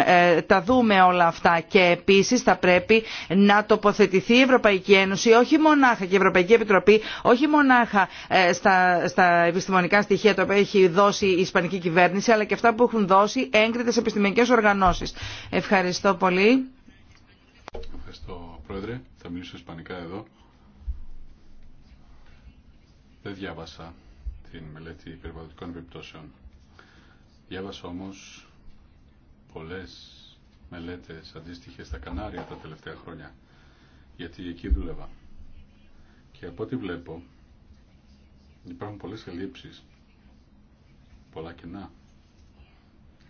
ε, ε, τα δούμε όλα αυτά και επίσης θα πρέπει να τοποθετηθεί η Ευρωπαϊκή Ένωση όχι μονάχα και η Ευρωπαϊκή Επιτροπή όχι μονάχα στα, στα επιστημονικά στοιχεία τα οποία έχει δώσει η Ισπανική κυβέρνηση αλλά και αυτά που έχουν δώσει έγκριτες επιστημονικές οργανώσεις. Ευχαριστώ πολύ. Το Πρόεδρε. Θα μιλήσω ισπανικά εδώ. Δεν διάβασα την μελέτη περιβαλλοντικών επιπτώσεων. Διάβασα όμως πολλές μελέτες αντίστοιχες στα Κανάρια τα τελευταία χρόνια, γιατί εκεί δούλευα. Και από ό,τι βλέπω, υπάρχουν πολλές ελλείψεις, πολλά κενά,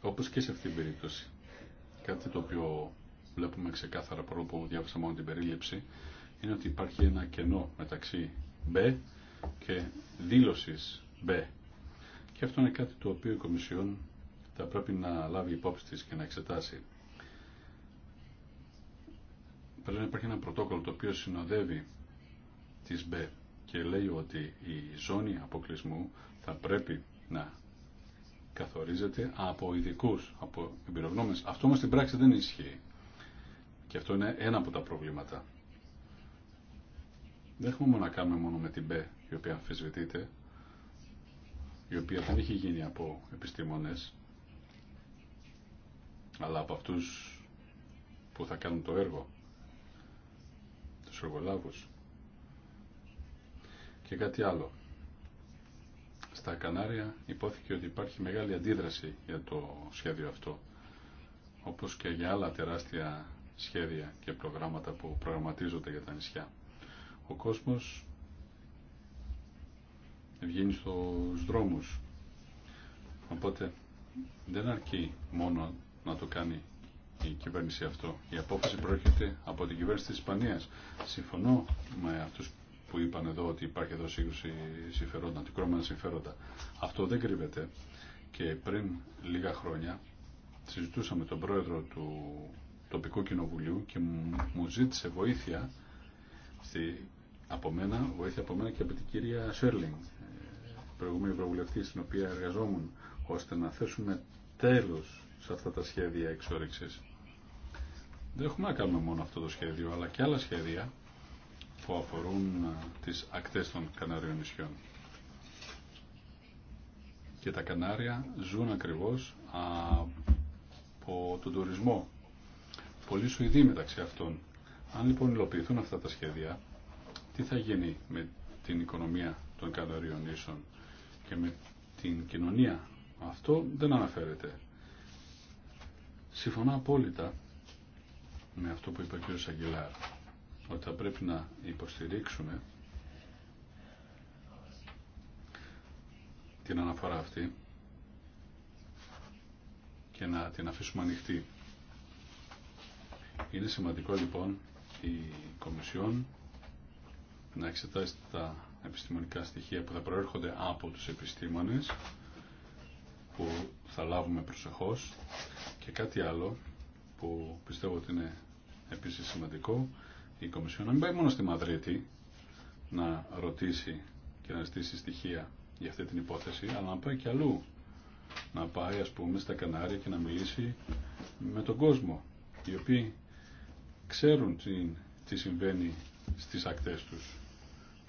όπως και σε αυτήν την περίπτωση. Κάτι το οποίο βλέπουμε ξεκάθαρα παρόλο που διάβασα μόνο την περίληψη είναι ότι υπάρχει ένα κενό μεταξύ B και δήλωσης B. Και αυτό είναι κάτι το οποίο η Κομισιόν θα πρέπει να λάβει υπόψη της και να εξετάσει. Πρέπει να υπάρχει ένα πρωτόκολλο το οποίο συνοδεύει τις B και λέει ότι η ζώνη αποκλεισμού θα πρέπει να καθορίζεται από ειδικού, από εμπειρογνώμες. Αυτό όμως στην πράξη δεν ισχύει. Και αυτό είναι ένα από τα προβλήματα. Δεν έχουμε μόνο να κάνουμε μόνο με την ΠΕ, η οποία αμφισβητείται, η οποία δεν έχει γίνει από επιστήμονες, αλλά από αυτούς που θα κάνουν το έργο, τους εργολάβους. Και κάτι άλλο. Στα Κανάρια υπόθηκε ότι υπάρχει μεγάλη αντίδραση για το σχέδιο αυτό, όπως και για άλλα τεράστια σχέδια και προγράμματα που προγραμματίζονται για τα νησιά. Ο κόσμος βγαίνει στους δρόμους. Οπότε δεν αρκεί μόνο να το κάνει η κυβέρνηση αυτό. Η απόφαση πρόκειται από την κυβέρνηση της Ισπανίας. Συμφωνώ με αυτούς που είπαν εδώ ότι υπάρχει εδώ σύγκρουση συμφερόντα, αντικρώμενα συμφέροντα. Αυτό δεν κρύβεται και πριν λίγα χρόνια συζητούσαμε τον πρόεδρο του τοπικού κοινοβουλίου και μου ζήτησε βοήθεια στη, από μένα, βοήθεια από και από την κυρία Σέρλινγκ, ε, προηγούμενη ευρωβουλευτή στην οποία εργαζόμουν, ώστε να θέσουμε τέλος σε αυτά τα σχέδια εξόριξης. Δεν έχουμε να κάνουμε μόνο αυτό το σχέδιο, αλλά και άλλα σχέδια που αφορούν ε, τις ακτές των Καναρίων νησιών. Και τα Κανάρια ζουν ακριβώς από τον τουρισμό πολλοί Σουηδοί μεταξύ αυτών. Αν λοιπόν υλοποιηθούν αυτά τα σχέδια, τι θα γίνει με την οικονομία των Καναρίων και με την κοινωνία. Αυτό δεν αναφέρεται. Συμφωνώ απόλυτα με αυτό που είπε ο κ. Σαγγελάρ, ότι θα πρέπει να υποστηρίξουμε την αναφορά αυτή και να την αφήσουμε ανοιχτή. Είναι σημαντικό λοιπόν η Κομισιόν να εξετάσει τα επιστημονικά στοιχεία που θα προέρχονται από τους επιστήμονες που θα λάβουμε προσεχώς και κάτι άλλο που πιστεύω ότι είναι επίσης σημαντικό η Κομισιόν να μην πάει μόνο στη Μαδρίτη να ρωτήσει και να ζητήσει στοιχεία για αυτή την υπόθεση αλλά να πάει και αλλού να πάει ας πούμε στα Κανάρια και να μιλήσει με τον κόσμο οι οποίοι ξέρουν τι, τι συμβαίνει στις ακτές τους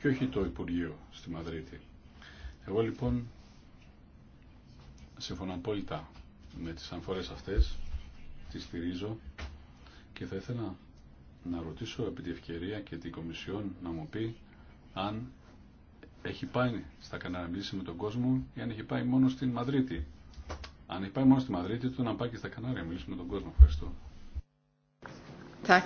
και όχι το Υπουργείο στη Μαδρίτη. Εγώ λοιπόν συμφωνώ απόλυτα με τις αμφορές αυτές, τις στηρίζω και θα ήθελα να ρωτήσω επί τη ευκαιρία και την Κομισιόν να μου πει αν έχει πάει στα Κανάρια με τον κόσμο ή αν έχει πάει μόνο στην Μαδρίτη. Αν έχει πάει μόνο στη Μαδρίτη, το να πάει και στα Κανάρια μιλήσει με τον κόσμο. Ευχαριστώ. Θα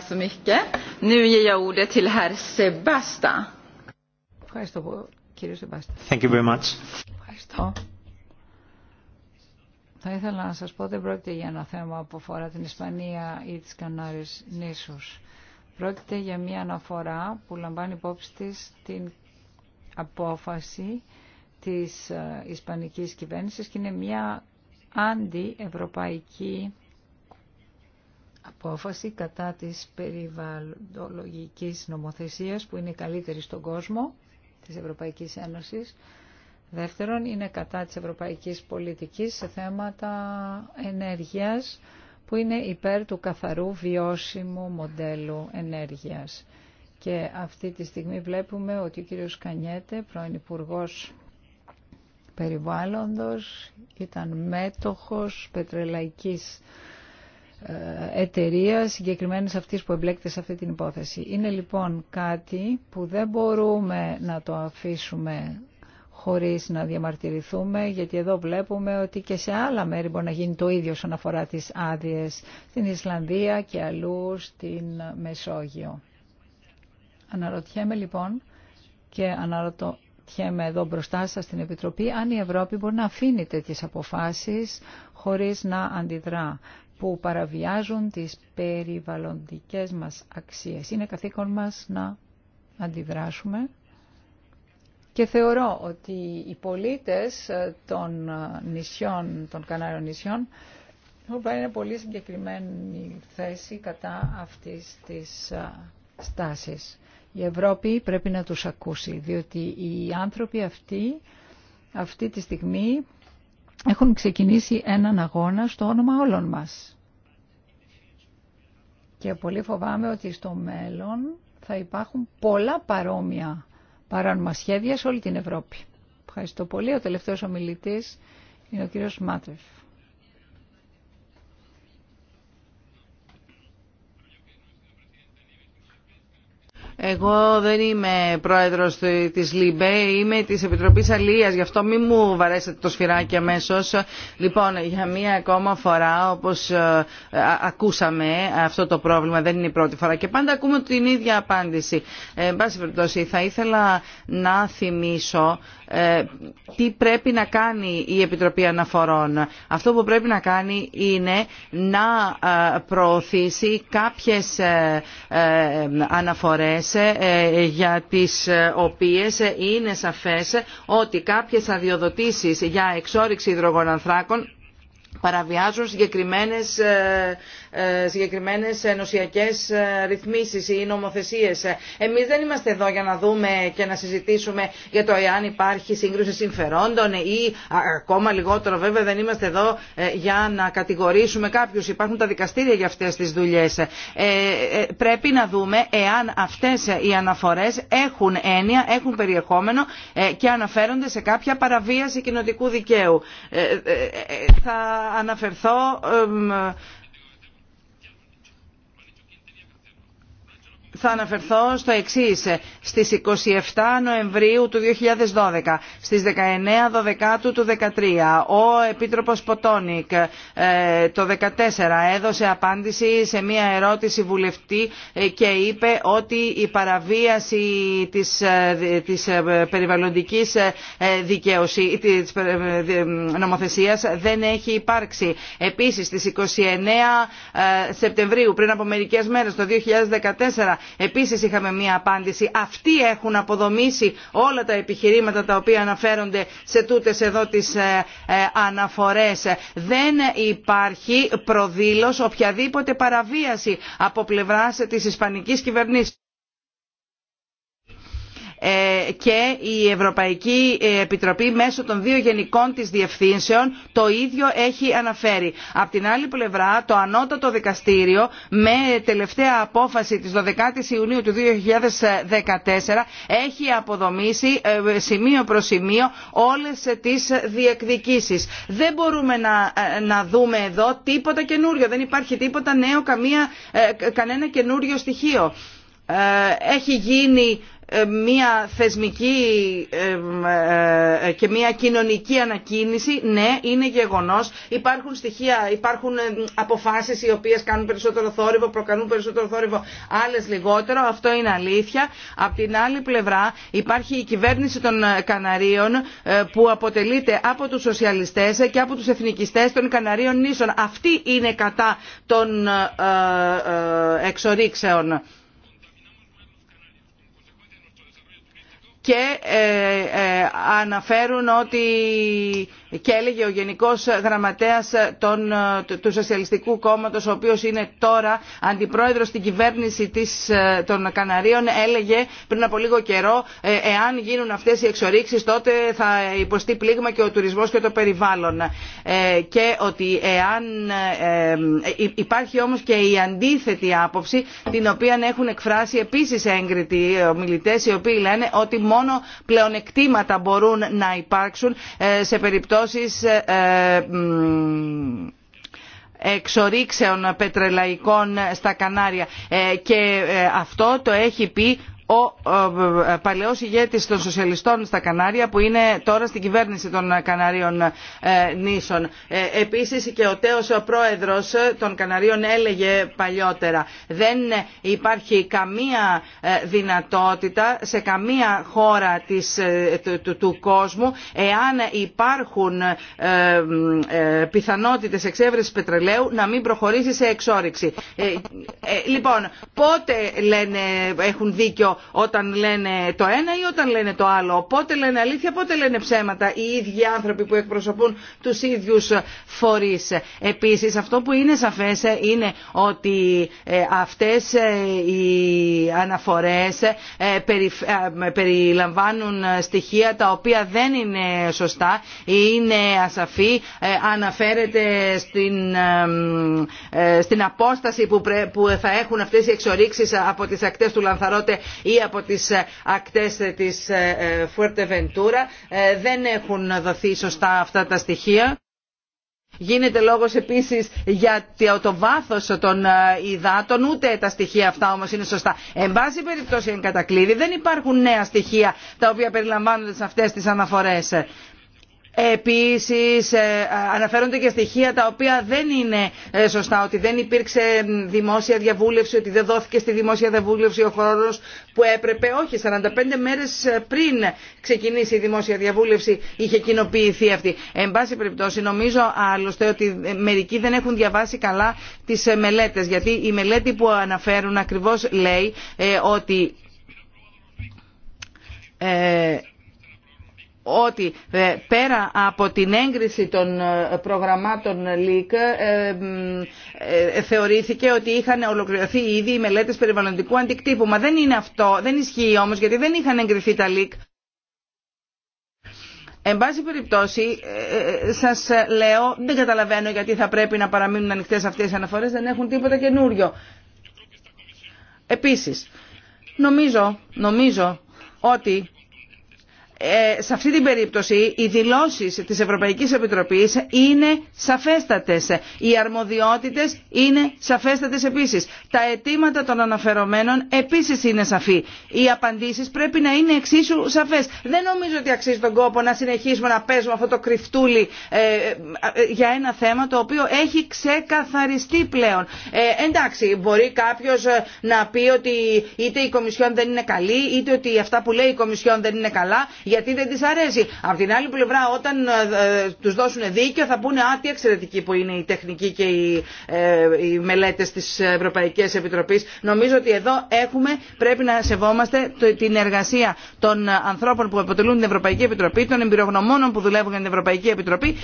ήθελα να σας πω δεν πρόκειται για ένα θέμα που αφορά την Ισπανία ή τις Κανάρες νήσους. Πρόκειται για μια αναφορά που λαμβάνει υπόψη της την απόφαση της ε, Ισπανικής κυβέρνησης και είναι μια αντιευρωπαϊκή απόφαση κατά της περιβαλλοντολογικής νομοθεσίας που είναι η καλύτερη στον κόσμο της Ευρωπαϊκής Ένωσης. Δεύτερον, είναι κατά της ευρωπαϊκής πολιτικής σε θέματα ενέργειας που είναι υπέρ του καθαρού βιώσιμου μοντέλου ενέργειας. Και αυτή τη στιγμή βλέπουμε ότι ο κύριος Κανιέτε, πρώην υπουργό Περιβάλλοντος, ήταν μέτοχος πετρελαϊκής ε, εταιρεία συγκεκριμένη αυτής που εμπλέκεται σε αυτή την υπόθεση. Είναι λοιπόν κάτι που δεν μπορούμε να το αφήσουμε χωρίς να διαμαρτυρηθούμε, γιατί εδώ βλέπουμε ότι και σε άλλα μέρη μπορεί να γίνει το ίδιο όσον αφορά τις άδειε στην Ισλανδία και αλλού στην Μεσόγειο. Αναρωτιέμαι λοιπόν και αναρωτιέμαι εδώ μπροστά σας στην Επιτροπή αν η Ευρώπη μπορεί να αφήνει τέτοιες αποφάσεις χωρίς να αντιδρά που παραβιάζουν τις περιβαλλοντικές μας αξίες. Είναι καθήκον μας να αντιδράσουμε και θεωρώ ότι οι πολίτες των νησιών, των Κανάριων νησιών, έχουν πάρει μια πολύ συγκεκριμένη θέση κατά αυτής της στάσης. Η Ευρώπη πρέπει να τους ακούσει, διότι οι άνθρωποι αυτοί αυτή τη στιγμή έχουν ξεκινήσει έναν αγώνα στο όνομα όλων μας. Και πολύ φοβάμαι ότι στο μέλλον θα υπάρχουν πολλά παρόμοια παράνομα σχέδια σε όλη την Ευρώπη. Ευχαριστώ πολύ. Ο τελευταίος ομιλητής είναι ο κύριος Μάτρεφ. Εγώ δεν είμαι πρόεδρος της ΛΥΜΠΕ, είμαι της Επιτροπής Αλίας, γι' αυτό μην μου βαρέσετε το σφυράκι αμέσω. Λοιπόν, για μία ακόμα φορά, όπως ε, ακούσαμε αυτό το πρόβλημα, δεν είναι η πρώτη φορά και πάντα ακούμε την ίδια απάντηση. Ε, εν περιπτώσει, θα ήθελα να θυμίσω ε, τι πρέπει να κάνει η Επιτροπή Αναφορών. Αυτό που πρέπει να κάνει είναι να ε, προωθήσει κάποιες αναφορέ. Ε, για τις ε, οποίες είναι σαφές ότι κάποιες αδειοδοτήσεις για εξόριξη υδρογονανθράκων παραβιάζουν συγκεκριμένες, ε, ε, συγκεκριμένες ενωσιακές ε, ρυθμίσεις ή νομοθεσίες. Εμείς δεν είμαστε εδώ για να δούμε και να συζητήσουμε για το εάν υπάρχει σύγκρουση συμφερόντων ή ακόμα λιγότερο βέβαια δεν είμαστε εδώ για να κατηγορήσουμε κάποιους. Υπάρχουν τα δικαστήρια για αυτές τις δουλειές. πρέπει να δούμε εάν αυτές οι αναφορές έχουν έννοια, έχουν περιεχόμενο και αναφέρονται σε κάποια παραβίαση κοινοτικού δικαίου. θα αναφερθώ θα αναφερθώ στο εξή. Στις 27 Νοεμβρίου του 2012, στις 19 Δοδεκάτου του 2013, ο επίτροπο Ποτόνικ ε, το 2014 έδωσε απάντηση σε μία ερώτηση βουλευτή ε, και είπε ότι η παραβίαση της, ε, της περιβαλλοντικής δικαιοσύνης, της νομοθεσίας δεν έχει υπάρξει. Επίσης, στι 29 Σεπτεμβρίου, πριν από μερικέ μέρες, το 2014, Επίσης είχαμε μία απάντηση. Αυτοί έχουν αποδομήσει όλα τα επιχειρήματα τα οποία αναφέρονται σε τούτες εδώ τις ε, ε, αναφορές. Δεν υπάρχει προδήλωση οποιαδήποτε παραβίαση από πλευράς της Ισπανικής κυβερνήσης. Ε, και η Ευρωπαϊκή Επιτροπή μέσω των δύο γενικών της διευθύνσεων το ίδιο έχει αναφέρει. Απ' την άλλη πλευρά το Ανώτατο Δικαστήριο με τελευταία απόφαση της 12ης Ιουνίου του 2014 έχει αποδομήσει ε, σημείο προς σημείο όλες τις διεκδικήσεις. Δεν μπορούμε να, ε, να δούμε εδώ τίποτα καινούριο. Δεν υπάρχει τίποτα νέο, καμία, κανένα καινούριο στοιχείο. Έχει γίνει ε, μια θεσμική ε, ε, και μια κοινωνική ανακοίνηση, ναι, είναι γεγονός. Υπάρχουν στοιχεία, υπάρχουν αποφάσεις οι οποίες κάνουν περισσότερο θόρυβο, προκαλούν περισσότερο θόρυβο, άλλες λιγότερο. Αυτό είναι αλήθεια. Απ' την άλλη πλευρά υπάρχει η κυβέρνηση των Καναρίων που αποτελείται από τους σοσιαλιστές και από τους εθνικιστές των Καναρίων νήσων. Αυτή είναι κατά των εξορίξεων. και ε, ε, αναφέρουν ότι και έλεγε ο Γενικός Γραμματέας του Σοσιαλιστικού Κόμματος, ο οποίος είναι τώρα αντιπρόεδρος στην κυβέρνηση των Καναρίων, έλεγε πριν από λίγο καιρό, ε, εάν γίνουν αυτές οι εξορίξεις τότε θα υποστεί πλήγμα και ο τουρισμός και το περιβάλλον. Ε, και ότι εάν ε, υπάρχει όμως και η αντίθετη άποψη, την οποία έχουν εκφράσει επίσης έγκριτοι ομιλητές, οι οποίοι λένε ότι μόνο πλεονεκτήματα μπορούν να υπάρξουν σε περιπτώσεις ε, ε, εξορίξεων πετρελαϊκών στα Κανάρια ε, και αυτό το έχει πει ο ε, παλαιός ηγέτης των σοσιαλιστών στα Κανάρια που είναι τώρα στην κυβέρνηση των Καναρίων ε, νήσων. Ε, επίσης και ο τέος πρόεδρος των Καναρίων έλεγε παλιότερα δεν υπάρχει καμία δυνατότητα σε καμία χώρα του, του, κόσμου εάν υπάρχουν πιθανότητες εξέβρεσης πετρελαίου να μην προχωρήσει σε εξόριξη. Λοιπόν, πότε λένε έχουν δίκιο όταν λένε το ένα ή όταν λένε το άλλο. Πότε λένε αλήθεια, πότε λένε ψέματα οι ίδιοι άνθρωποι που εκπροσωπούν τους ίδιους φορείς. Επίσης αυτό που είναι σαφές είναι ότι ε, αυτές ε, οι αναφορές ε, περιλαμβάνουν στοιχεία τα οποία δεν είναι σωστά ή είναι ασαφή. Αναφέρεται στην, στην απόσταση που θα έχουν αυτές οι εξορίξεις από τις ακτές του Λανθαρότε ή από τις ε, ακτές ε, της Φουερτεβεντούρα Δεν έχουν δοθεί σωστά αυτά τα στοιχεία. Γίνεται λόγος επίσης για το βάθο των ε, υδάτων, ούτε τα στοιχεία αυτά όμως είναι σωστά. Εν πάση περιπτώσει εν κατακλείδη δεν υπάρχουν νέα στοιχεία τα οποία περιλαμβάνονται σε αυτές τις αναφορές. Επίσης ε, αναφέρονται και στοιχεία τα οποία δεν είναι ε, σωστά, ότι δεν υπήρξε δημόσια διαβούλευση, ότι δεν δόθηκε στη δημόσια διαβούλευση ο χρόνος που έπρεπε. Όχι, 45 μέρες πριν ξεκινήσει η δημόσια διαβούλευση είχε κοινοποιηθεί αυτή. Εν πάση περιπτώσει νομίζω άλλωστε ότι μερικοί δεν έχουν διαβάσει καλά τις μελέτες, γιατί η μελέτη που αναφέρουν ακριβώς λέει ε, ότι ότι ε, πέρα από την έγκριση των ε, προγραμμάτων ΛΙΚ ε, θεωρήθηκε ότι είχαν ολοκληρωθεί ήδη οι μελέτες περιβαλλοντικού αντικτύπου. Μα δεν είναι αυτό, δεν ισχύει όμως γιατί δεν είχαν εγκριθεί τα ΛΙΚ. Εν πάση περιπτώσει, σας λέω, δεν καταλαβαίνω γιατί θα πρέπει να παραμείνουν ανοιχτές αυτές οι αναφορές, δεν έχουν τίποτα καινούριο. Επίσης, νομίζω, νομίζω ότι ε, σε αυτή την περίπτωση οι δηλώσεις της Ευρωπαϊκής Επιτροπής είναι σαφέστατες. Οι αρμοδιότητες είναι σαφέστατες επίσης. Τα αιτήματα των αναφερομένων επίσης είναι σαφή. Οι απαντήσεις πρέπει να είναι εξίσου σαφές. Δεν νομίζω ότι αξίζει τον κόπο να συνεχίσουμε να παίζουμε αυτό το κρυφτούλι ε, ε, για ένα θέμα το οποίο έχει ξεκαθαριστεί πλέον. Ε, εντάξει, μπορεί κάποιο να πει ότι είτε η Κομισιόν δεν είναι καλή, είτε ότι αυτά που λέει η Κομισιόν δεν είναι καλά γιατί δεν τις αρέσει. Απ' την άλλη πλευρά όταν ε, ε, τους δώσουν δίκιο θα πούνε «Α, τι εξαιρετική που είναι η τεχνική και οι, ε, οι μελέτες της Ευρωπαϊκής Επιτροπής». Νομίζω ότι εδώ έχουμε, πρέπει να σεβόμαστε την εργασία των ανθρώπων που αποτελούν την Ευρωπαϊκή Επιτροπή, των εμπειρογνωμόνων που δουλεύουν για την Ευρωπαϊκή Επιτροπή.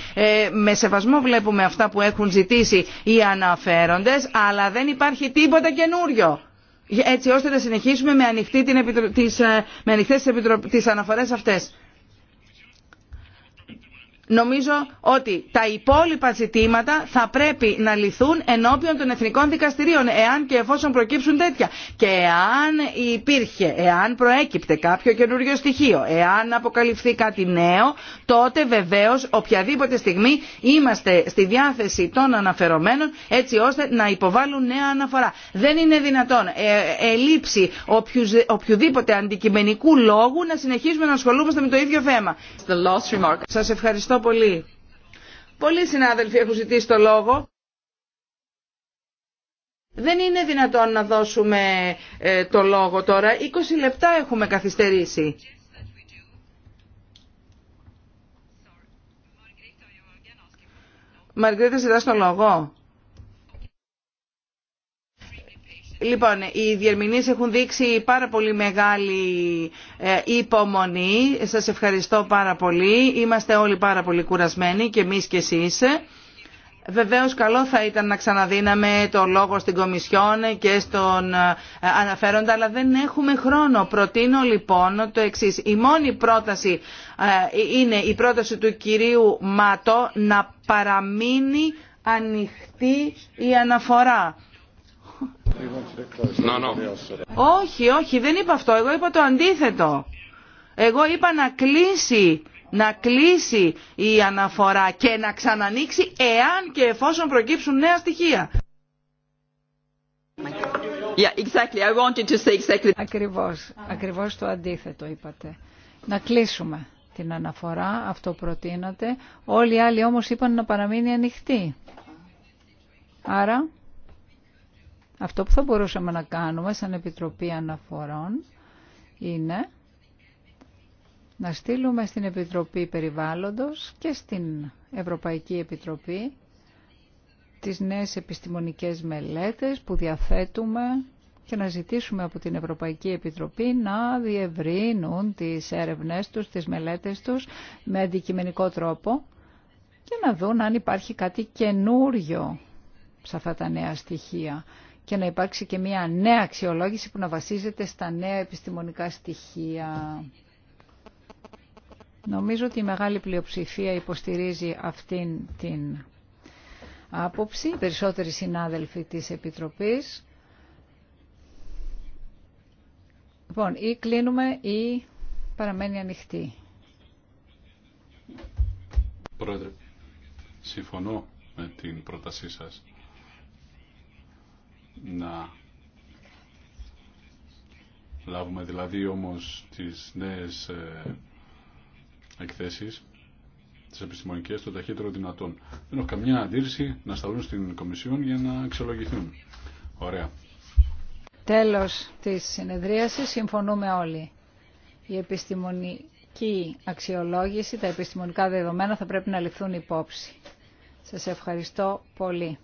με σεβασμό βλέπουμε αυτά που έχουν ζητήσει οι αναφέροντες, αλλά δεν υπάρχει τίποτα καινούριο έτσι ώστε να συνεχίσουμε με, ανοιχτή την επιτρο... τις, ε, τις αναφορές αυτές. Νομίζω ότι τα υπόλοιπα ζητήματα θα πρέπει να λυθούν ενώπιον των εθνικών δικαστηρίων, εάν και εφόσον προκύψουν τέτοια. Και εάν υπήρχε, εάν προέκυπτε κάποιο καινούριο στοιχείο, εάν αποκαλυφθεί κάτι νέο, τότε βεβαίω οποιαδήποτε στιγμή είμαστε στη διάθεση των αναφερομένων έτσι ώστε να υποβάλουν νέα αναφορά. Δεν είναι δυνατόν ε, ελήψη οποιοδήποτε αντικειμενικού λόγου να συνεχίσουμε να ασχολούμαστε με το ίδιο θέμα. ευχαριστώ πολύ. Πολλοί συνάδελφοι έχουν ζητήσει το λόγο. Δεν είναι δυνατόν να δώσουμε ε, το λόγο τώρα. 20 λεπτά έχουμε καθυστερήσει. Μαργκρίτα, ζητάς το λόγο. Λοιπόν, οι διερμηνείς έχουν δείξει πάρα πολύ μεγάλη ε, υπομονή. Σας ευχαριστώ πάρα πολύ. Είμαστε όλοι πάρα πολύ κουρασμένοι και εμείς και εσείς. Βεβαίως καλό θα ήταν να ξαναδίναμε το λόγο στην Κομισιόν και στον ε, αναφέροντα, αλλά δεν έχουμε χρόνο. Προτείνω λοιπόν το εξής. Η μόνη πρόταση ε, είναι η πρόταση του κυρίου Μάτο να παραμείνει ανοιχτή η αναφορά όχι, όχι, δεν είπα αυτό. Εγώ είπα το αντίθετο. Εγώ είπα να κλείσει, να κλείσει η αναφορά και να ξανανοίξει εάν και εφόσον προκύψουν νέα στοιχεία. Yeah, exactly. I wanted to say exactly. Ακριβώς, ακριβώς το αντίθετο είπατε. Να κλείσουμε την αναφορά, αυτό προτείνατε. Όλοι οι άλλοι όμως είπαν να παραμείνει ανοιχτή. Άρα... Αυτό που θα μπορούσαμε να κάνουμε σαν Επιτροπή Αναφορών είναι να στείλουμε στην Επιτροπή Περιβάλλοντος και στην Ευρωπαϊκή Επιτροπή τις νέες επιστημονικές μελέτες που διαθέτουμε και να ζητήσουμε από την Ευρωπαϊκή Επιτροπή να διευρύνουν τις έρευνές τους, τις μελέτες τους με αντικειμενικό τρόπο και να δουν αν υπάρχει κάτι καινούριο σε αυτά τα νέα στοιχεία και να υπάρξει και μια νέα αξιολόγηση που να βασίζεται στα νέα επιστημονικά στοιχεία. Νομίζω ότι η μεγάλη πλειοψηφία υποστηρίζει αυτήν την άποψη, περισσότεροι συνάδελφοι της Επιτροπής. Λοιπόν, ή κλείνουμε ή παραμένει ανοιχτή. Πρόεδρε, συμφωνώ με την πρότασή σας να λάβουμε δηλαδή όμως τις νέες ε, εκθέσεις τις επιστημονικές το ταχύτερο δυνατόν. Δεν έχω καμιά αντίρρηση να σταλούν στην Κομισιόν για να αξιολογηθούν. Ωραία. Τέλος της συνεδρίασης συμφωνούμε όλοι. Η επιστημονική αξιολόγηση, τα επιστημονικά δεδομένα θα πρέπει να ληφθούν υπόψη. Σας ευχαριστώ πολύ.